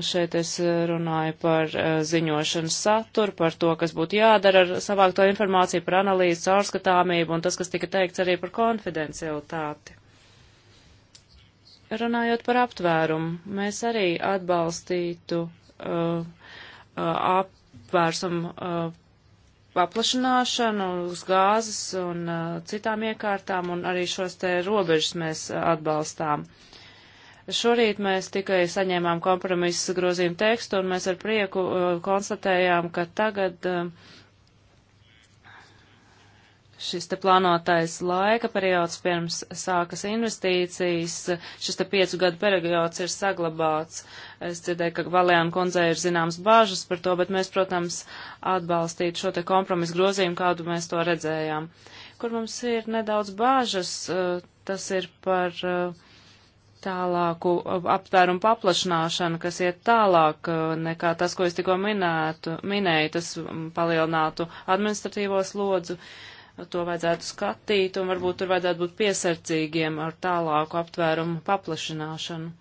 Šeit es eh, runāju par ziņošanas saturu, par to, kas būtu jādara ar savākto informāciju, par analīzes, caurskatāmību un tas, kas tika teikts arī par konfidencialitāti. Runājot par aptvērumu, mēs arī atbalstītu uh, uh apvērsumu uh, paplašināšanu uz gāzes un uh, citām iekārtām, un arī šos te robežas mēs atbalstām. Šorīt mēs tikai saņēmām kompromisu grozījumu tekstu, un mēs ar prieku uh, konstatējām, ka tagad uh, šis te plānotais laika periods pirms sākas investīcijas, šis te piecu gadu periods ir saglabāts. Es dzirdēju, ka Valēna kundzei ir zināms bāžas par to, bet mēs, protams, atbalstītu šo te kompromisu grozījumu, kādu mēs to redzējām. Kur mums ir nedaudz bāžas, eh, tas ir par eh, tālāku eh, aptvērumu paplašināšanu, kas iet tālāk nekā tas, ko es tikko minētu, minēju, tas mm, palielinātu administratīvo slodzu. Uh, to vajadzētu skatīt, un varbūt tur vajadzētu būt piesardzīgiem ar tālāku aptvērumu paplašināšanu.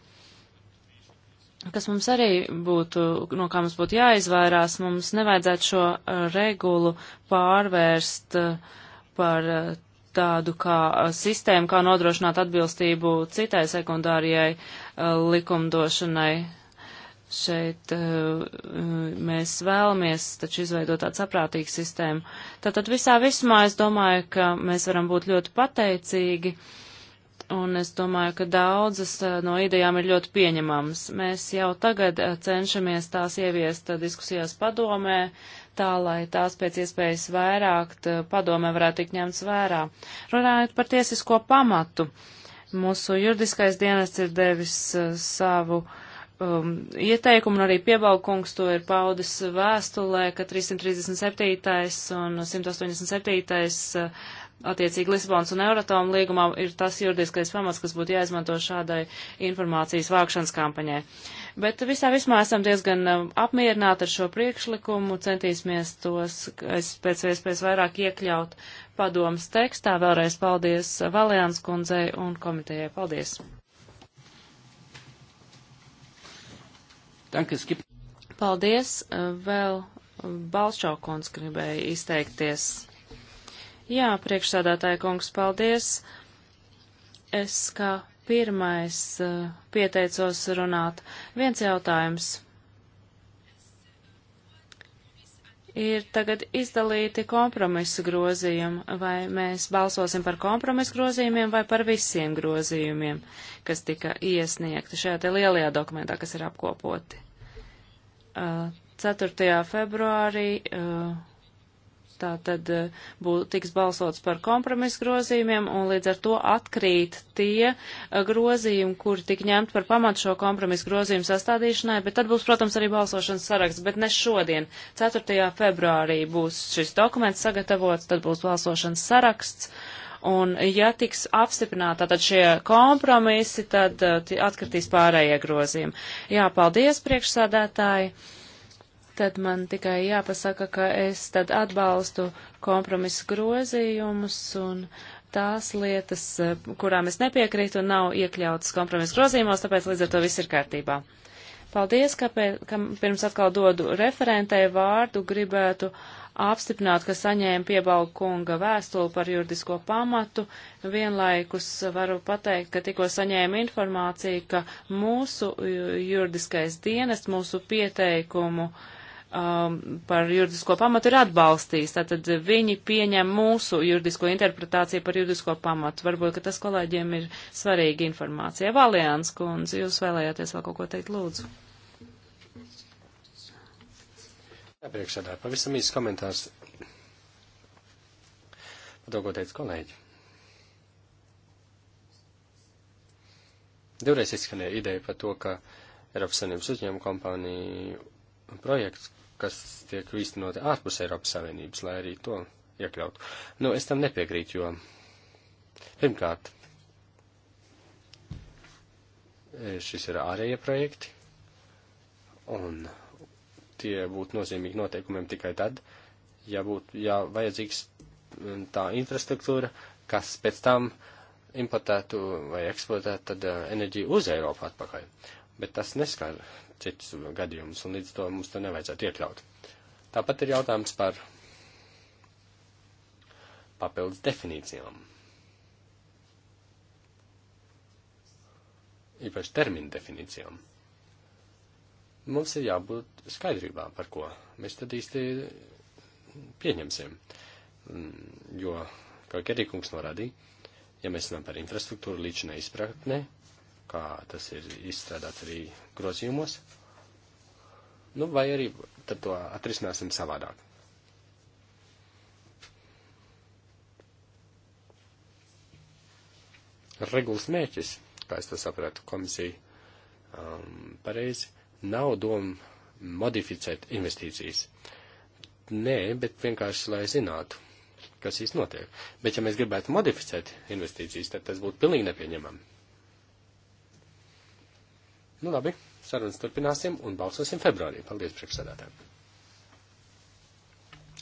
Kas mums arī būtu, no kā mums būtu jāizvairās, mums nevajadzētu šo uh, regulu pārvērst uh, par uh, tādu kā sistēmu, kā nodrošināt atbilstību citai sekundārijai likumdošanai šeit uh, mēs vēlamies taču izveidot tādu saprātīgu sistēmu. Tātad visā vismā es domāju, ka mēs varam būt ļoti pateicīgi, un es domāju, ka daudzas uh, no idejām ir ļoti pieņemamas. Mēs jau tagad uh, cenšamies tās ieviest diskusijās padomē, tā lai tās pēc iespējas vairāk padomē varētu tikt ņemts vērā. Runājot par tiesisko pamatu, mūsu juridiskais dienests ir devis savu uh, um, ieteikumu, un arī piebalkungs to ir paudis vēstulē, ka 337. un 187. Uh, attiecīgi Lisabons un Euratom līgumā ir tas juridiskais pamats, kas būtu jāizmanto šādai informācijas vākšanas kampaņai. Bet visā vismā esam diezgan um, apmierināti ar šo priekšlikumu, centīsimies tos pēc iespējas vairāk iekļaut padomas tekstā. Vēlreiz paldies Valēns kundzei un komitejai. Paldies! Danke, es gibt. Paldies. Vēl Balšaukons gribēja izteikties. Jā, priekšsādātāja kungs, paldies. Es kā pirmais eh, pieteicos runāt. Viens jautājums. ir tagad izdalīti kompromisu grozījumi, vai mēs balsosim par kompromisu grozījumiem vai par visiem grozījumiem, kas tika iesniegti šajā te lielajā dokumentā, kas ir apkopoti. Uh, 4. februārī uh, Tā tad eh, būs, tiks balsots par kompromisu grozījumiem, un līdz ar to atkrīt tie eh, grozījumi, kuri tik ņemt par pamatu šo kompromisu grozījumu sastādīšanai, bet tad būs, protams, arī balsošanas saraksts, bet ne šodien. 4. februārī būs šis dokuments sagatavots, tad būs balsošanas saraksts. Un, ja tiks apstiprināti tad šie kompromisi, tad uh, atkritīs pārējie grozījumi. Jā, paldies priekšsādētāji. Uh, tad man tikai jāpasaka, ka es tad atbalstu kompromisu grozījumus un tās lietas, kurām es nepiekrītu, nav iekļautas kompromisu grozījumos, tāpēc līdz ar to viss ir kārtībā. Paldies, ka, pēc, ka pirms atkal dodu referentei vārdu, gribētu apstiprināt, ka saņēmu piebalgu kunga vēstuli par juridisko pamatu. Vienlaikus varu pateikt, ka tikko saņēmu informāciju, ka mūsu juridiskais dienests, mūsu pieteikumu uh, um, par juridisko pamatu ir atbalstījis. Tātad viņi pieņem mūsu juridisko interpretāciju par juridisko pamatu. Varbūt, ka tas kolēģiem ir svarīga informācija. Valians kundze, jūs vēlējāties vēl kaut ko teikt, lūdzu. Jā, priekšādā, pavisam īsts komentārs. Par to, ko teica kolēģi. Divreiz izskanēja ideja par to, ka Eiropas Savienības uzņēmuma kompāniju projekts kas tiek īstenoti ārpus Eiropas Savienības, lai arī to iekļautu. Nu, es tam nepiekrītu, jo pirmkārt, e, šis ir ārējie projekti, un tie būtu nozīmīgi noteikumiem tikai tad, ja būtu ja vajadzīgs e, tā infrastruktūra, kas pēc tam importētu vai eksportētu tad e, enerģiju uz Eiropu atpakaļ. Bet tas neskar citus gadījumus, un līdz to mums to nevajadzētu iekļaut. Tāpat ir jautājums par papildus definīcijām. Īpaši terminu definīcijām. Mums ir jābūt skaidrībā, par ko mēs tad īsti pieņemsim. Mm, jo, kā Gerīkungs norādīja, ja mēs runājam par infrastruktūru līdz šai izpratnē, kā tas ir izstrādāts arī grozījumos. Nu, vai arī tad to atrisināsim savādāk. Regulas mērķis, kā es to sapratu, komisija um, pareizi, nav doma modificēt investīcijas. Nē, bet vienkārši, lai zinātu, kas īsti notiek. Bet ja mēs gribētu modificēt investīcijas, tad tas būtu pilnīgi nepieņemami. Nu, labi, sarunas turpināsim un balsosim februārī. Paldies, priekšsēdētāji.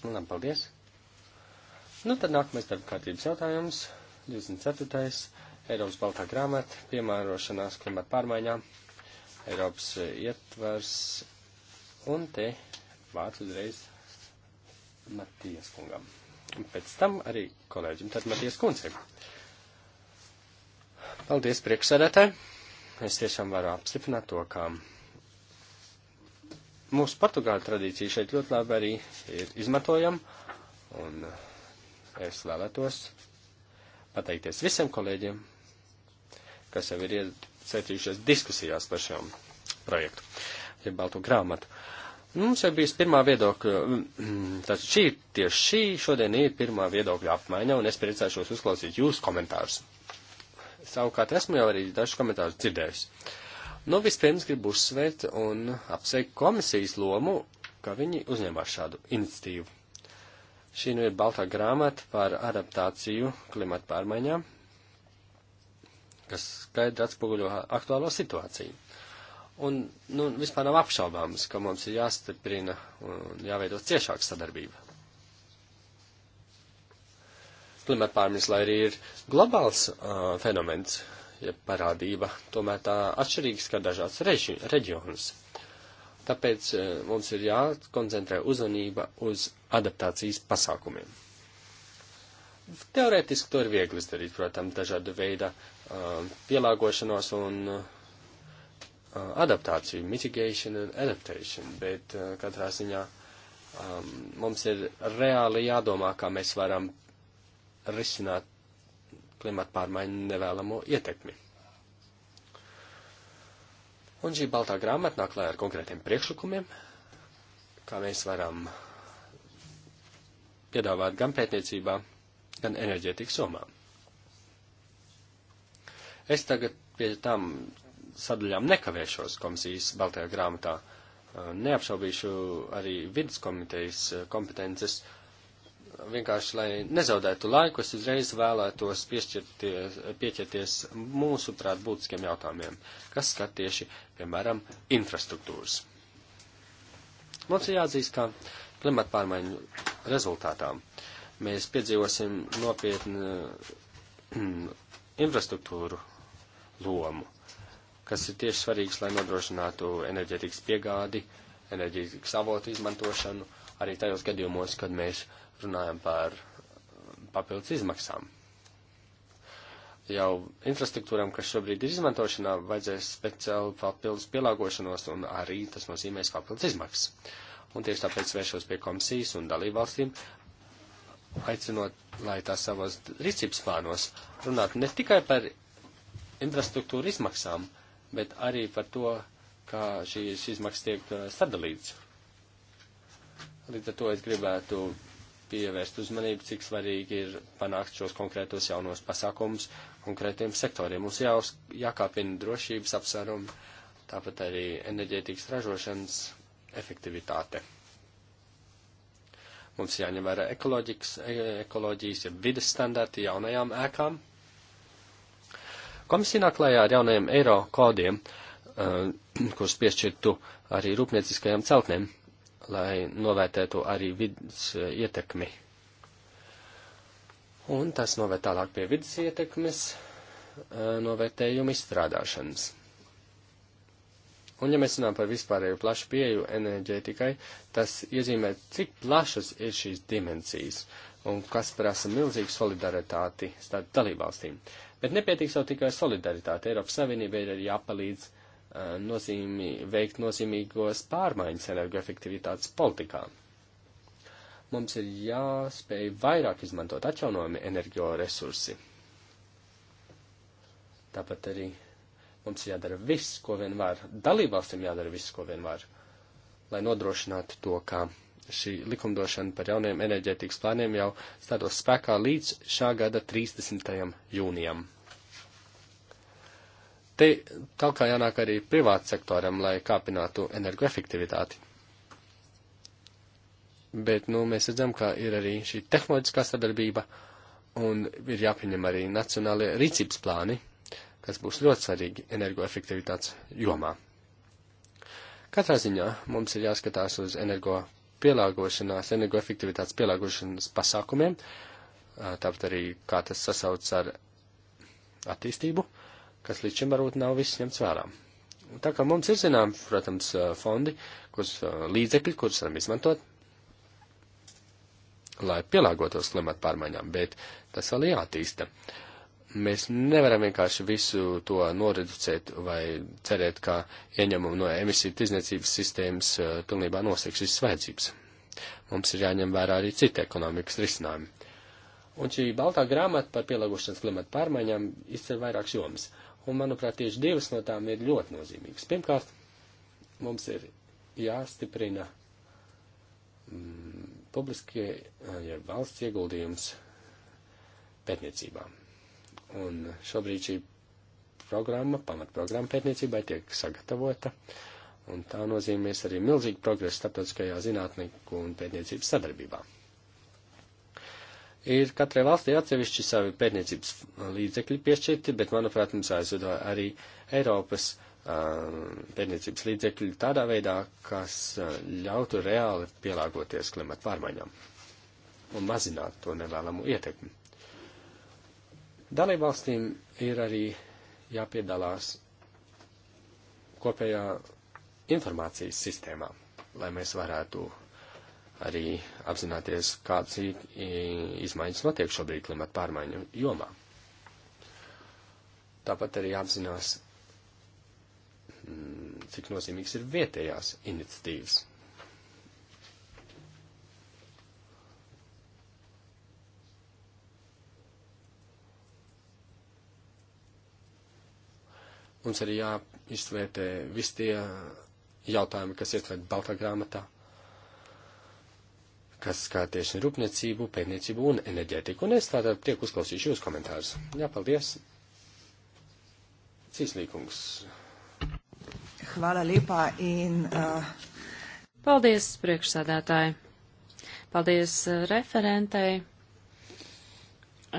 Nu, labi, paldies. Nu, tad nākamais darba kārtības jautājums, 24. Eiropas baltā grāmata, piemērošanās klimata pārmaiņām, Eiropas e, ietvers, un te vārds uzreiz Matijas kungam. Un pēc tam arī kolēģim, tad Matijas kundzei. Paldies, priekšsēdētāji es tiešām varu apstiprināt to, ka mūsu portugāļu tradīcija šeit ļoti labi arī ir izmantojama, un es vēlētos pateikties visiem kolēģiem, kas jau ir iesaistījušies diskusijās par šiem projektu, ja balto grāmatu. Mums jau bijis pirmā viedokļa, tad šī, tieši šī šodien ir pirmā viedokļa apmaiņa, un es priecāšos uzklausīt jūsu komentārus. Savukārt esmu jau arī dažus komentārus dzirdējusi. Nu, vispirms gribu uzsvērt un apsveikt komisijas lomu, ka viņi uzņēmās šādu iniciatīvu. Šī nu ir baltā grāmata par adaptāciju klimata pārmaiņām, kas skaidri atspoguļo aktuālo situāciju. Un, nu, vispār nav apšaubāms, ka mums ir jāstiprina un jāveido ciešāka sadarbība klimata pārmaiņas, lai arī ir globāls uh, fenomens, ja parādība, tomēr tā atšķirīgs kā dažāds reži, reģions. Tāpēc uh, mums ir jākoncentrē uzmanība uz adaptācijas pasākumiem. Teorētiski to ir viegli izdarīt, protams, dažādu veidu uh, pielāgošanos un uh, adaptāciju, mitigation and adaptation, bet uh, katrā ziņā um, mums ir reāli jādomā, kā mēs varam risināt klimata pārmaiņu nevēlamo ietekmi. Un šī baltā grāmata nāk klāja ar konkrētiem priekšlikumiem, kā mēs varam piedāvāt gan pētniecībā, gan enerģētikas somā. Es tagad pie tām sadaļām nekavēšos komisijas baltajā grāmatā, neapšaubīšu arī vidas komitejas kompetences, uh, vienkārši, lai nezaudētu laiku, es uzreiz vēlētos pieķerties mūsu prāt būtiskiem jautājumiem, kas skat tieši, piemēram, infrastruktūras. Mums ir jāatzīst, ka klimata pārmaiņu rezultātā mēs piedzīvosim nopietnu infrastruktūru lomu, kas ir tieši svarīgs, lai nodrošinātu enerģētikas piegādi, enerģētikas avotu izmantošanu arī tajos gadījumos, kad mēs runājam par papildus izmaksām. Jau infrastruktūram, kas šobrīd ir izmantošanā, vajadzēs speciālu papildus pielāgošanos, un arī tas nozīmēs papildus izmaksas. Un tieši tāpēc vēršos pie komisijas un dalībvalstīm, aicinot, lai tās savos rīcības plānos runātu ne tikai par infrastruktūru izmaksām, bet arī par to, kā šīs izmaksas tiek uh, sadalīts. Līdz ar to es gribētu pievērst uzmanību, cik svarīgi ir panākt šos konkrētos jaunos pasākumus konkrētiem sektoriem. Mums jau jākāpina drošības apsvērumi, tāpat arī enerģētikas ražošanas efektivitāte. Mums jāņem vērā ekoloģijas, e, ekoloģijas ja vides standarti jaunajām ēkām. Komisija nāk klājā ar jaunajiem eiro kodiem, e, kurus piešķirtu arī rūpnieciskajām celtnēm lai novērtētu arī vidas e, ietekmi. Un tas noved tālāk pie vidas ietekmes e, novērtējuma izstrādāšanas. Un, ja mēs runājam par vispārēju plašu pieju enerģētikai, tas iezīmē, cik plašas ir šīs dimensijas un kas prasa milzīgu solidaritāti starp dalībvalstīm. Bet nepietiks jau tikai solidaritāte. Eiropas Savienība ir arī jāpalīdz nozīmī, veikt nozīmīgos pārmaiņas energoefektivitātes politikā. Mums ir jāspēj vairāk izmantot atjaunojami energoresursi. Tāpat arī mums jādara viss, ko vien var. Dalībvalstīm jādara viss, ko vien var, lai nodrošinātu to, ka šī likumdošana par jauniem enerģētikas plāniem jau stātos spēkā līdz šā gada 30. jūnijam. Te kaut kā jānāk arī privāts sektoram, lai kāpinātu energoefektivitāti. Bet, nu, mēs redzam, ka ir arī šī tehnoloģiskā sadarbība un ir jāpieņem arī nacionālie rīcības plāni, kas būs ļoti svarīgi energoefektivitātes jomā. Katrā ziņā mums ir jāskatās uz energo pielāgošanās, energoefektivitātes pielāgošanas pasākumiem, tāpat arī kā tas sasauc ar attīstību kas līdz šim varbūt nav viss ņemts vērā. Tā kā mums ir zinām, protams, fondi, kurus līdzekļi, kurus varam izmantot, lai pielāgotos klimata pārmaiņām, bet tas vēl jātīsta. Mēs nevaram vienkārši visu to noreducēt vai cerēt, ka ieņemumu no emisiju tirdzniecības sistēmas pilnībā noseks visas vajadzības. Mums ir jāņem vērā arī citi ekonomikas risinājumi. Un šī baltā grāmata par pielāgošanos klimata pārmaiņām izcer vairākas jomas. Un, manuprāt, tieši divas no tām ir ļoti nozīmīgas. Pirmkārt, mums ir jāstiprina mm, publiskie, ja valsts ieguldījums pētniecībā. Un šobrīd šī programma, pamatprogramma pētniecībai tiek sagatavota, un tā nozīmēs arī milzīgu progresu starptautiskajā zinātnieku un pētniecības sadarbībā. Ir katrai valstī atsevišķi savi pētniecības līdzekļi piešķirti, bet, manuprāt, mums aizvedo arī Eiropas um, pētniecības līdzekļi tādā veidā, kas uh, ļautu reāli pielāgoties klimata pārmaiņām un mazināt to nevēlamu ietekmi. Dalībvalstīm ir arī jāpiedalās kopējā informācijas sistēmā, lai mēs varētu arī apzināties, kādas izmaiņas notiek šobrīd klimata pārmaiņu jomā. Tāpat arī apzinās, mm, cik nozīmīgs ir vietējās iniciatīvas. Mums arī jāizvērtē visi tie jautājumi, kas ietverti Baltā grāmatā kas skar tieši rūpniecību, pētniecību un enerģētiku. Un es tātad tiek uzklausīšu jūs komentārus. Jā, paldies. Cīslīkungs. Hvala lepa in. Uh... Paldies, priekšsādātāji. Paldies referentei.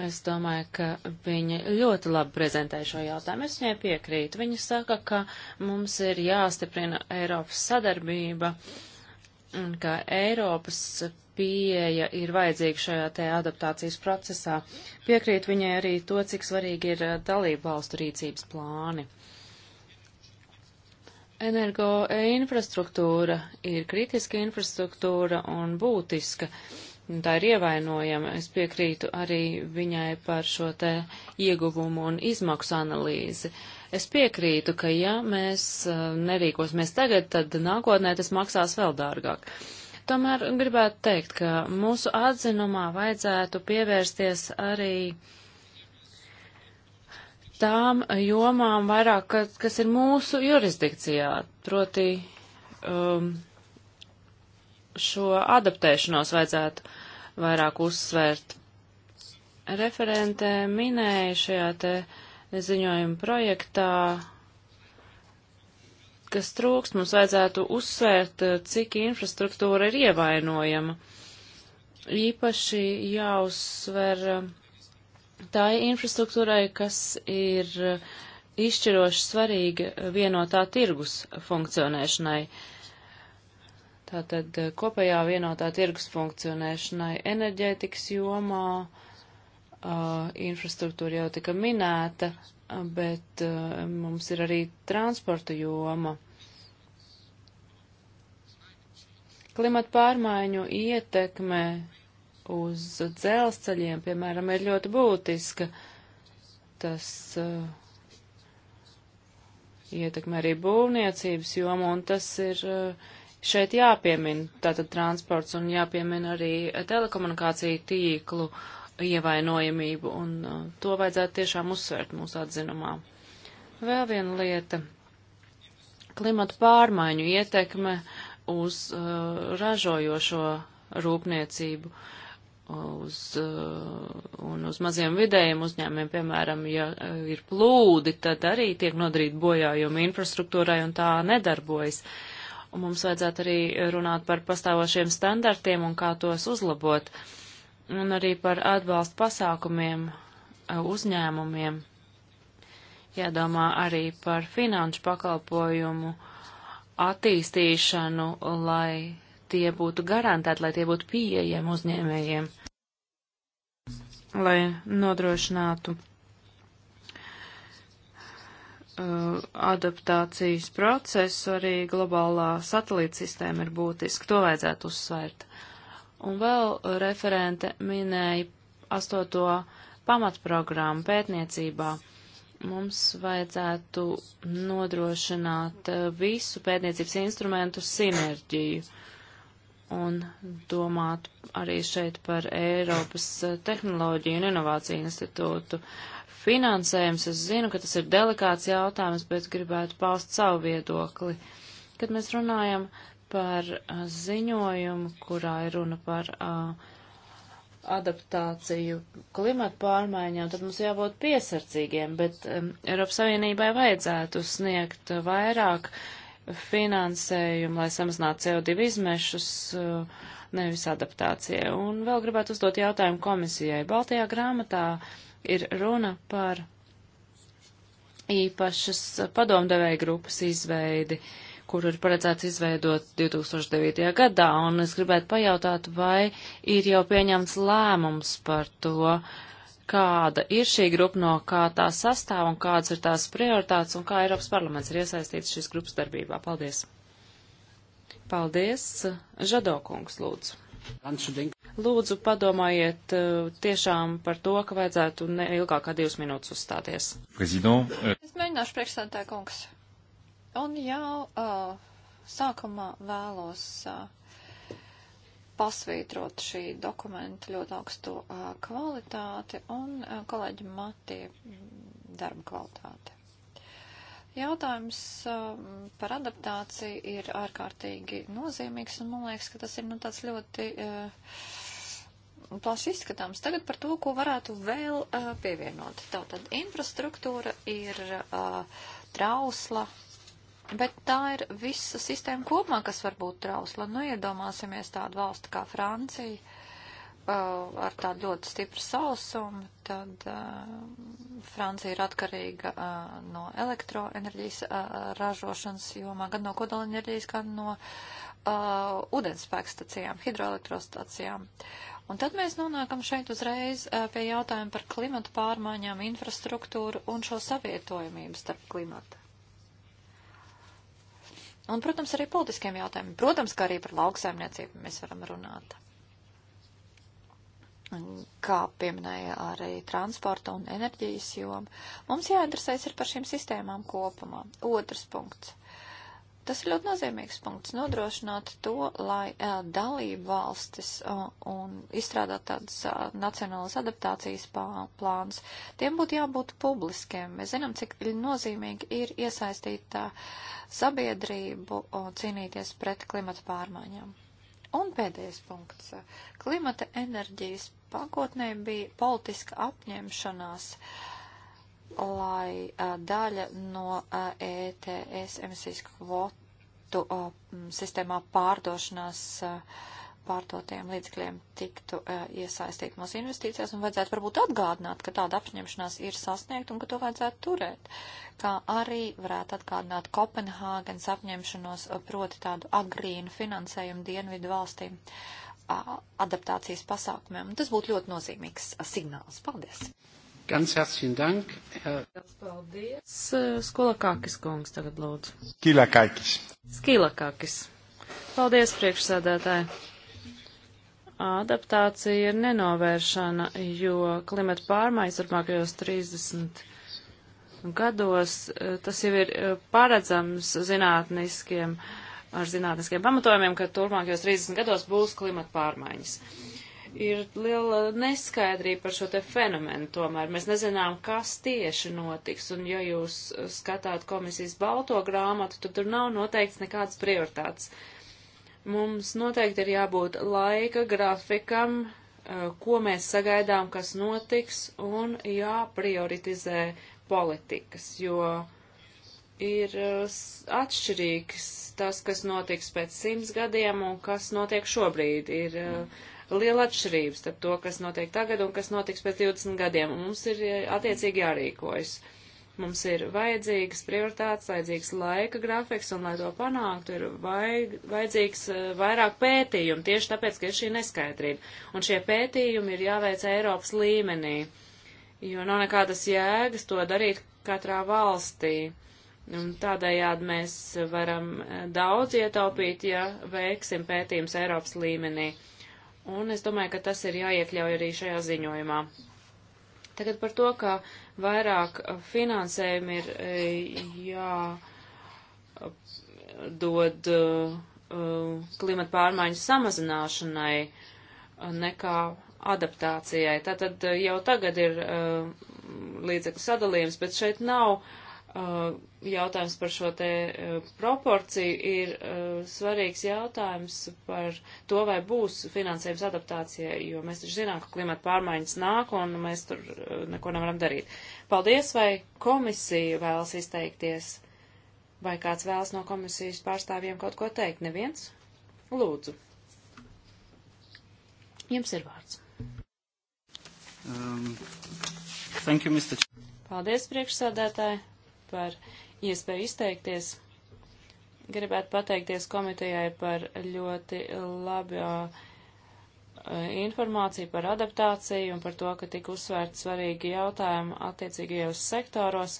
Es domāju, ka viņa ļoti labi prezentē šo jautājumu. Es viņai piekrītu. Viņa saka, ka mums ir jāstiprina Eiropas sadarbība uh, un ka Eiropas pieeja ir vajadzīga šajā te adaptācijas procesā. Piekrīt viņai arī to, cik svarīgi ir eh, dalību valstu rīcības plāni. Energo infrastruktūra ir kritiska infrastruktūra un būtiska. Tā ir ievainojama. Es piekrītu arī viņai par šo te ieguvumu un izmaksu analīzi. Uh, Es piekrītu, ka ja mēs uh, nerīkosimies tagad, tad nākotnē tas maksās vēl dārgāk. Tomēr gribētu teikt, ka mūsu atzinumā vajadzētu pievērsties arī tām jomām vairāk, kas ir mūsu jurisdikcijā, proti um, šo adaptēšanos vajadzētu vairāk uzsvērt. Referente minēja šajā te uh, ziņojuma projektā, kas trūkst, mums vajadzētu uzsvērt, eh, cik infrastruktūra ir ievainojama. Īpaši jāuzsver eh, tā infrastruktūrai, kas ir eh, izšķiroši svarīga vienotā tirgus funkcionēšanai. Tātad kopējā vienotā tirgus funkcionēšanai enerģētikas jomā, uh, Uh, infrastruktūra jau tika minēta, bet uh, mums ir arī transporta joma. Klimata pārmaiņu ietekme uz dzelzceļiem, piemēram, ir ļoti būtiska. Tas uh, ietekmē arī būvniecības jomu, un tas ir šeit jāpiemina, tātad transports, un jāpiemina arī telekomunikāciju tīklu uh, ievainojamību, un uh, to vajadzētu tiešām uzsvērt mūsu atzinumā. Vēl viena lieta - klimatu pārmaiņu ietekme uz uh, ražojošo rūpniecību uz, uh, un uz maziem vidējiem uzņēmiem, piemēram, ja uh, ir plūdi, tad arī tiek nodarīt bojājumi infrastruktūrai un tā nedarbojas. Un mums vajadzētu arī runāt par pastāvošiem standartiem un kā tos uzlabot. Uh, un arī par atbalstu pasākumiem eh, uzņēmumiem. Jādomā arī par finanšu pakalpojumu attīstīšanu, lai tie būtu garantēti, lai tie būtu pieejami uzņēmējiem, lai nodrošinātu eh, adaptācijas procesu arī globālā satelīta sistēma ir būtiska. To vajadzētu uzsvērt. Uh, Un vēl referente minēja astoto pamatprogrammu pētniecībā. Mums vajadzētu nodrošināt visu pētniecības instrumentu sinerģiju un domāt arī šeit par Eiropas tehnoloģiju un inovāciju institūtu finansējums. Es zinu, ka tas ir delikāts jautājums, bet gribētu paust savu viedokli. Kad mēs runājam uh, par ziņojumu, kurā ir runa par adaptāciju klimatu pārmaiņām, tad mums jābūt piesardzīgiem, bet Eiropas Savienībai vajadzētu sniegt vairāk finansējumu, lai samazinātu CO2 izmešus, nevis adaptācijai. Un vēl gribētu uzdot jautājumu komisijai. Baltajā grāmatā ir runa par īpašas padomdevēja grupas izveidi. Uh, kuru ir paredzēts izveidot 2009. gadā, un es gribētu pajautāt, vai ir jau pieņemts lēmums par to, kāda ir šī grupa, no kā tā sastāv un kādas ir tās prioritātes un kā Eiropas parlaments ir iesaistīts šīs grupas darbībā. Paldies! Paldies! Žadokungs, lūdzu! Lūdzu, padomājiet uh, tiešām par to, ka vajadzētu neilgāk kā divas minūtes uzstāties. Prezident. Uh, es mēģināšu priekšstādātāju kungs. Un jau uh, sākumā vēlos uh, pasvītrot šī dokumenta ļoti augstu uh, kvalitāti un uh, kolēģi Matie mm, darba kvalitāti. Jautājums uh, par adaptāciju ir ārkārtīgi nozīmīgs un man liekas, ka tas ir nu, tāds ļoti. Uh, plaši izskatāms. Tagad par to, ko varētu vēl uh, pievienot. Tātad infrastruktūra ir uh, trausla, Bet tā ir visa sistēma kopumā, kas var būt trausla. Nu, iedomāsimies tādu valstu kā Francija uh, ar tādu ļoti stipru sausumu, tad uh, Francija ir atkarīga uh, no elektroenerģijas uh, ražošanas jomā, gan no kodolenerģijas, gan no uh, ūdenspēkstacijām, hidroelektrostacijām. Un tad mēs nonākam šeit uzreiz uh, pie jautājuma par klimatu pārmaiņām, infrastruktūru un šo savietojamību starp klimatu Un, protams, arī politiskiem jautājumiem. Protams, ka arī par lauksaimniecību mēs varam runāt. Kā pieminēja arī transporta un enerģijas joma, mums jāinteresēs ir par šīm sistēmām kopumā. Otrs punkts. Tas ir ļoti nozīmīgs punkts - nodrošināt to, lai dalību valstis un izstrādāt tādas nacionālas adaptācijas plāns. Tiem būtu jābūt publiskiem. Mēs zinām, cik nozīmīgi ir iesaistīt sabiedrību cīnīties pret klimata pārmaiņām. Un pēdējais punkts - klimata enerģijas pakotnē bija politiska apņemšanās lai a, daļa no a, ETS emisijas kvot, produktu sistēmā pārdošanās pārdotajiem līdzekļiem tiktu iesaistīt mūsu investīcijās un vajadzētu varbūt atgādināt, ka tāda apņemšanās ir sasniegta un ka to vajadzētu turēt. Kā arī varētu atgādināt Kopenhāgenes apņemšanos proti tādu agrīnu finansējumu dienvidu valstīm adaptācijas pasākumiem. Tas būtu ļoti nozīmīgs signāls. Paldies! Ganz herzlichen Dank. Her... Paldies. Eh, Skolakakis kungs tagad lūdzu. Skilakakis. Skilakakis. Paldies, priekšsēdētāji. Adaptācija ir nenovēršana, jo klimata pārmaiņas turpmākajos 30 gados eh, tas jau ir eh, paredzams zinātniskiem, ar zinātniskiem pamatojumiem, ka turpmākajos 30 gados būs klimata pārmaiņas. Uh, ir liela neskaidrība par šo te fenomenu tomēr. Mēs nezinām, kas tieši notiks, un ja jūs skatāt komisijas balto grāmatu, tad tur nav noteikts nekādas prioritātes. Mums noteikti ir jābūt laika grafikam, eh, ko mēs sagaidām, kas notiks, un jāprioritizē politikas, jo ir eh, atšķirīgs tas, kas notiks pēc simts gadiem un kas notiek šobrīd. Ir mm liela atšķirība starp to, kas notiek tagad un kas notiks pēc 20 gadiem. Mums ir eh, attiecīgi jārīkojas. Mums ir vajadzīgas prioritātes, vajadzīgs laika grafiks, un lai to panāktu, ir vajag, vajadzīgs eh, vairāk pētījumu, tieši tāpēc, ka ir šī neskaidrība. Un šie pētījumi ir jāveic Eiropas līmenī, jo nav nekādas jēgas to darīt katrā valstī. Un tādējādi mēs varam eh, daudz ietaupīt, ja veiksim pētījums Eiropas līmenī. Un es domāju, ka tas ir jāiekļauj arī šajā ziņojumā. Tagad par to, ka vairāk finansējumi ir eh, jādod eh, klimata pārmaiņu samazināšanai eh, nekā adaptācijai. Tātad jau tagad ir līdzekļu sadalījums, bet šeit nav Uh, jautājums par šo te uh, proporciju ir uh, svarīgs jautājums par to, vai būs finansējums adaptācijai, jo mēs taču zinām, ka klimata pārmaiņas nāk un mēs tur neko nevaram darīt. Paldies, vai komisija vēlas izteikties, vai kāds vēlas no komisijas pārstāvjiem kaut ko teikt? Neviens? Lūdzu. Jums ir vārds. Um, thank you, Mr. Paldies, priekšsādētāji par iespēju izteikties. Gribētu pateikties komitejai par ļoti labi eh, informāciju par adaptāciju un par to, ka tika uzsvērts svarīgi jautājumi attiecīgajos sektoros.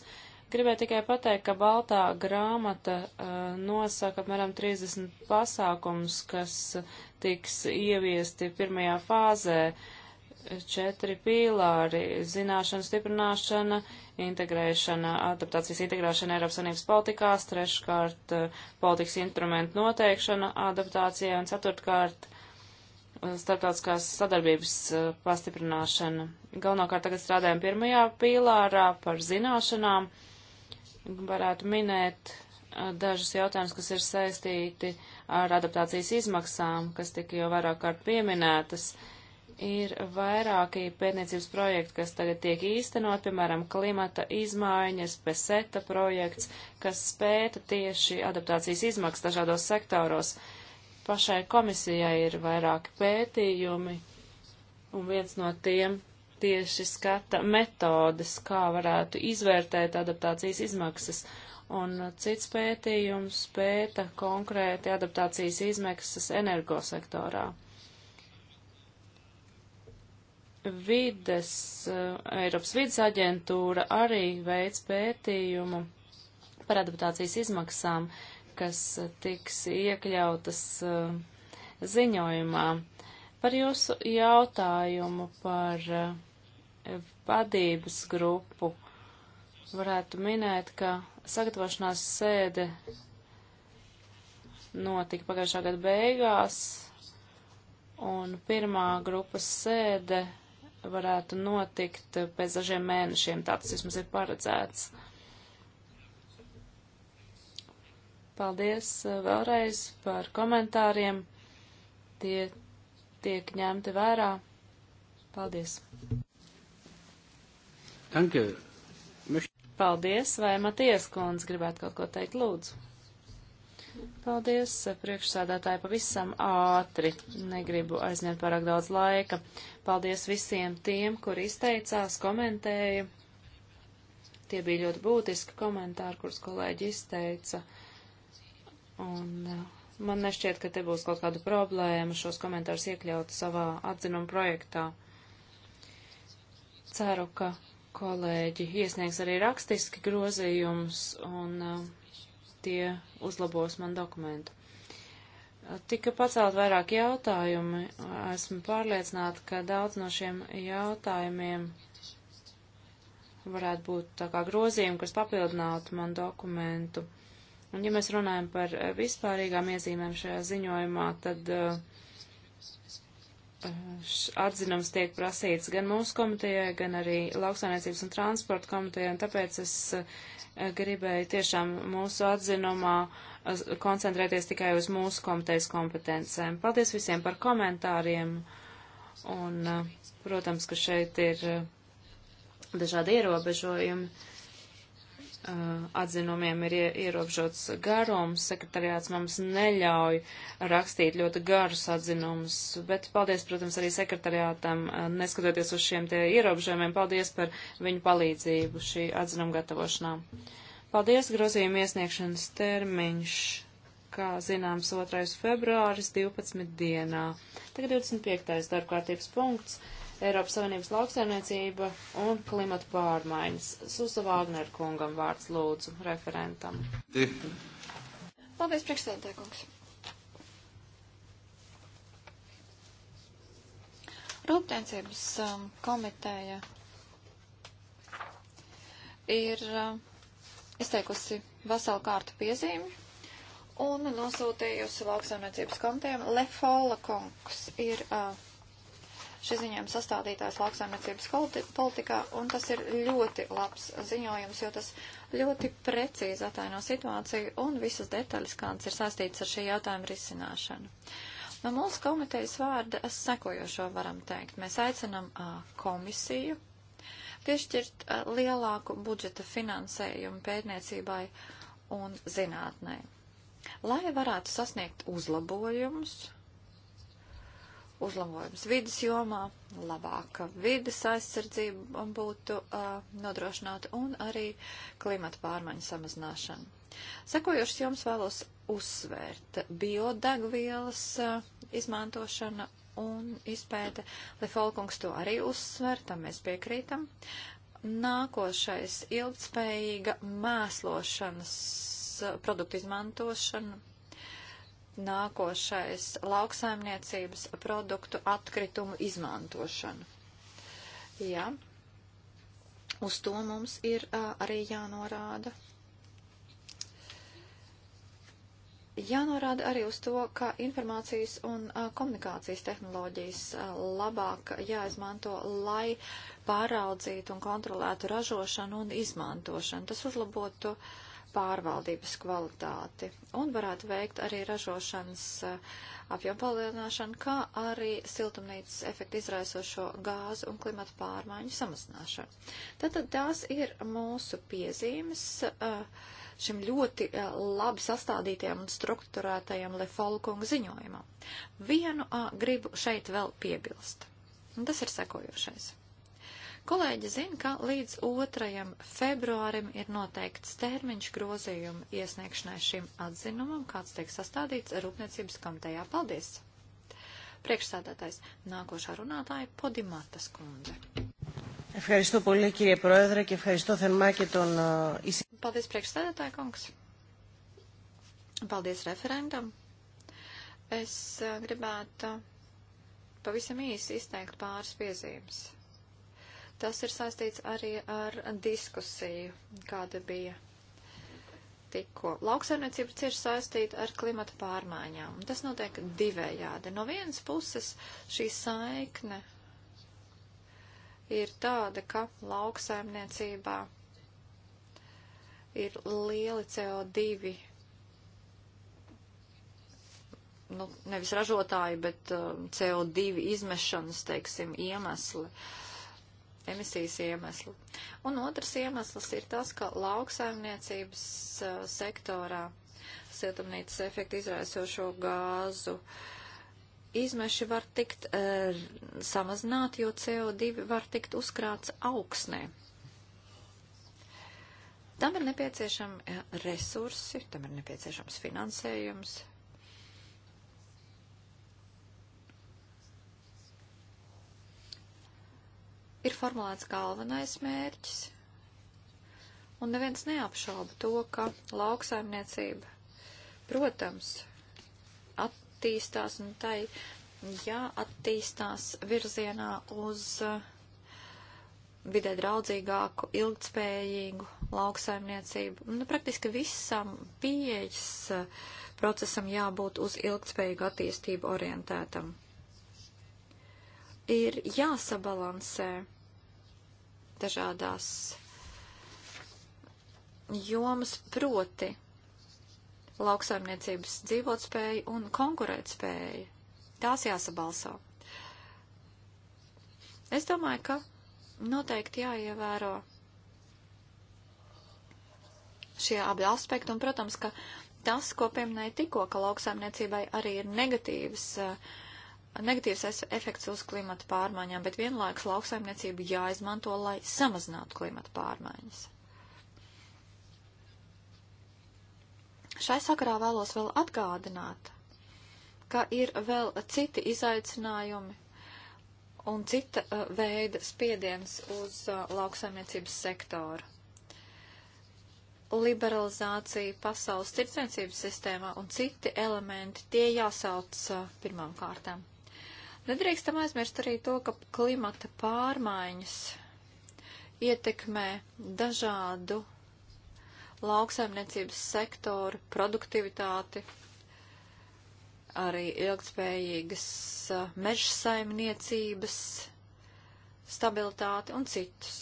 Gribēju tikai pateikt, ka Baltā grāmata uh, nosaka apmēram 30 pasākums, kas tiks ieviesti pirmajā fāzē uh, četri pīlāri - zināšana stiprināšana, integrēšana, adaptācijas integrēšana Eiropas Savienības politikās, treškārt eh, politikas instrumentu noteikšana adaptācijai un ceturtkārt eh, starptautiskās sadarbības eh, pastiprināšana. Galvenokārt tagad strādājam pirmajā pīlārā par zināšanām. Varētu minēt dažus jautājumus, kas ir saistīti ar adaptācijas izmaksām, kas tika jau vairāk kārt pieminētas. Uh, ir vairāki pētniecības projekti, kas tagad tiek īstenot, piemēram, klimata izmaiņas, peseta projekts, kas spēta tieši adaptācijas izmaksas dažādos sektoros. Pašai komisijai ir vairāki pētījumi, un viens no tiem tieši skata metodes, kā varētu izvērtēt adaptācijas izmaksas. Un cits pētījums pēta konkrēti adaptācijas izmaksas energosektorā. sektorā vides, eh, Eiropas vides aģentūra arī veids pētījumu par adaptācijas izmaksām, kas tiks iekļautas eh, ziņojumā. Par jūsu jautājumu par eh, vadības grupu varētu minēt, ka sagatavošanās sēde notika pagājušā gada beigās, un pirmā grupas sēde varētu notikt pēc dažiem mēnešiem. Tā tas vismaz ir paredzēts. Paldies eh, vēlreiz par komentāriem. Tie tiek ņemti vērā. Paldies. Danke. Paldies, vai Matijas kundze gribētu kaut ko teikt, lūdzu? Paldies, priekšsādātāji, pavisam ātri. Negribu aizņemt pārāk daudz laika. Paldies visiem tiem, kur izteicās, komentēja. Tie bija ļoti būtiski komentāri, kurus kolēģi izteica. Un uh, man nešķiet, ka te būs kaut kāda problēma šos komentārus iekļaut savā atzinuma projektā ceru, ka kolēģi iesniegs arī rakstiski grozījumus, un uh, tie uzlabos man dokumentu. Tika pacelt vairāk jautājumi. Esmu pārliecināta, ka daudz no šiem jautājumiem varētu būt tā kā grozījumi, kas papildinātu man dokumentu. Un ja mēs runājam par vispārīgām iezīmēm šajā ziņojumā, tad uh, atzinums tiek prasīts gan mūsu komitejai, gan arī lauksainiecības un transporta komitejai, un tāpēc es eh, gribēju tiešām mūsu atzinumā eh, koncentrēties tikai uz mūsu komitejas kompetencēm. Paldies visiem par komentāriem. Un, eh, protams, ka šeit ir eh, dažādi ierobežojumi Eh, atzinumiem ir ierobežots garums, sekretariāts mums neļauj rakstīt ļoti garus atzinumus, bet paldies, protams, arī sekretariātam, eh, neskatoties uz šiem tie ierobežojumiem, paldies par viņu palīdzību šī atzinuma gatavošanā. Paldies, grozījuma iesniegšanas termiņš, kā zināms, 2. februāris 12. dienā. Tagad 25. darbkārtības punkts. Eiropas Savienības lauksaimniecība un klimata pārmaiņas. Susa Vāgner kungam vārds lūdzu, referentam. Di. Paldies, priekšsēdētāj kungs. Rūpniecības um, komiteja ir um, izteikusi veselu kārtu piezīmju un nosūtījusi lauksaimniecības komitejām. Lefola kungs ir uh, šī ziņojuma sastādītājs lauksaimniecības politikā, un tas ir ļoti labs ziņojums, jo tas ļoti precīzi ataino situāciju un visas detaļas, kādas ir saistītas ar šī jautājuma risināšanu. No mūsu komitejas vārda es sekojošo varam teikt. Mēs aicinam a, komisiju piešķirt a, lielāku budžeta finansējumu pētniecībai un zinātnē, lai varētu sasniegt uzlabojumus uzlabojums vidas jomā, labāka vidas aizsardzība būtu uh, nodrošināta un arī klimata pārmaiņu samazināšana. Sekojošas jums vēlos uzsvērt biodegvielas uh, izmantošana un izpēte, lai Folkungs to arī uzsver, tam mēs piekrītam. Nākošais ilgtspējīga mēslošanas produktu izmantošana nākošais lauksaimniecības produktu atkritumu izmantošanu. Jā, uz to mums ir uh, arī jānorāda. Jānorāda arī uz to, ka informācijas un uh, komunikācijas tehnoloģijas uh, labāk jāizmanto, lai pāraudzītu un kontrolētu ražošanu un izmantošanu. Tas uzlabotu uh, pārvaldības kvalitāti un varētu veikt arī ražošanas eh, apjomu palielināšanu, kā arī siltumnīcas efektu izraisošo gāzu un klimatu pārmaiņu samazināšanu. Tātad tās ir mūsu piezīmes eh, šim ļoti eh, labi sastādītajam un strukturētajam Lefolkunga ziņojumam. Vienu gribu šeit vēl piebilst. Un tas ir sekojošais. Kolēģi zina, ka līdz 2. februārim ir noteikts termiņš grozījumu iesniegšanai šim atzinumam, kāds tiek sastādīts Rūpniecības komitejā. Paldies! Priekšsādātājs nākošā runātāja Podimatas kundze. Ευχαριστώ πολύ κύριε Πρόεδρε και ευχαριστώ θερμά και τον Paldies priekšsēdētāja kungs. Paldies referentam. Es eh, gribētu eh, pavisam īsi izteikt pāris piezīmes. Tas ir saistīts arī ar diskusiju, kāda bija tikko. Lauksaimniecība cieši saistīta ar klimata pārmaiņām. Tas notiek divējādi. No vienas puses šī saikne ir tāda, ka lauksaimniecībā ir lieli CO2, nu, nevis ražotāji, bet um, CO2 izmešanas, teiksim, iemesli. Uh, emisijas iemesli. Un otrs iemesls ir tas, ka lauksaimniecības uh, sektorā siltumnīcas efektu izraisošo gāzu izmeši var tikt uh, samazināt, jo CO2 var tikt uzkrāts augsnē. Tam ir nepieciešami uh, resursi, tam ir nepieciešams finansējums, ir formulēts galvenais mērķis, un neviens neapšauba to, ka lauksaimniecība, protams, attīstās un tai jāattīstās virzienā uz uh, vidē draudzīgāku, ilgtspējīgu lauksaimniecību. Nu, praktiski visam pieejas uh, procesam jābūt uz ilgtspējīgu attīstību orientētam ir jāsabalansē dažādās jomas proti lauksaimniecības dzīvotspēja un konkurētspēja. Tās jāsabalso. Es domāju, ka noteikti jāievēro šie abi aspekti, un, protams, ka tas, ko pieminēja tikko, ka lauksaimniecībai arī ir negatīvas uh, negatīvs efekts uz klimata pārmaiņām, bet vienlaikus lauksaimniecību jāizmanto, lai samazinātu klimata pārmaiņas. Šai sakarā vēlos vēl atgādināt, ka ir vēl citi izaicinājumi un cita uh, veida spiediens uz uh, lauksaimniecības sektoru. Liberalizācija pasaules tirdzniecības sistēmā un citi elementi, tie jāsauc uh, pirmām kārtām. Nedrīkstam aizmirst arī to, ka klimata pārmaiņas ietekmē dažādu lauksaimniecības sektoru produktivitāti, arī ilgtspējīgas mežsaimniecības stabilitāti un citus.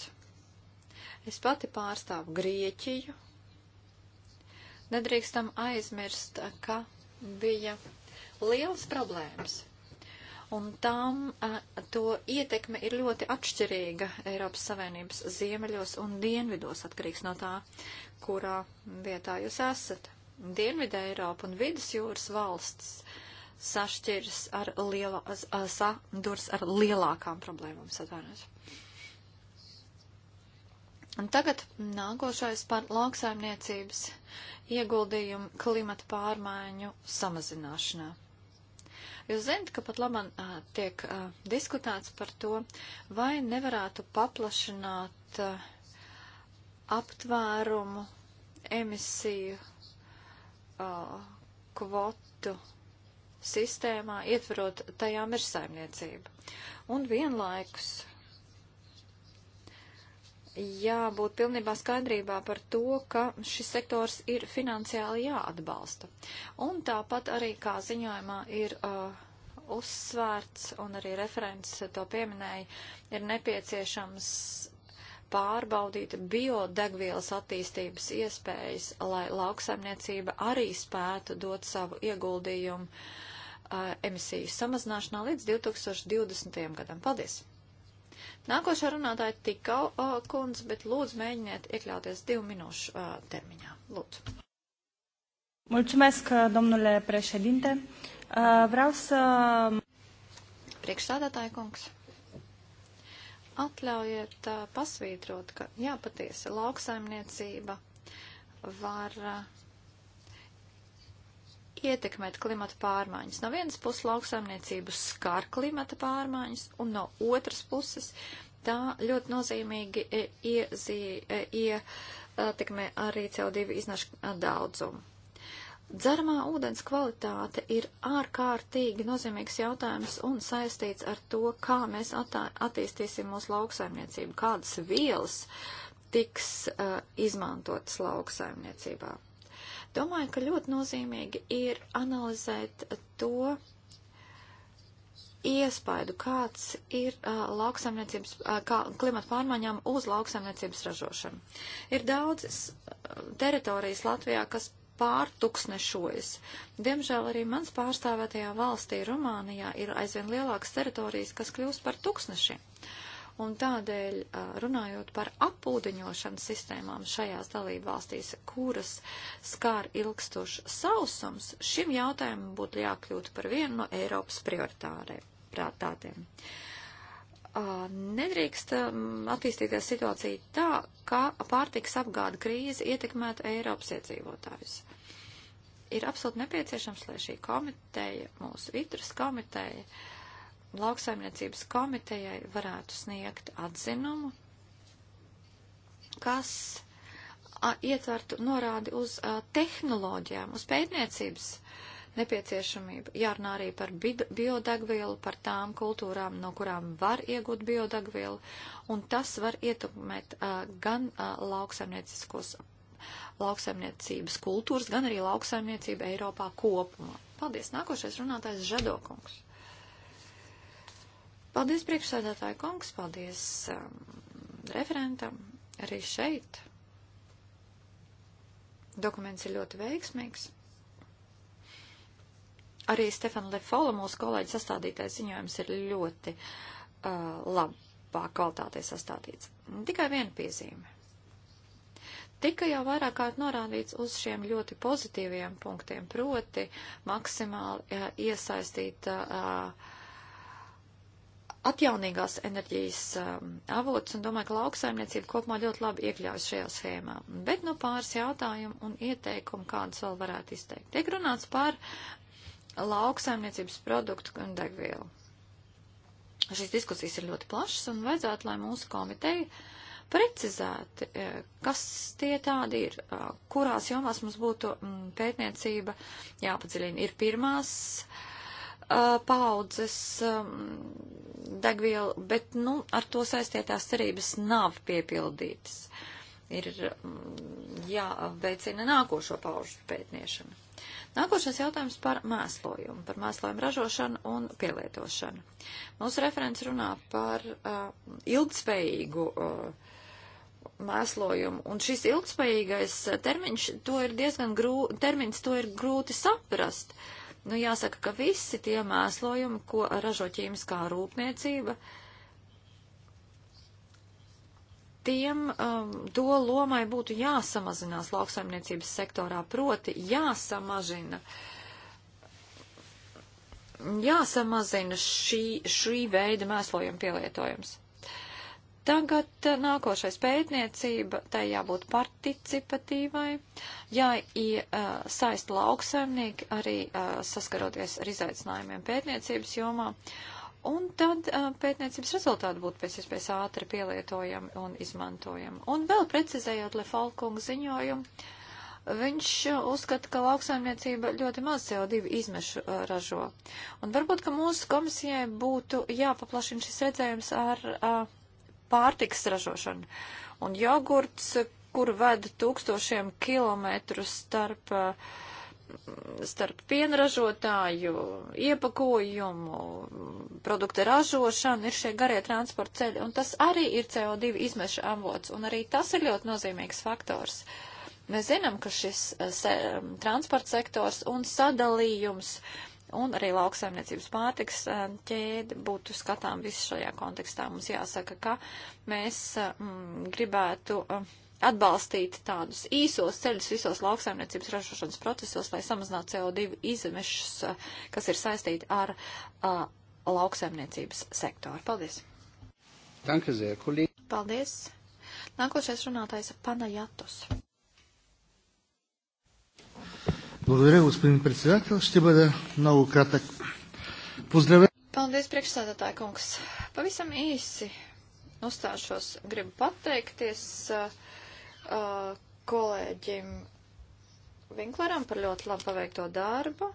Es pati pārstāvu Grieķiju. Nedrīkstam aizmirst, ka bija liels problēmas un tām to ietekme ir ļoti atšķirīga Eiropas Savienības ziemeļos un dienvidos, atkarīgs no tā, kurā vietā jūs esat. Dienvidē Eiropa un vidusjūras valsts sašķiras ar lielā, sadurs ar lielākām problēmām satvainot. Un tagad nākošais par lauksaimniecības ieguldījumu klimata pārmaiņu samazināšanā. Jūs zināt, ka pat labam tiek a, diskutēts par to, vai nevarētu paplašināt a, aptvērumu emisiju a, kvotu sistēmā, ietverot tajā mirsaimniecību. Un vienlaikus jābūt pilnībā skaidrībā par to, ka šis sektors ir finansiāli jāatbalsta. Un tāpat arī, kā ziņojumā ir uh, uzsvērts, un arī referents to pieminēja, ir nepieciešams pārbaudīt biodegvielas attīstības iespējas, lai lauksaimniecība arī spētu dot savu ieguldījumu uh, emisiju samazināšanā līdz 2020. gadam. Paldies! Nākošā runātāja tikau uh, kundze, bet lūdzu mēģiniet iekļauties divu minūšu uh, termiņā. Lūdzu. Mulțumesc, domnule președinte. Uh, vreau să... Priekšstādātāja kungs atļaujiet uh, pasvītrot, ka jā, patiesi lauksaimniecība var uh, ietekmēt klimata pārmaiņas. No vienas puses lauksaimniecību skar klimata pārmaiņas, un no otras puses tā ļoti nozīmīgi e, e, ietekmē arī CO2 iznašu daudzumu. Dzeramā ūdens kvalitāte ir ārkārtīgi nozīmīgs jautājums un saistīts ar to, kā mēs attā, attīstīsim mūsu lauksaimniecību, kādas vielas tiks uh, izmantotas lauksaimniecībā. Domāju, ka ļoti nozīmīgi ir analizēt to iespaidu, kāds ir uh, lauksamniecības, uh, kā klimata pārmaiņām uz lauksamniecības ražošanu. Ir daudzas uh, teritorijas Latvijā, kas pārtuksnešojas. Diemžēl arī mans pārstāvētajā valstī, Rumānijā, ir aizvien lielākas teritorijas, kas kļūst par tuksnešiem. Uh, Un tādēļ, runājot par apūdeņošanas sistēmām šajās dalībvalstīs, kuras skār ilgstošs sausums, šim jautājumam būtu jākļūt par vienu no Eiropas prioritātēm. Nedrīkst attīstīties situācija tā, ka pārtiks apgāda krīze ietekmētu Eiropas iedzīvotājus. Ir absolūti nepieciešams, lai šī komiteja, mūsu vitras komiteja, uh, lauksaimniecības komitejai varētu sniegt atzinumu, kas a, ietvertu norādi uz a, tehnoloģijām, uz pētniecības nepieciešamību. Jārunā arī par biodegvielu, par tām kultūrām, no kurām var iegūt biodegvielu, un tas var ietekmēt gan a, lauksaimnieciskos lauksaimniecības kultūras, gan arī lauksaimniecība Eiropā kopumā. Paldies! Nākošais runātājs Žadokungs. Paldies priekšsēdētāju kungs, paldies um, referentam arī šeit. Dokuments ir ļoti veiksmīgs. Arī Stefana Lefola, mūsu kolēģi sastādītais ziņojums, ir ļoti uh, labā kvalitātē sastādīts. Tikai viena piezīme. Tika jau vairāk kārt norādīts uz šiem ļoti pozitīviem punktiem, proti maksimāli uh, iesaistīt. Uh, atjaunīgās enerģijas um, avots un domāju, ka lauksaimniecība kopumā ļoti labi iekļaujas šajā schēmā. Bet nu pāris jautājumu un ieteikumu, kādus vēl varētu izteikt. Tiek runāts par lauksaimniecības produktu un degvielu. Šīs diskusijas ir ļoti plašas un vajadzētu, lai mūsu komiteja precizēti, e, kas tie tādi ir, e, kurās jomās mums būtu mm, pētniecība jāpadziļina. Ir pirmās uh, Uh, paudzes um, degvielu, bet, nu, ar to saistītās cerības nav piepildītas. Ir mm, jāveicina nākošo paužu pētniešana. Nākošais jautājums par mēslojumu, par mēslojumu ražošanu un pielietošanu. Mūsu referents runā par uh, ilgspējīgu uh, mēslojumu. Un šis ilgspējīgais termiņš, to ir diezgan grūti, termins to ir grūti saprast. Uh, Nu, jāsaka, ka visi tie mēslojumi, ko ražo ķīmiskā rūpniecība, tiem um, to lomai būtu jāsamazinās lauksaimniecības sektorā, proti jāsamazina. Jāsamazina šī, šī veida mēslojuma pielietojums. Tagad eh, nākošais pētniecība, tai jābūt participatīvai, jāiesaist lauksaimnieki arī eh, saskaroties ar izaicinājumiem pētniecības jomā, un tad eh, pētniecības rezultāti būtu pēc iespējas ātri pielietojami un izmantojami. Un vēl precizējot Lefalkunga ziņojumu, viņš uzskata, ka lauksaimniecība ļoti maz CO2 izmešu uh, ražo. Un varbūt, ka mūsu komisijai būtu jāpaplašina šis redzējums ar uh, pārtiks ražošanu. Un jogurts, kuru veda tūkstošiem kilometru starp, eh, starp pienražotāju, iepakojumu, produkta ražošanu, ir šie garie transporta ceļi. Un tas arī ir CO2 izmeša avots, un arī tas ir ļoti nozīmīgs faktors. Mēs zinām, ka šis eh, se, transporta sektors un sadalījums uh, un arī lauksaimniecības pārtiks eh, ķēde būtu skatām visu šajā kontekstā. Mums jāsaka, ka mēs eh, mm, gribētu eh, atbalstīt tādus īsos ceļus visos lauksaimniecības ražošanas procesos, lai samazinātu CO2 izmešus, kas ir saistīti ar a, lauksaimniecības sektoru. Paldies! Danke sehr, kolēģi! Paldies! Nākošais runātājs Panajatos. Благодаря, господин председател. Ще бъда много кратък. Поздравя. Paldies, priekšsēdētāji kungs. Pavisam īsi uzstāšos. Gribu pateikties uh, uh, kolēģim Vinkleram par ļoti labu paveikto darbu.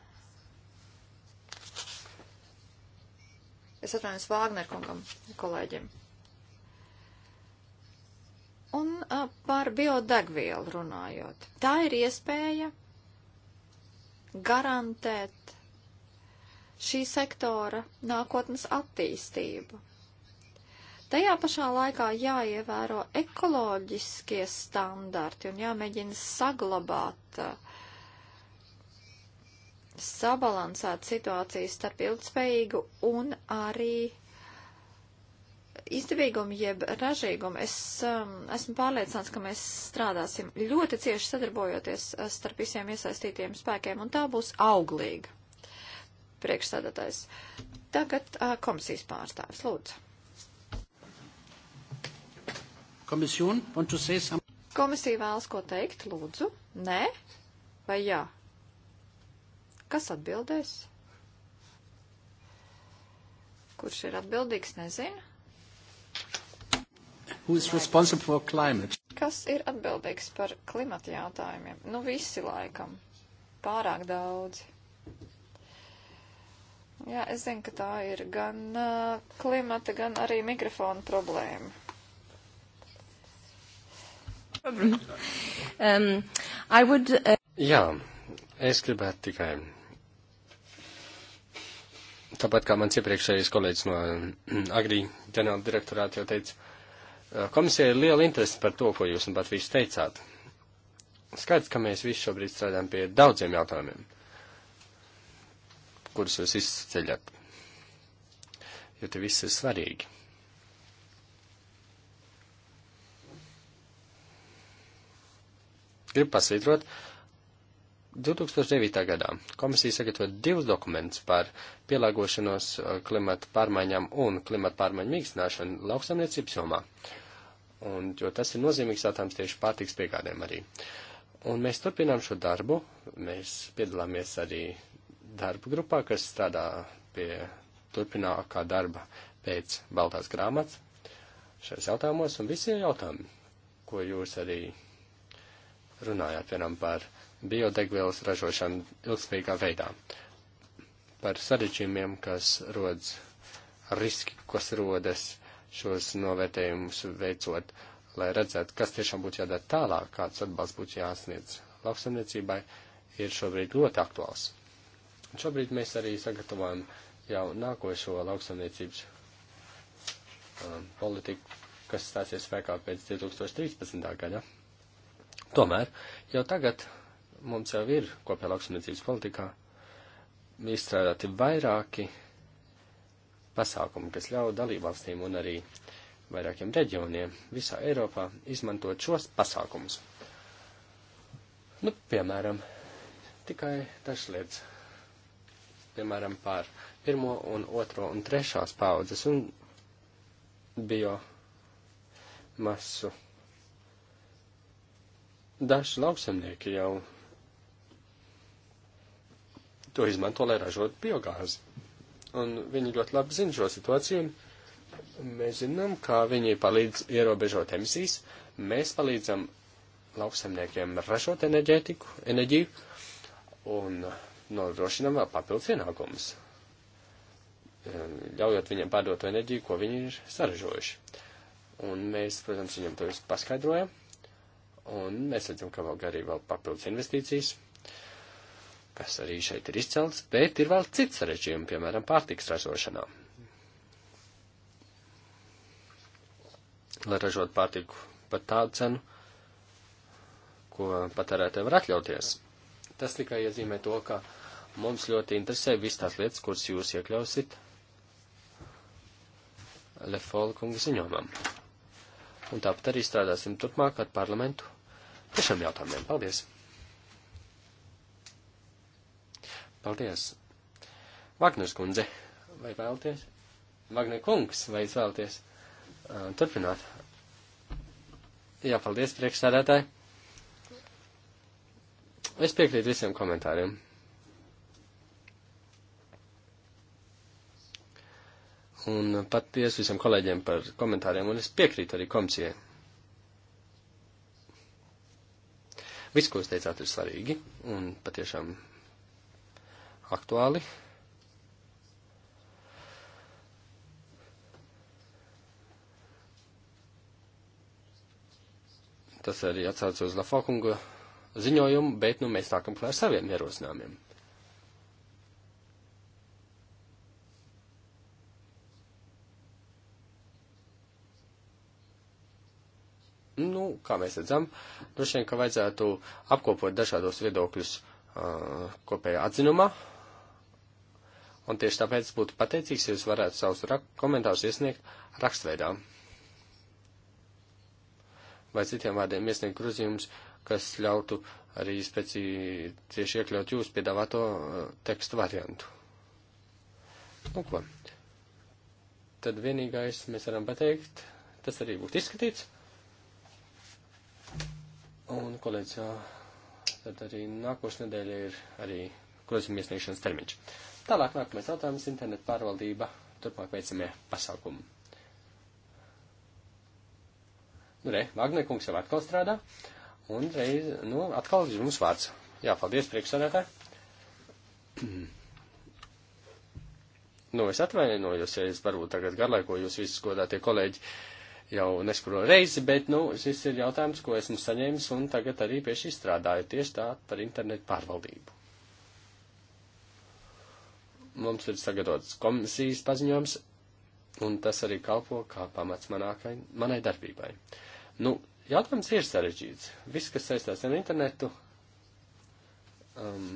Es atvainojos Vāgner kungam, kolēģim. Un a, uh, par biodegvielu runājot. Tā ir iespēja garantēt šī sektora nākotnes attīstību. Tajā pašā laikā jāievēro ekoloģiskie standarti un jāmēģina saglabāt sabalansēt situāciju starp ilgspējīgu un arī izdevīgumu jeb ražīgumu, es um, esmu pārliecināts, ka mēs strādāsim ļoti cieši sadarbojoties uh, starp visiem iesaistītiem spēkiem, un tā būs auglīga priekšsēdētājs. Tagad uh, komisijas pārstāvis, lūdzu. Komisjon, want to say some... Komisija vēlas ko teikt, lūdzu. Nē? Vai jā? Kas atbildēs? Kurš ir atbildīgs, nezinu. Kas ir atbildīgs par klimata jautājumiem? Nu, visi laikam. Pārāk daudzi. Jā, es zinu, ka tā ir gan uh, klimata, gan arī mikrofona problēma. Um, I would, uh... Jā, es gribētu tikai tāpat kā mans iepriekšējais kolēģis no Agri ģenerāla direktorāta jau teica, Komisija ir liela interese par to, ko jūs un pat visu teicāt. Skaidrs, ka mēs visi šobrīd strādājam pie daudziem jautājumiem, kurus jūs izceļat, jo te viss ir svarīgi. Gribu pasvītrot, 2009. gadā komisija sagatavoja divus dokumentus par pielāgošanos uh, klimata pārmaiņām un klimata pārmaiņu mīkstināšanu lauksamniecības jomā. Uh, un, jo tas ir nozīmīgs jautājums tieši pārtiks piegādēm arī. Un mēs turpinām šo darbu, mēs piedalāmies arī darba grupā, kas strādā pie turpinākā darba pēc Baltās grāmatas šajos jautājumos, un visi jautājumi, ko jūs arī runājāt, piemēram, par biodegvielas ražošanu ilgspējīgā veidā, par sarežģījumiem, kas rodas, riski, kas rodas, šos novērtējumus veicot, lai redzētu, kas tiešām būtu jādara tālāk, kāds atbalsts būtu jāsniedz lauksaimniecībai, ir šobrīd ļoti aktuāls. Un šobrīd mēs arī sagatavojam jau nākošo lauksaimniecības um, politiku, kas stāsies spēkā pēc 2013. gada. Tomēr jau tagad mums jau ir kopējā lauksaimniecības politikā izstrādāti vairāki pasākumu, kas ļauj dalībvalstīm un arī vairākiem reģioniem visā Eiropā izmantot šos pasākumus. Nu, piemēram, tikai dažas lietas. Piemēram, pār pirmo un otro un trešās paudzes un bio masu. Daži lauksemnieki jau to izmanto, lai ražotu biogāzi un viņi ļoti labi zina šo situāciju, un mēs zinām, kā viņi palīdz ierobežot emisijas, mēs palīdzam lauksemniekiem ražot enerģētiku, enerģiju, un nodrošinam vēl papildus ienākumus, eh, ļaujot viņiem pārdot to enerģiju, ko viņi ir saražojuši. Un mēs, protams, viņam to visu paskaidrojam, un mēs redzam, ka vēl arī vēl papildus investīcijas kas arī šeit ir izcelts, bet ir vēl cits sarežģījumi, piemēram, pārtiks ražošanā. Lai ražot pārtiku par tādu cenu, ko patērētāji var atļauties. Tas tikai iezīmē to, ka mums ļoti interesē viss tās lietas, kuras jūs iekļausit Lefola kunga ziņojumam. Un tāpat arī strādāsim turpmāk ar parlamentu. Tiešām jautājumiem. Paldies! Paldies. Vagners kundze, vai vēlties? Vagner kungs, vai jūs vēlties? Uh, turpināt. Jā, paldies, priekšsēdētāji. Es piekrītu visiem komentāriem. Un paties visiem kolēģiem par komentāriem, un es piekrītu arī komisijai. Viss, ko jūs teicāt, ir svarīgi, un patiešām aktuāli. Tas arī atsaucas uz Lafokunga ziņojumu, bet nu mēs nākam klāt ar saviem ierosinājumiem. Nu, kā mēs redzam, droši vien, ka vajadzētu apkopot dažādos viedokļus uh, kopējā atzinumā, un tieši tāpēc būtu pateicīgs, ja jūs varētu savus komentārus iesniegt rakstveidā. Vai citiem vārdiem iesniegt grozījumus, kas ļautu arī tieši iekļaut jūs piedāvāto uh, tekstu variantu. Nu ko, tad vienīgais mēs varam pateikt, tas arī būtu izskatīts. Un, kolēģis, tad arī nākošais nedēļa ir arī grozījuma iesniegšanas termiņš. Tālāk nākamais jautājums - internetu pārvaldība, turpmāk veicamie pasākumi. Nu, re, Vagnekungs jau atkal strādā, un reiz, nu, atkal ir mums vārds. Jā, paldies, priekšsēdētāji. nu, es atvainojos, ja es varbūt tagad garlaikoju jūs visus godātie kolēģi jau neskuro reizi, bet, nu, šis ir jautājums, ko esmu saņēmis un tagad arī pie šī strādāju tieši tā par internetu pārvaldību mums ir sagatavots komisijas paziņojums, un tas arī kalpo kā pamats manākai, manai darbībai. Nu, jautājums ir sarežģīts. Viss, kas saistās ar internetu, um,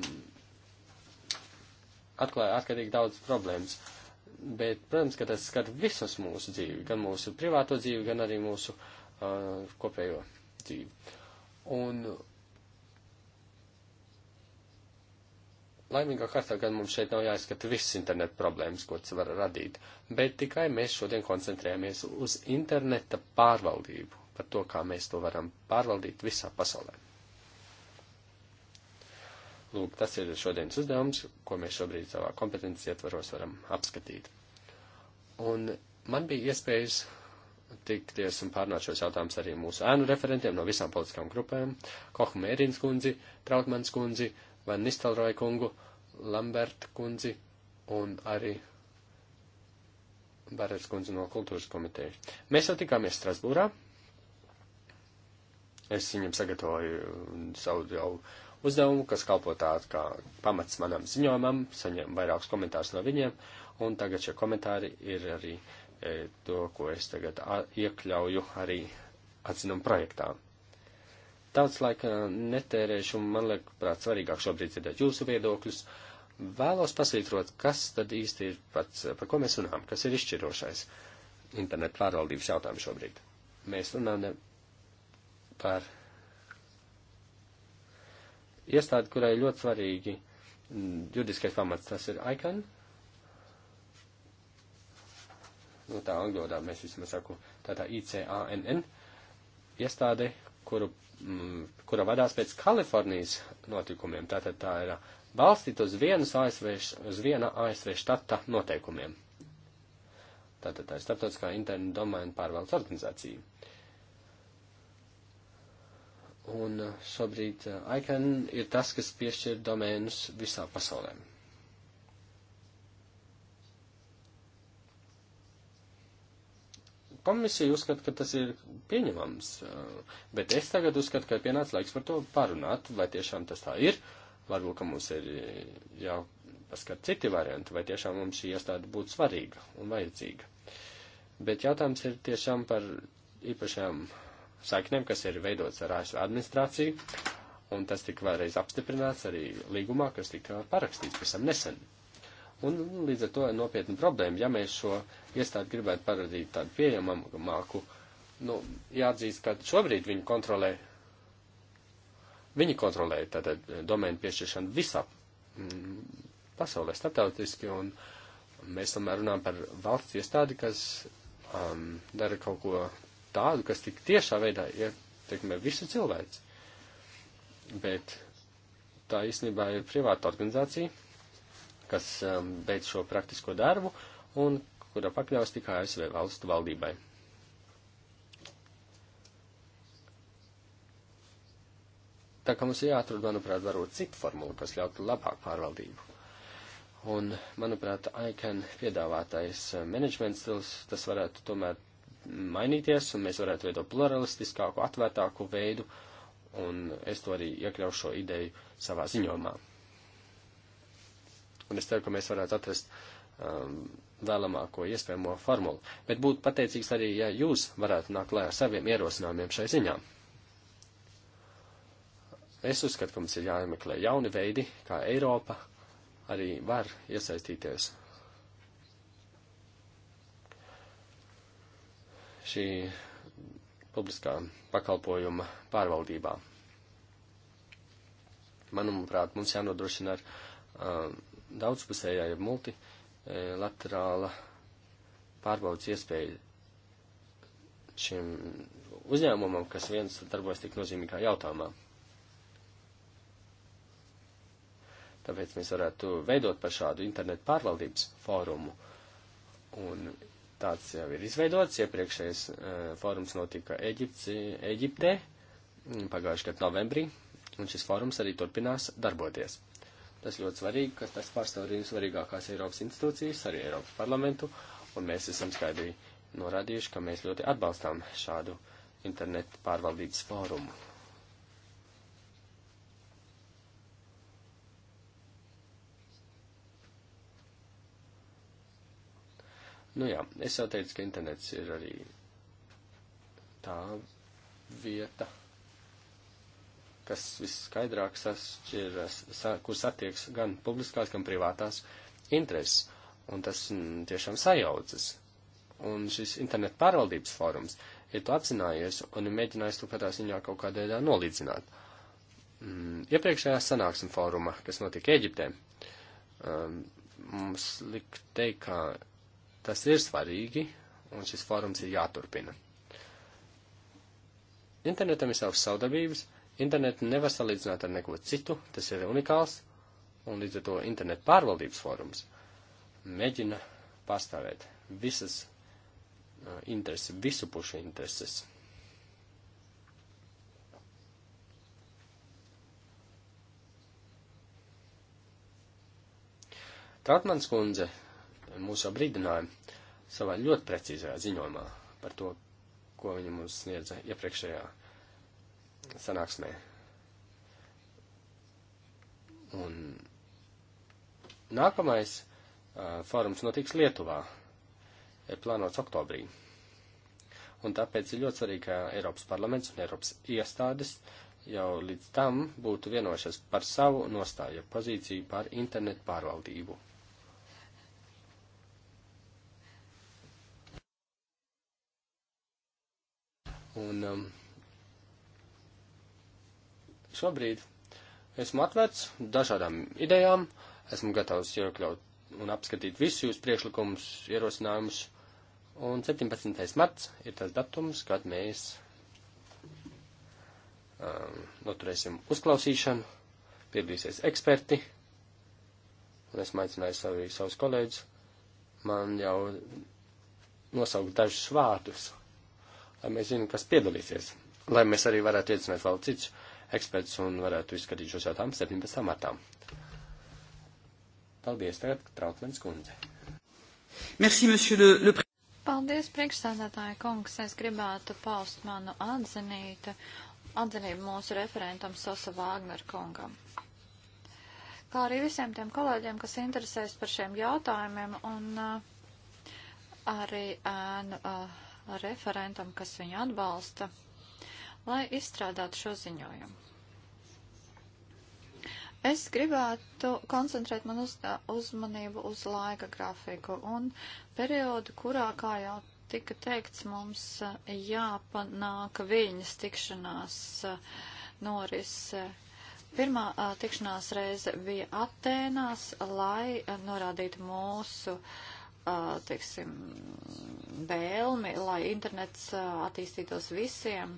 atklāja ārkārtīgi daudz problēmas. Bet, protams, ka tas skar visus mūsu dzīvi, gan mūsu privāto dzīvi, gan arī mūsu uh, kopējo dzīvi. Un Laimīgā kārtā gan mums šeit nav jāizskata viss internetu problēmas, ko tas var radīt, bet tikai mēs šodien koncentrējamies uz interneta pārvaldību, par to, kā mēs to varam pārvaldīt visā pasaulē. Lūk, tas ir šodienas uzdevums, ko mēs šobrīd savā kompetences ietvaros varam apskatīt. Un man bija iespējas tikties un pārnāt šos jautājumus arī mūsu ēnu referentiem no visām politiskām grupēm - Kohu Mērins kundzi, Trautmans kundzi, uh, Van Nistelroja kungu, Lamberta kundzi un arī Barets kundzi no kultūras komitejas. Mēs jau tikāmies Strasbūrā. Es viņam sagatavoju savu jau uzdevumu, kas kalpo tādu kā pamats manam ziņojumam, saņem vairākus komentārus no viņiem, un tagad šie komentāri ir arī e, to, ko es tagad iekļauju arī atzinumu projektām. Daudz laika netērēšu, un man liekas, svarīgāk šobrīd dzirdēt jūsu viedokļus. Vēlos pasvītrot, kas tad īsti ir pats, par ko mēs runājam, kas ir izšķirošais internetu pārvaldības jautājums šobrīd. Mēs runājam par iestādi, kurai ļoti svarīgi mm, juridiskais pamats, tas ir ICAN. Nu, tā angļu valodā mēs vismaz saku, tā tā ICANN iestāde, kuru, m, mm, kura vadās pēc Kalifornijas notikumiem. Tātad tā ir balstīta uz, ASV, uz viena ASV štata noteikumiem. Tātad tā ir starptautiskā interna domāna pārvaldes organizācija. Un eh, šobrīd eh, ICAN ir tas, kas piešķir domēnus visā pasaulē. Komisija uzskata, ka tas ir pieņemams, eh, bet es tagad uzskatu, ka ir pienācis laiks par to parunāt, vai tiešām tas tā ir. Varbūt, ka mums ir eh, jāpaskat citi varianti, vai tiešām mums šī iestāde būtu svarīga un vajadzīga. Bet jautājums ir tiešām par īpašām saiknēm, kas ir veidots ar ASV administrāciju, un tas tika vēlreiz apstiprināts arī līgumā, kas tika parakstīts pēc tam nesen. Un līdz ar to ir nopietna problēma, ja mēs šo iestādi gribētu paradīt tādu pieejamāku, nu, jāatzīst, ka šobrīd viņi kontrolē, viņi kontrolē tātad domēnu piešķiršanu visā mm, pasaulē starptautiski, un mēs tomēr runājam par valsts iestādi, kas um, dara kaut ko tādu, kas tik tiešā veidā ietekmē visu cilvēci. Bet tā īstenībā ir privāta organizācija kas um, beidz šo praktisko darbu un kura pakļaus tikai ASV valstu valdībai. Tā kā mums ir jāatrod, manuprāt, varbūt citu formulu, kas ļautu labāk pārvaldību. Un, manuprāt, ICAN piedāvātais uh, menedžment stils, tas varētu tomēr mainīties, un mēs varētu veidot pluralistiskāku, atvērtāku veidu, un es to arī iekļaušu šo ideju savā ziņojumā un es ceru, ka mēs varētu atrast um, vēlamāko iespējamo formulu. Bet būtu pateicīgs arī, ja jūs varētu nākt klāt ar saviem ierosinājumiem šai ziņā. Es uzskatu, ka mums ir jāmeklē jauni veidi, kā Eiropa arī var iesaistīties šī publiskā pakalpojuma pārvaldībā. Manuprāt, mums jānodrošina ar um, daudzpusējā, ja multilaterāla e, pārbaudas iespēja šim uzņēmumam, kas viens darbojas tik nozīmīgā jautājumā. Tāpēc mēs varētu veidot par šādu internetu pārvaldības fórumu. Un tāds jau ir izveidots. Iepriekšējais uh, fórums notika Eģipci, Eģiptē pagājušajā gadā novembrī, un šis fórums arī turpinās darboties. Tas ļoti svarīgi, ka tas pārstāv arī svarīgākās Eiropas institūcijas, arī Eiropas parlamentu, un mēs esam skaidri norādījuši, ka mēs ļoti atbalstām šādu internetu pārvaldības fórumu. Nu jā, es jau teicu, ka internets ir arī tā vieta, kas viskaidrāk sašķiras, sa, kur satieks gan publiskās, gan privātās intereses. Un tas m, mm, tiešām sajaucas. Un šis internet pārvaldības fórums ir to apzinājies un ir mēģinājis to katrā ziņā kaut kādā veidā nolīdzināt. Mm, iepriekšējā sanāksme fóruma, kas notika Eģiptē, um, mums lika teikt, ka tas ir svarīgi un šis fórums ir jāturpina. Internetam ir savas savdabības Internetu nevar salīdzināt ar neko citu, tas ir unikāls, un līdz ar to internetu pārvaldības fórums mēģina pārstāvēt visas uh, intereses, visu pušu intereses. Trautmans kundze mūs jau brīdināja savā ļoti precīzajā ziņojumā par to, ko viņa mums sniedza iepriekšējā sanāksmē. Un nākamais uh, fórums notiks Lietuvā, ir plānots oktobrī. Un tāpēc ir ļoti svarīgi, ka Eiropas parlaments un Eiropas iestādes jau līdz tam būtu vienojušas par savu nostāju pozīciju par internetu pārvaldību. Un um, Šobrīd esmu atvērts dažādām idejām, esmu gatavs iekļaut un apskatīt visus jūsu priekšlikumus, ierosinājumus. Un 17. marts ir tas datums, kad mēs um, noturēsim uzklausīšanu, piedalīsies eksperti, un esmu aicinājis arī savus kolēģus man jau nosaukt dažus vārdus, lai mēs zinām, kas piedalīsies, lai mēs arī varētu iecināt vēl citus eksperts un varētu izskatīt šos jautājumus 17. martā. Paldies, tagad Trautmens kundze. Merci, monsieur le, le... Paldies, priekšstādātāja kungs. Es gribētu paust manu atzinītu, atzinību mūsu referentam Sosa Vāgner kungam. Kā arī visiem tiem kolēģiem, kas interesēs par šiem jautājumiem un uh, arī ēnu uh, referentam, kas viņu atbalsta lai izstrādātu šo ziņojumu. Es gribētu koncentrēt man uz, uzmanību uz laika grafiku un periodu, kurā, kā jau tika teikts, mums eh, jāpanāk viņas tikšanās eh, noris. Eh, pirmā tikšanās reize bija Atēnās, lai norādītu mūsu uh, teiksim, vēlmi, lai internets attīstītos visiem,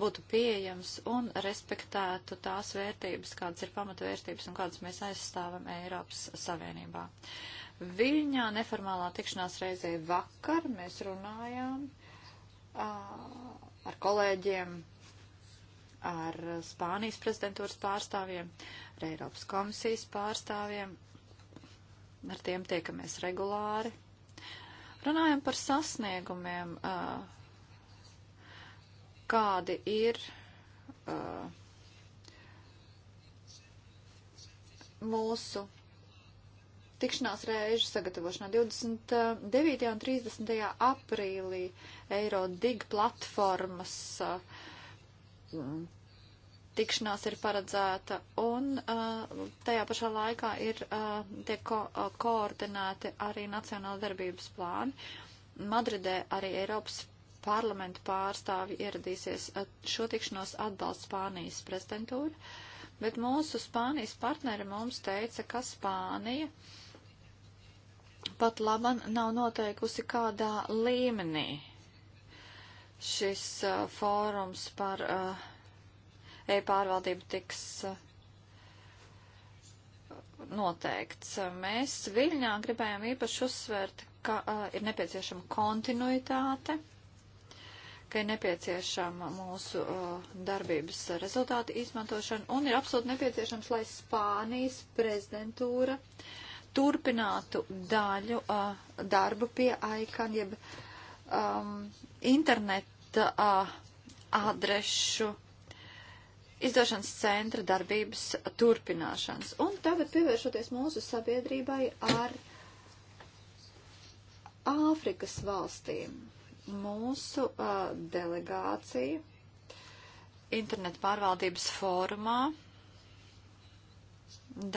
būtu pieejams un respektētu tās vērtības, kādas ir pamatvērtības un kādas mēs aizstāvam Eiropas Savienībā. Viļņā neformālā tikšanās reizē vakar mēs runājām ar kolēģiem, ar Spānijas prezidentūras pārstāvjiem, ar Eiropas komisijas pārstāvjiem ar tiem tiekamies regulāri. Runājam par sasniegumiem, kādi ir mūsu tikšanās reižu sagatavošanā 29. un 30. aprīlī Eiro dig platformas tikšanās ir paredzēta, un uh, tajā pašā laikā ir, uh, tiek ko, uh, koordinēti arī nacionāla darbības plāni. Madridē arī Eiropas parlamenta pārstāvi ieradīsies. Uh, šo tikšanos atbalsta Spānijas prezidentūra, bet mūsu Spānijas partneri mums teica, ka Spānija pat laban nav noteikusi kādā līmenī šis uh, fórums par. Uh, e-pārvaldība tiks uh, noteikts. Mēs Viļņā gribējām īpaši uzsvērt, ka uh, ir nepieciešama kontinuitāte, ka ir nepieciešama mūsu uh, darbības rezultātu izmantošana un ir absolūti nepieciešams, lai Spānijas prezidentūra turpinātu daļu uh, darbu pie ICAN, jeb um, interneta uh, adrešu izdošanas centra darbības turpināšanas. Un tagad pievēršoties mūsu sabiedrībai ar Āfrikas valstīm. Mūsu uh, delegācija internetu pārvaldības fórumā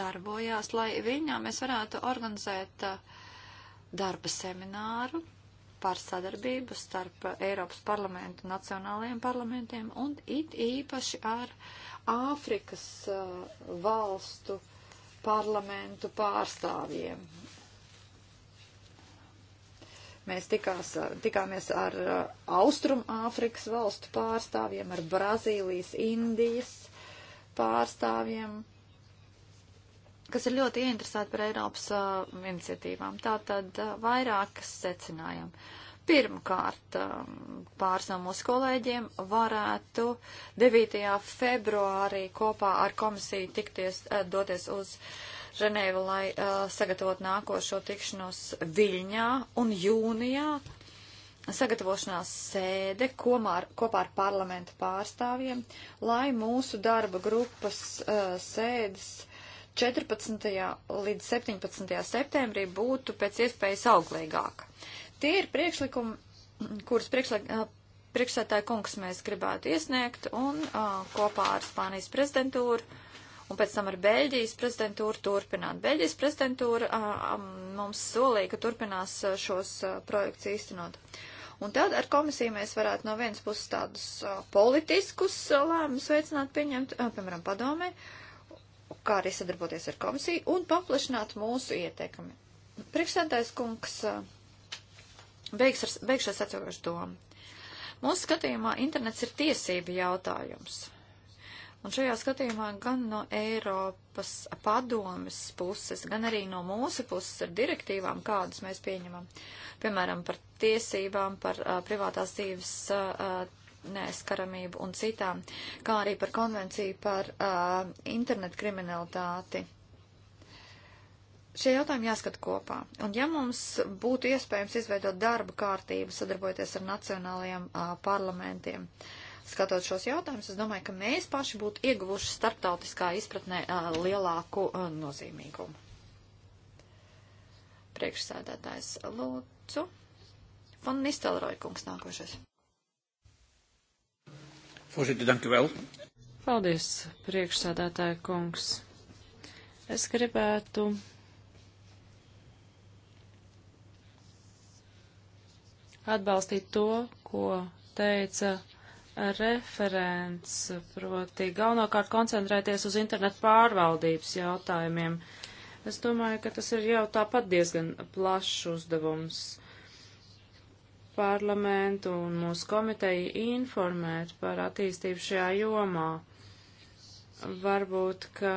darbojās, lai viņā mēs varētu organizēt uh, darba semināru par sadarbību starp Eiropas parlamentu un nacionālajiem parlamentiem un it īpaši ar Āfrikas uh, valstu parlamentu pārstāvjiem. Mēs tikās, uh, tikāmies ar uh, Austrum Āfrikas valstu pārstāvjiem, ar Brazīlijas, Indijas pārstāvjiem kas ir ļoti ieinteresēti par Eiropas uh, iniciatīvām. Tātad uh, vairākas secinājumi. Pirmkārt, um, pāris no mūsu kolēģiem varētu 9. februārī kopā ar komisiju tikties, uh, doties uz Ženēvu, lai uh, sagatavot nākošo tikšanos Viļņā un jūnijā sagatavošanās sēde kopā ar, kopā ar parlamentu pārstāvjiem, lai mūsu darba grupas uh, sēdes uh, 14. līdz 17. septembrī būtu pēc iespējas auglīgāka. Tie ir priekšlikumi, kurus priekšsētāja kungs mēs gribētu iesniegt un uh, kopā ar Spānijas prezidentūru un pēc tam ar Beļģijas prezidentūru turpināt. Beļģijas prezidentūra a, mums solīja, ka turpinās šos a, projekts īstenot. Un tad ar komisiju mēs varētu no vienas puses tādus a, politiskus lēmumus veicināt pieņemt, piemēram, padomē, kā arī sadarboties ar komisiju un paplašināt mūsu ieteikumi. Priekšsēdājs kungs eh, beigs ar, beigšu ar sacokošu domu. Mūsu skatījumā internets ir tiesība jautājums. Un šajā skatījumā gan no Eiropas padomes puses, gan arī no mūsu puses ar direktīvām, kādas mēs pieņemam, piemēram, par tiesībām, par uh, privātās dzīves uh, neaizskaramību un citām, kā arī par konvenciju par uh, internetu kriminalitāti. Šie jautājumi jāskata kopā. Un ja mums būtu iespējams izveidot darba kārtību, sadarbojoties ar nacionālajiem uh, parlamentiem, skatot šos jautājumus, es domāju, ka mēs paši būtu ieguvuši starptautiskā izpratnē uh, lielāku uh, nozīmīgumu. Priekšsēdētājs lūdzu. Von Nistelroja kungs nākošais. Voorzitter, dank u wel. Paldies, priekšsādātāja kungs. Es gribētu atbalstīt to, ko teica referents, proti galvenokārt koncentrēties uz internetu pārvaldības jautājumiem. Es domāju, ka tas ir jau tāpat diezgan plašs uzdevums parlamentu un mūsu komiteju informēt par attīstību šajā jomā. Varbūt, ka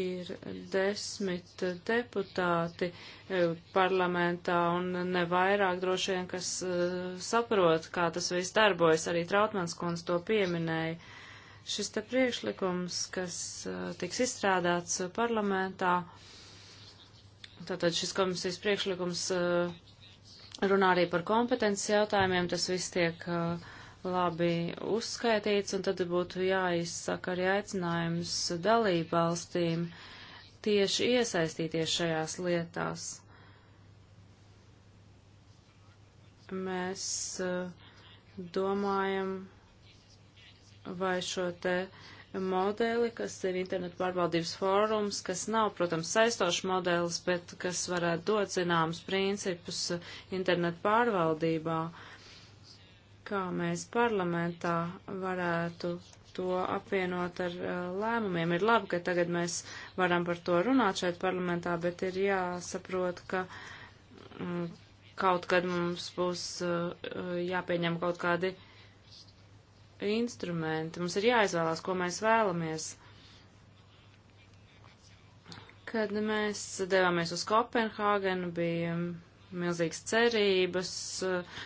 ir desmit deputāti e, parlamentā un ne vairāk droši vien, kas e, saprot, kā tas viss darbojas. Arī Trautmans kundze to pieminēja. Šis te priekšlikums, kas e, tiks izstrādāts parlamentā, tātad šis komisijas priekšlikums uh, runā arī par kompetences jautājumiem, tas viss tiek uh, labi uzskaitīts, un tad būtu jāizsaka arī aicinājums dalību valstīm tieši iesaistīties šajās lietās. Mēs uh, domājam, vai šo te uh, modeli, kas ir internetu pārvaldības fórums, kas nav, protams, saistošs modelis, bet kas varētu dot zināmus principus internetu pārvaldībā, kā mēs parlamentā varētu to apvienot ar uh, lēmumiem. Ir labi, ka tagad mēs varam par to runāt šeit parlamentā, bet ir jāsaprot, ka mm, kaut kad mums būs uh, jāpieņem kaut kādi uh, instrumenti. Mums ir jāizvēlās, ko mēs vēlamies. Kad mēs devāmies uz Kopenhāgenu, bija milzīgas cerības uh,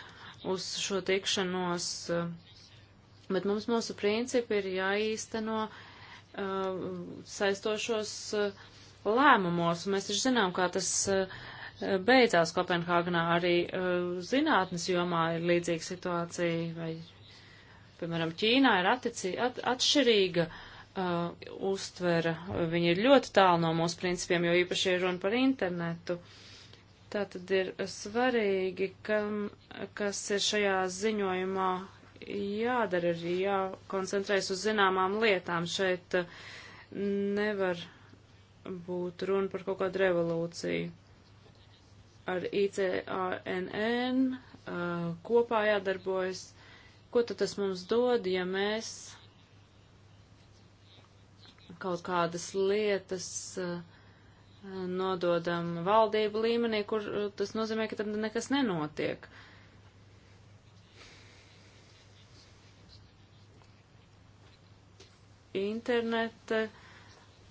uz šo tikšanos, uh, bet mums mūsu principi ir jāīsteno uh, saistošos lēmumos. Mēs taču zinām, kā tas beidzās Kopenhāgenā arī zinātnes jomā ir līdzīga situācija vai Piemēram, Ķīnā ir attici, at, atšķirīga uh, uztvera. Viņi ir ļoti tālu no mūsu principiem, jo īpaši ir runa par internetu. Tā tad ir svarīgi, kam, kas ir šajā ziņojumā jādara, ir jākoncentrējas uz zināmām lietām. Šeit uh, nevar būt runa par kaut kādu revolūciju. Ar ICANN uh, kopā jādarbojas Ko tad tas mums dod, ja mēs kaut kādas lietas eh, nododam valdību līmenī, kur eh, tas nozīmē, ka tam nekas nenotiek? Interneta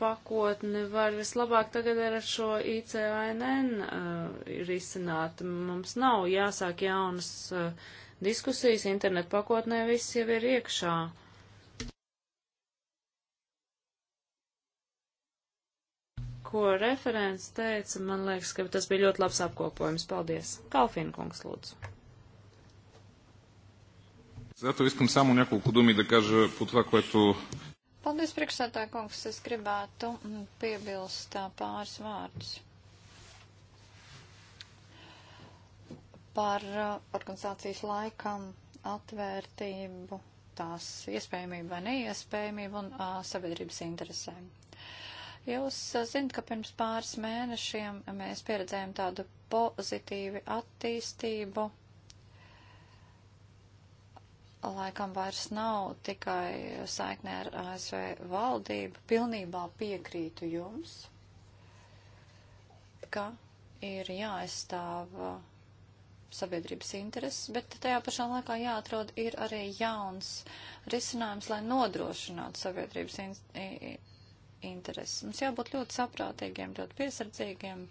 pakotni var vislabāk tagad ar šo ICANN uh, eh, risināt. Mums nav jāsāk jaunas uh, diskusijas, internetu pakotnē viss jau ir iekšā. Ko referents teica, man liekas, ka tas bija ļoti labs apkopojums. Paldies. Kalfīna kungs, lūdzu. Zato искам само няколко думи да кажа по това, което Paldies, priekšsētā kungs. Es gribētu mm, piebilst pāris vārdus. par uh, organizācijas laikam atvērtību, tās iespējamību vai neiespējamību un uh, sabiedrības interesēm. Jūs uh, zinat, ka pirms pāris mēnešiem mēs pieredzējām tādu pozitīvu attīstību. Laikam vairs nav tikai saiknē ar ASV valdību. Pilnībā piekrītu jums, ka ir jāaizstāv uh, sabiedrības intereses, bet tajā pašā laikā jāatrod ir arī jauns risinājums, lai nodrošinātu sabiedrības in intereses. Mums jābūt ļoti saprātīgiem, ļoti piesardzīgiem.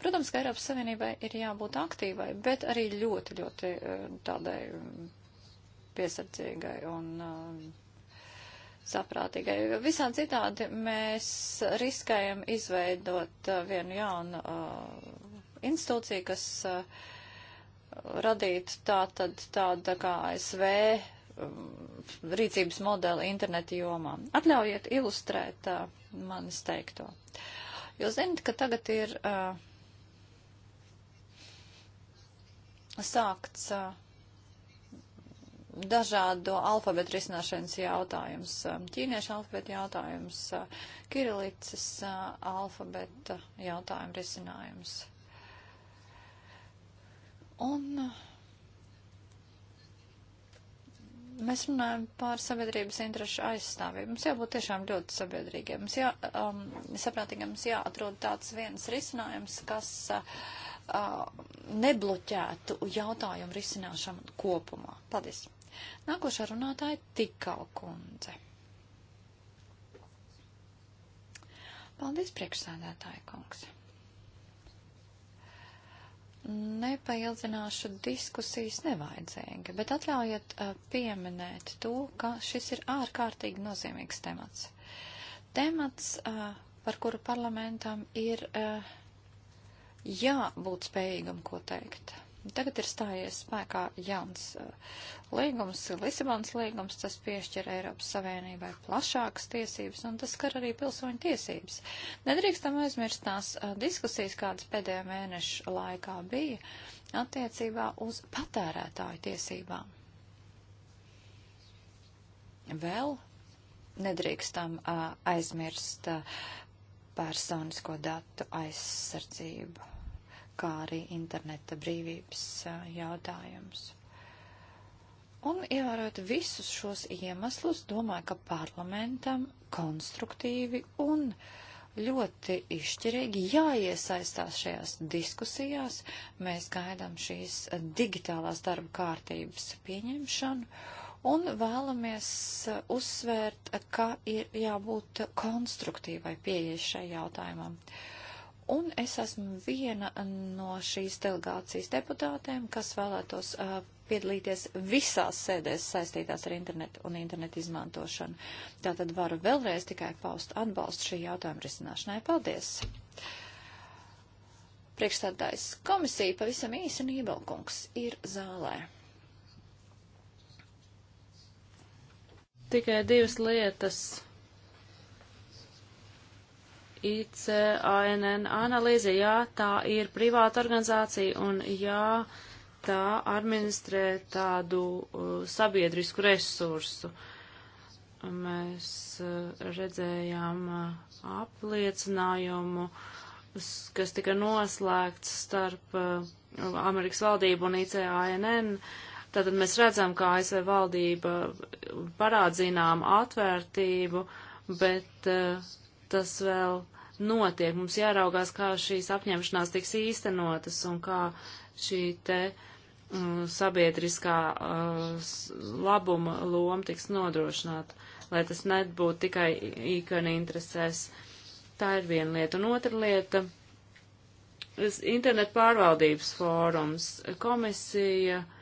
Protams, ka Eiropas Savienībai ir jābūt aktīvai, bet arī ļoti, ļoti e, tādai mm, piesardzīgai un e, saprātīgai. Visā citādi mēs riskējam izveidot e, vienu jaunu uh, institūciju, kas uh, radīt tā tad tāda kā ASV mm, rīcības modeli interneta jomā. Atļaujiet ilustrēt uh, manis teikto. Jūs zinat, ka tagad ir uh, sākts uh, dažādo alfabetu risināšanas jautājums. Ķīniešu alfabetu jautājums, kirilīcas alfabeta jautājumu risinājums. Uh, Un mēs runājam par sabiedrības interešu aizstāvību. Mums jābūt tiešām ļoti sabiedrīgiem. Mums jā, um, saprātīgiem, mums jāatrod tāds viens risinājums, kas uh, nebloķētu jautājumu risināšanu kopumā. Paldies. Nākošā runātāja Tikau kundze. Paldies, priekšsēdētāja kungs nepaildzināšu diskusijas nevajadzīgi, bet atļaujiet uh, pieminēt to, ka šis ir ārkārtīgi nozīmīgs temats. Temats, uh, par kuru parlamentam ir uh, jābūt spējīgam ko teikt. Tagad ir stājies spēkā jauns uh, līgums, Lisabonas līgums, tas piešķir Eiropas Savienībai plašākas tiesības, un tas skar arī pilsoņu tiesības. Nedrīkstam aizmirst tās uh, diskusijas, kādas pēdējā mēneša laikā bija attiecībā uz patērētāju tiesībām. Vēl nedrīkstam uh, aizmirst uh, personisko datu aizsardzību kā arī interneta brīvības jautājums. Un ievērot visus šos iemeslus, domāju, ka parlamentam konstruktīvi un ļoti izšķirīgi jāiesaistās šajās diskusijās. Mēs gaidām šīs digitālās darba kārtības pieņemšanu un vēlamies uzsvērt, ka ir jābūt konstruktīvai pieeja šai jautājumam. Uh, Un es esmu viena no šīs delegācijas deputātēm, kas vēlētos uh, piedalīties visās sēdēs saistītās ar internetu un internetu izmantošanu. Tātad varu vēlreiz tikai paust atbalstu šī jautājuma risināšanai. Paldies! Priekšstādājs komisija pavisam īsi Nībelkungs ir zālē. Tikai divas lietas ICANN analīze, jā, tā ir privāta organizācija un jā, tā administrē tādu uh, sabiedrisku resursu. Mēs uh, redzējām uh, apliecinājumu, kas tika noslēgts starp uh, Amerikas valdību un ICANN. Tātad mēs redzam, kā ASV valdība parāda zinām atvērtību, bet uh, tas vēl notiek. Mums jāraugās, kā šīs apņemšanās tiks īstenotas un kā šī te um, sabiedriskā uh, labuma loma tiks nodrošināta, lai tas nebūtu tikai īkani interesēs. Tā ir viena lieta. Un otra lieta internetu pārvaldības fórums. Komisija uh,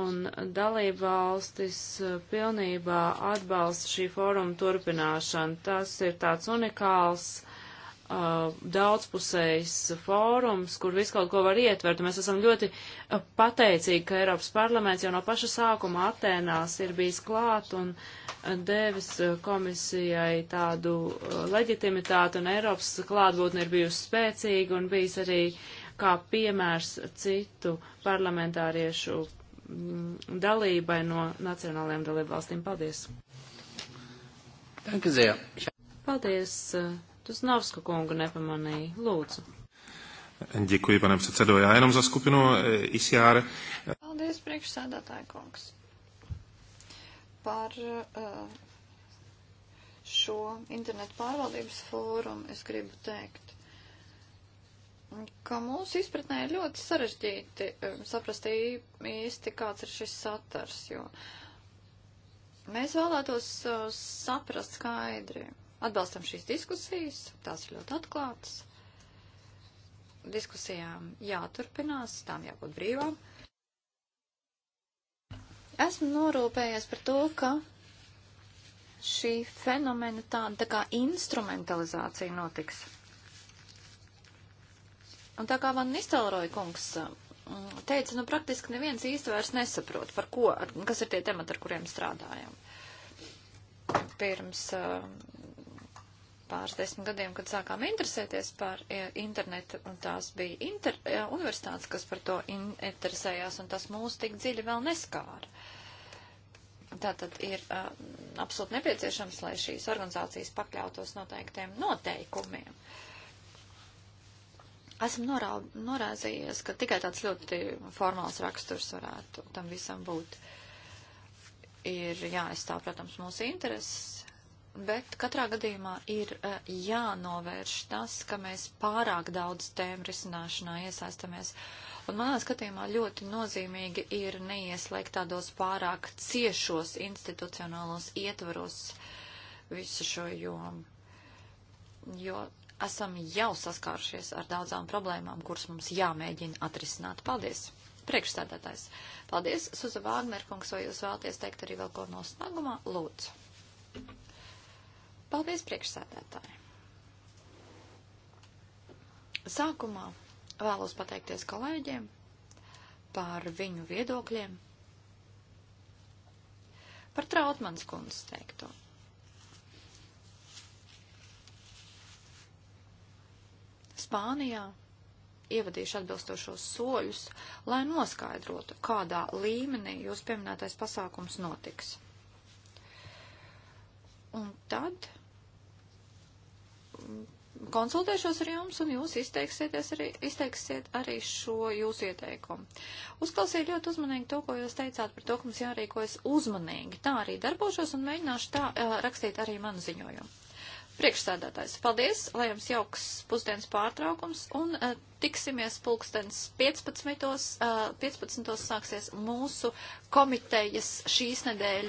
un dalībvalstis eh, pilnībā atbalsta šī fóruma turpināšanu. Tas ir tāds unikāls uh, daudzpusējs fórums, kur visu kaut ko var ietvert. Mēs esam ļoti uh, pateicīgi, ka Eiropas parlaments jau no paša sākuma Atēnās ir bijis klāt un uh, devis komisijai tādu leģitimitāti, un Eiropas klātbūtne ir bijusi spēcīga un bijis arī kā piemērs citu parlamentāriešu Mm, dalībai no nacionālajām dalību valstīm. Paldies! Paldies! Eh, Tusnovska kungu nepamanīja. Lūdzu! Děkuji, pane předsedo. Já jenom za skupinu eh, ICR. Paldies, priekšsēdētāji kungs, par uh, šo internetu pārvaldības fórumu. Es gribu teikt, ka mūsu izpratnē ir ļoti sarežģīti eh, saprast īsti, kāds ir šis satars, jo mēs vēlētos eh, saprast skaidri. Atbalstam šīs diskusijas, tās ir ļoti atklātas. Diskusijām jāturpinās, tām jābūt brīvām. Esmu norūpējies par to, ka šī fenomena tāda tā kā instrumentalizācija notiks. Un tā kā Van Nistelroja kungs mm, teica, nu praktiski neviens īsti vairs nesaprot, par ko, ar, kas ir tie temati, ar kuriem strādājam. Pirms mm, pāris desmit gadiem, kad sākām interesēties par e, internetu, un tās bija inter, e, universitātes, kas par to interesējās, un tas mūs tik dziļi vēl neskāra. Tātad ir uh, absolūti nepieciešams, lai šīs organizācijas pakļautos noteiktiem noteikumiem. Uh, Esmu norā, norāzījies, ka tikai tāds ļoti formāls raksturs varētu tam visam būt. Ir jāaizstāv, protams, mūsu intereses, bet katrā gadījumā ir e, jānovērš tas, ka mēs pārāk daudz tēmu risināšanā iesaistamies. Un manā skatījumā ļoti nozīmīgi ir neieslēgt tādos pārāk ciešos institucionālos ietvaros visu šo jomu. Jo esam jau saskārušies ar daudzām problēmām, kuras mums jāmēģina atrisināt. Paldies! Priekšstādātājs. Paldies, Suza Vāgnerkungs, vai jūs vēlaties teikt arī vēl ko noslēgumā? Lūdzu. Paldies, priekšsēdētāji. Sākumā vēlos pateikties kolēģiem par viņu viedokļiem, par Trautmanas kundzes teikto. Spānijā ievadīšu atbilstošos soļus, lai noskaidrotu, kādā līmenī jūs pieminētais pasākums notiks. Un tad konsultēšos ar jums, un jūs arī, izteiksiet arī šo jūsu ieteikumu. Uzklausīju ļoti uzmanīgi to, ko jūs teicāt par to, ka mums jārīkojas uzmanīgi. Tā arī darbošos un mēģināšu tā uh, rakstīt arī manu ziņojumu. Priekšsēdētājs, paldies, lai jums jauks pusdienas pārtraukums un uh, tiksimies pulkstens 15. Uh, 15. sāksies mūsu komitejas šīs nedēļas.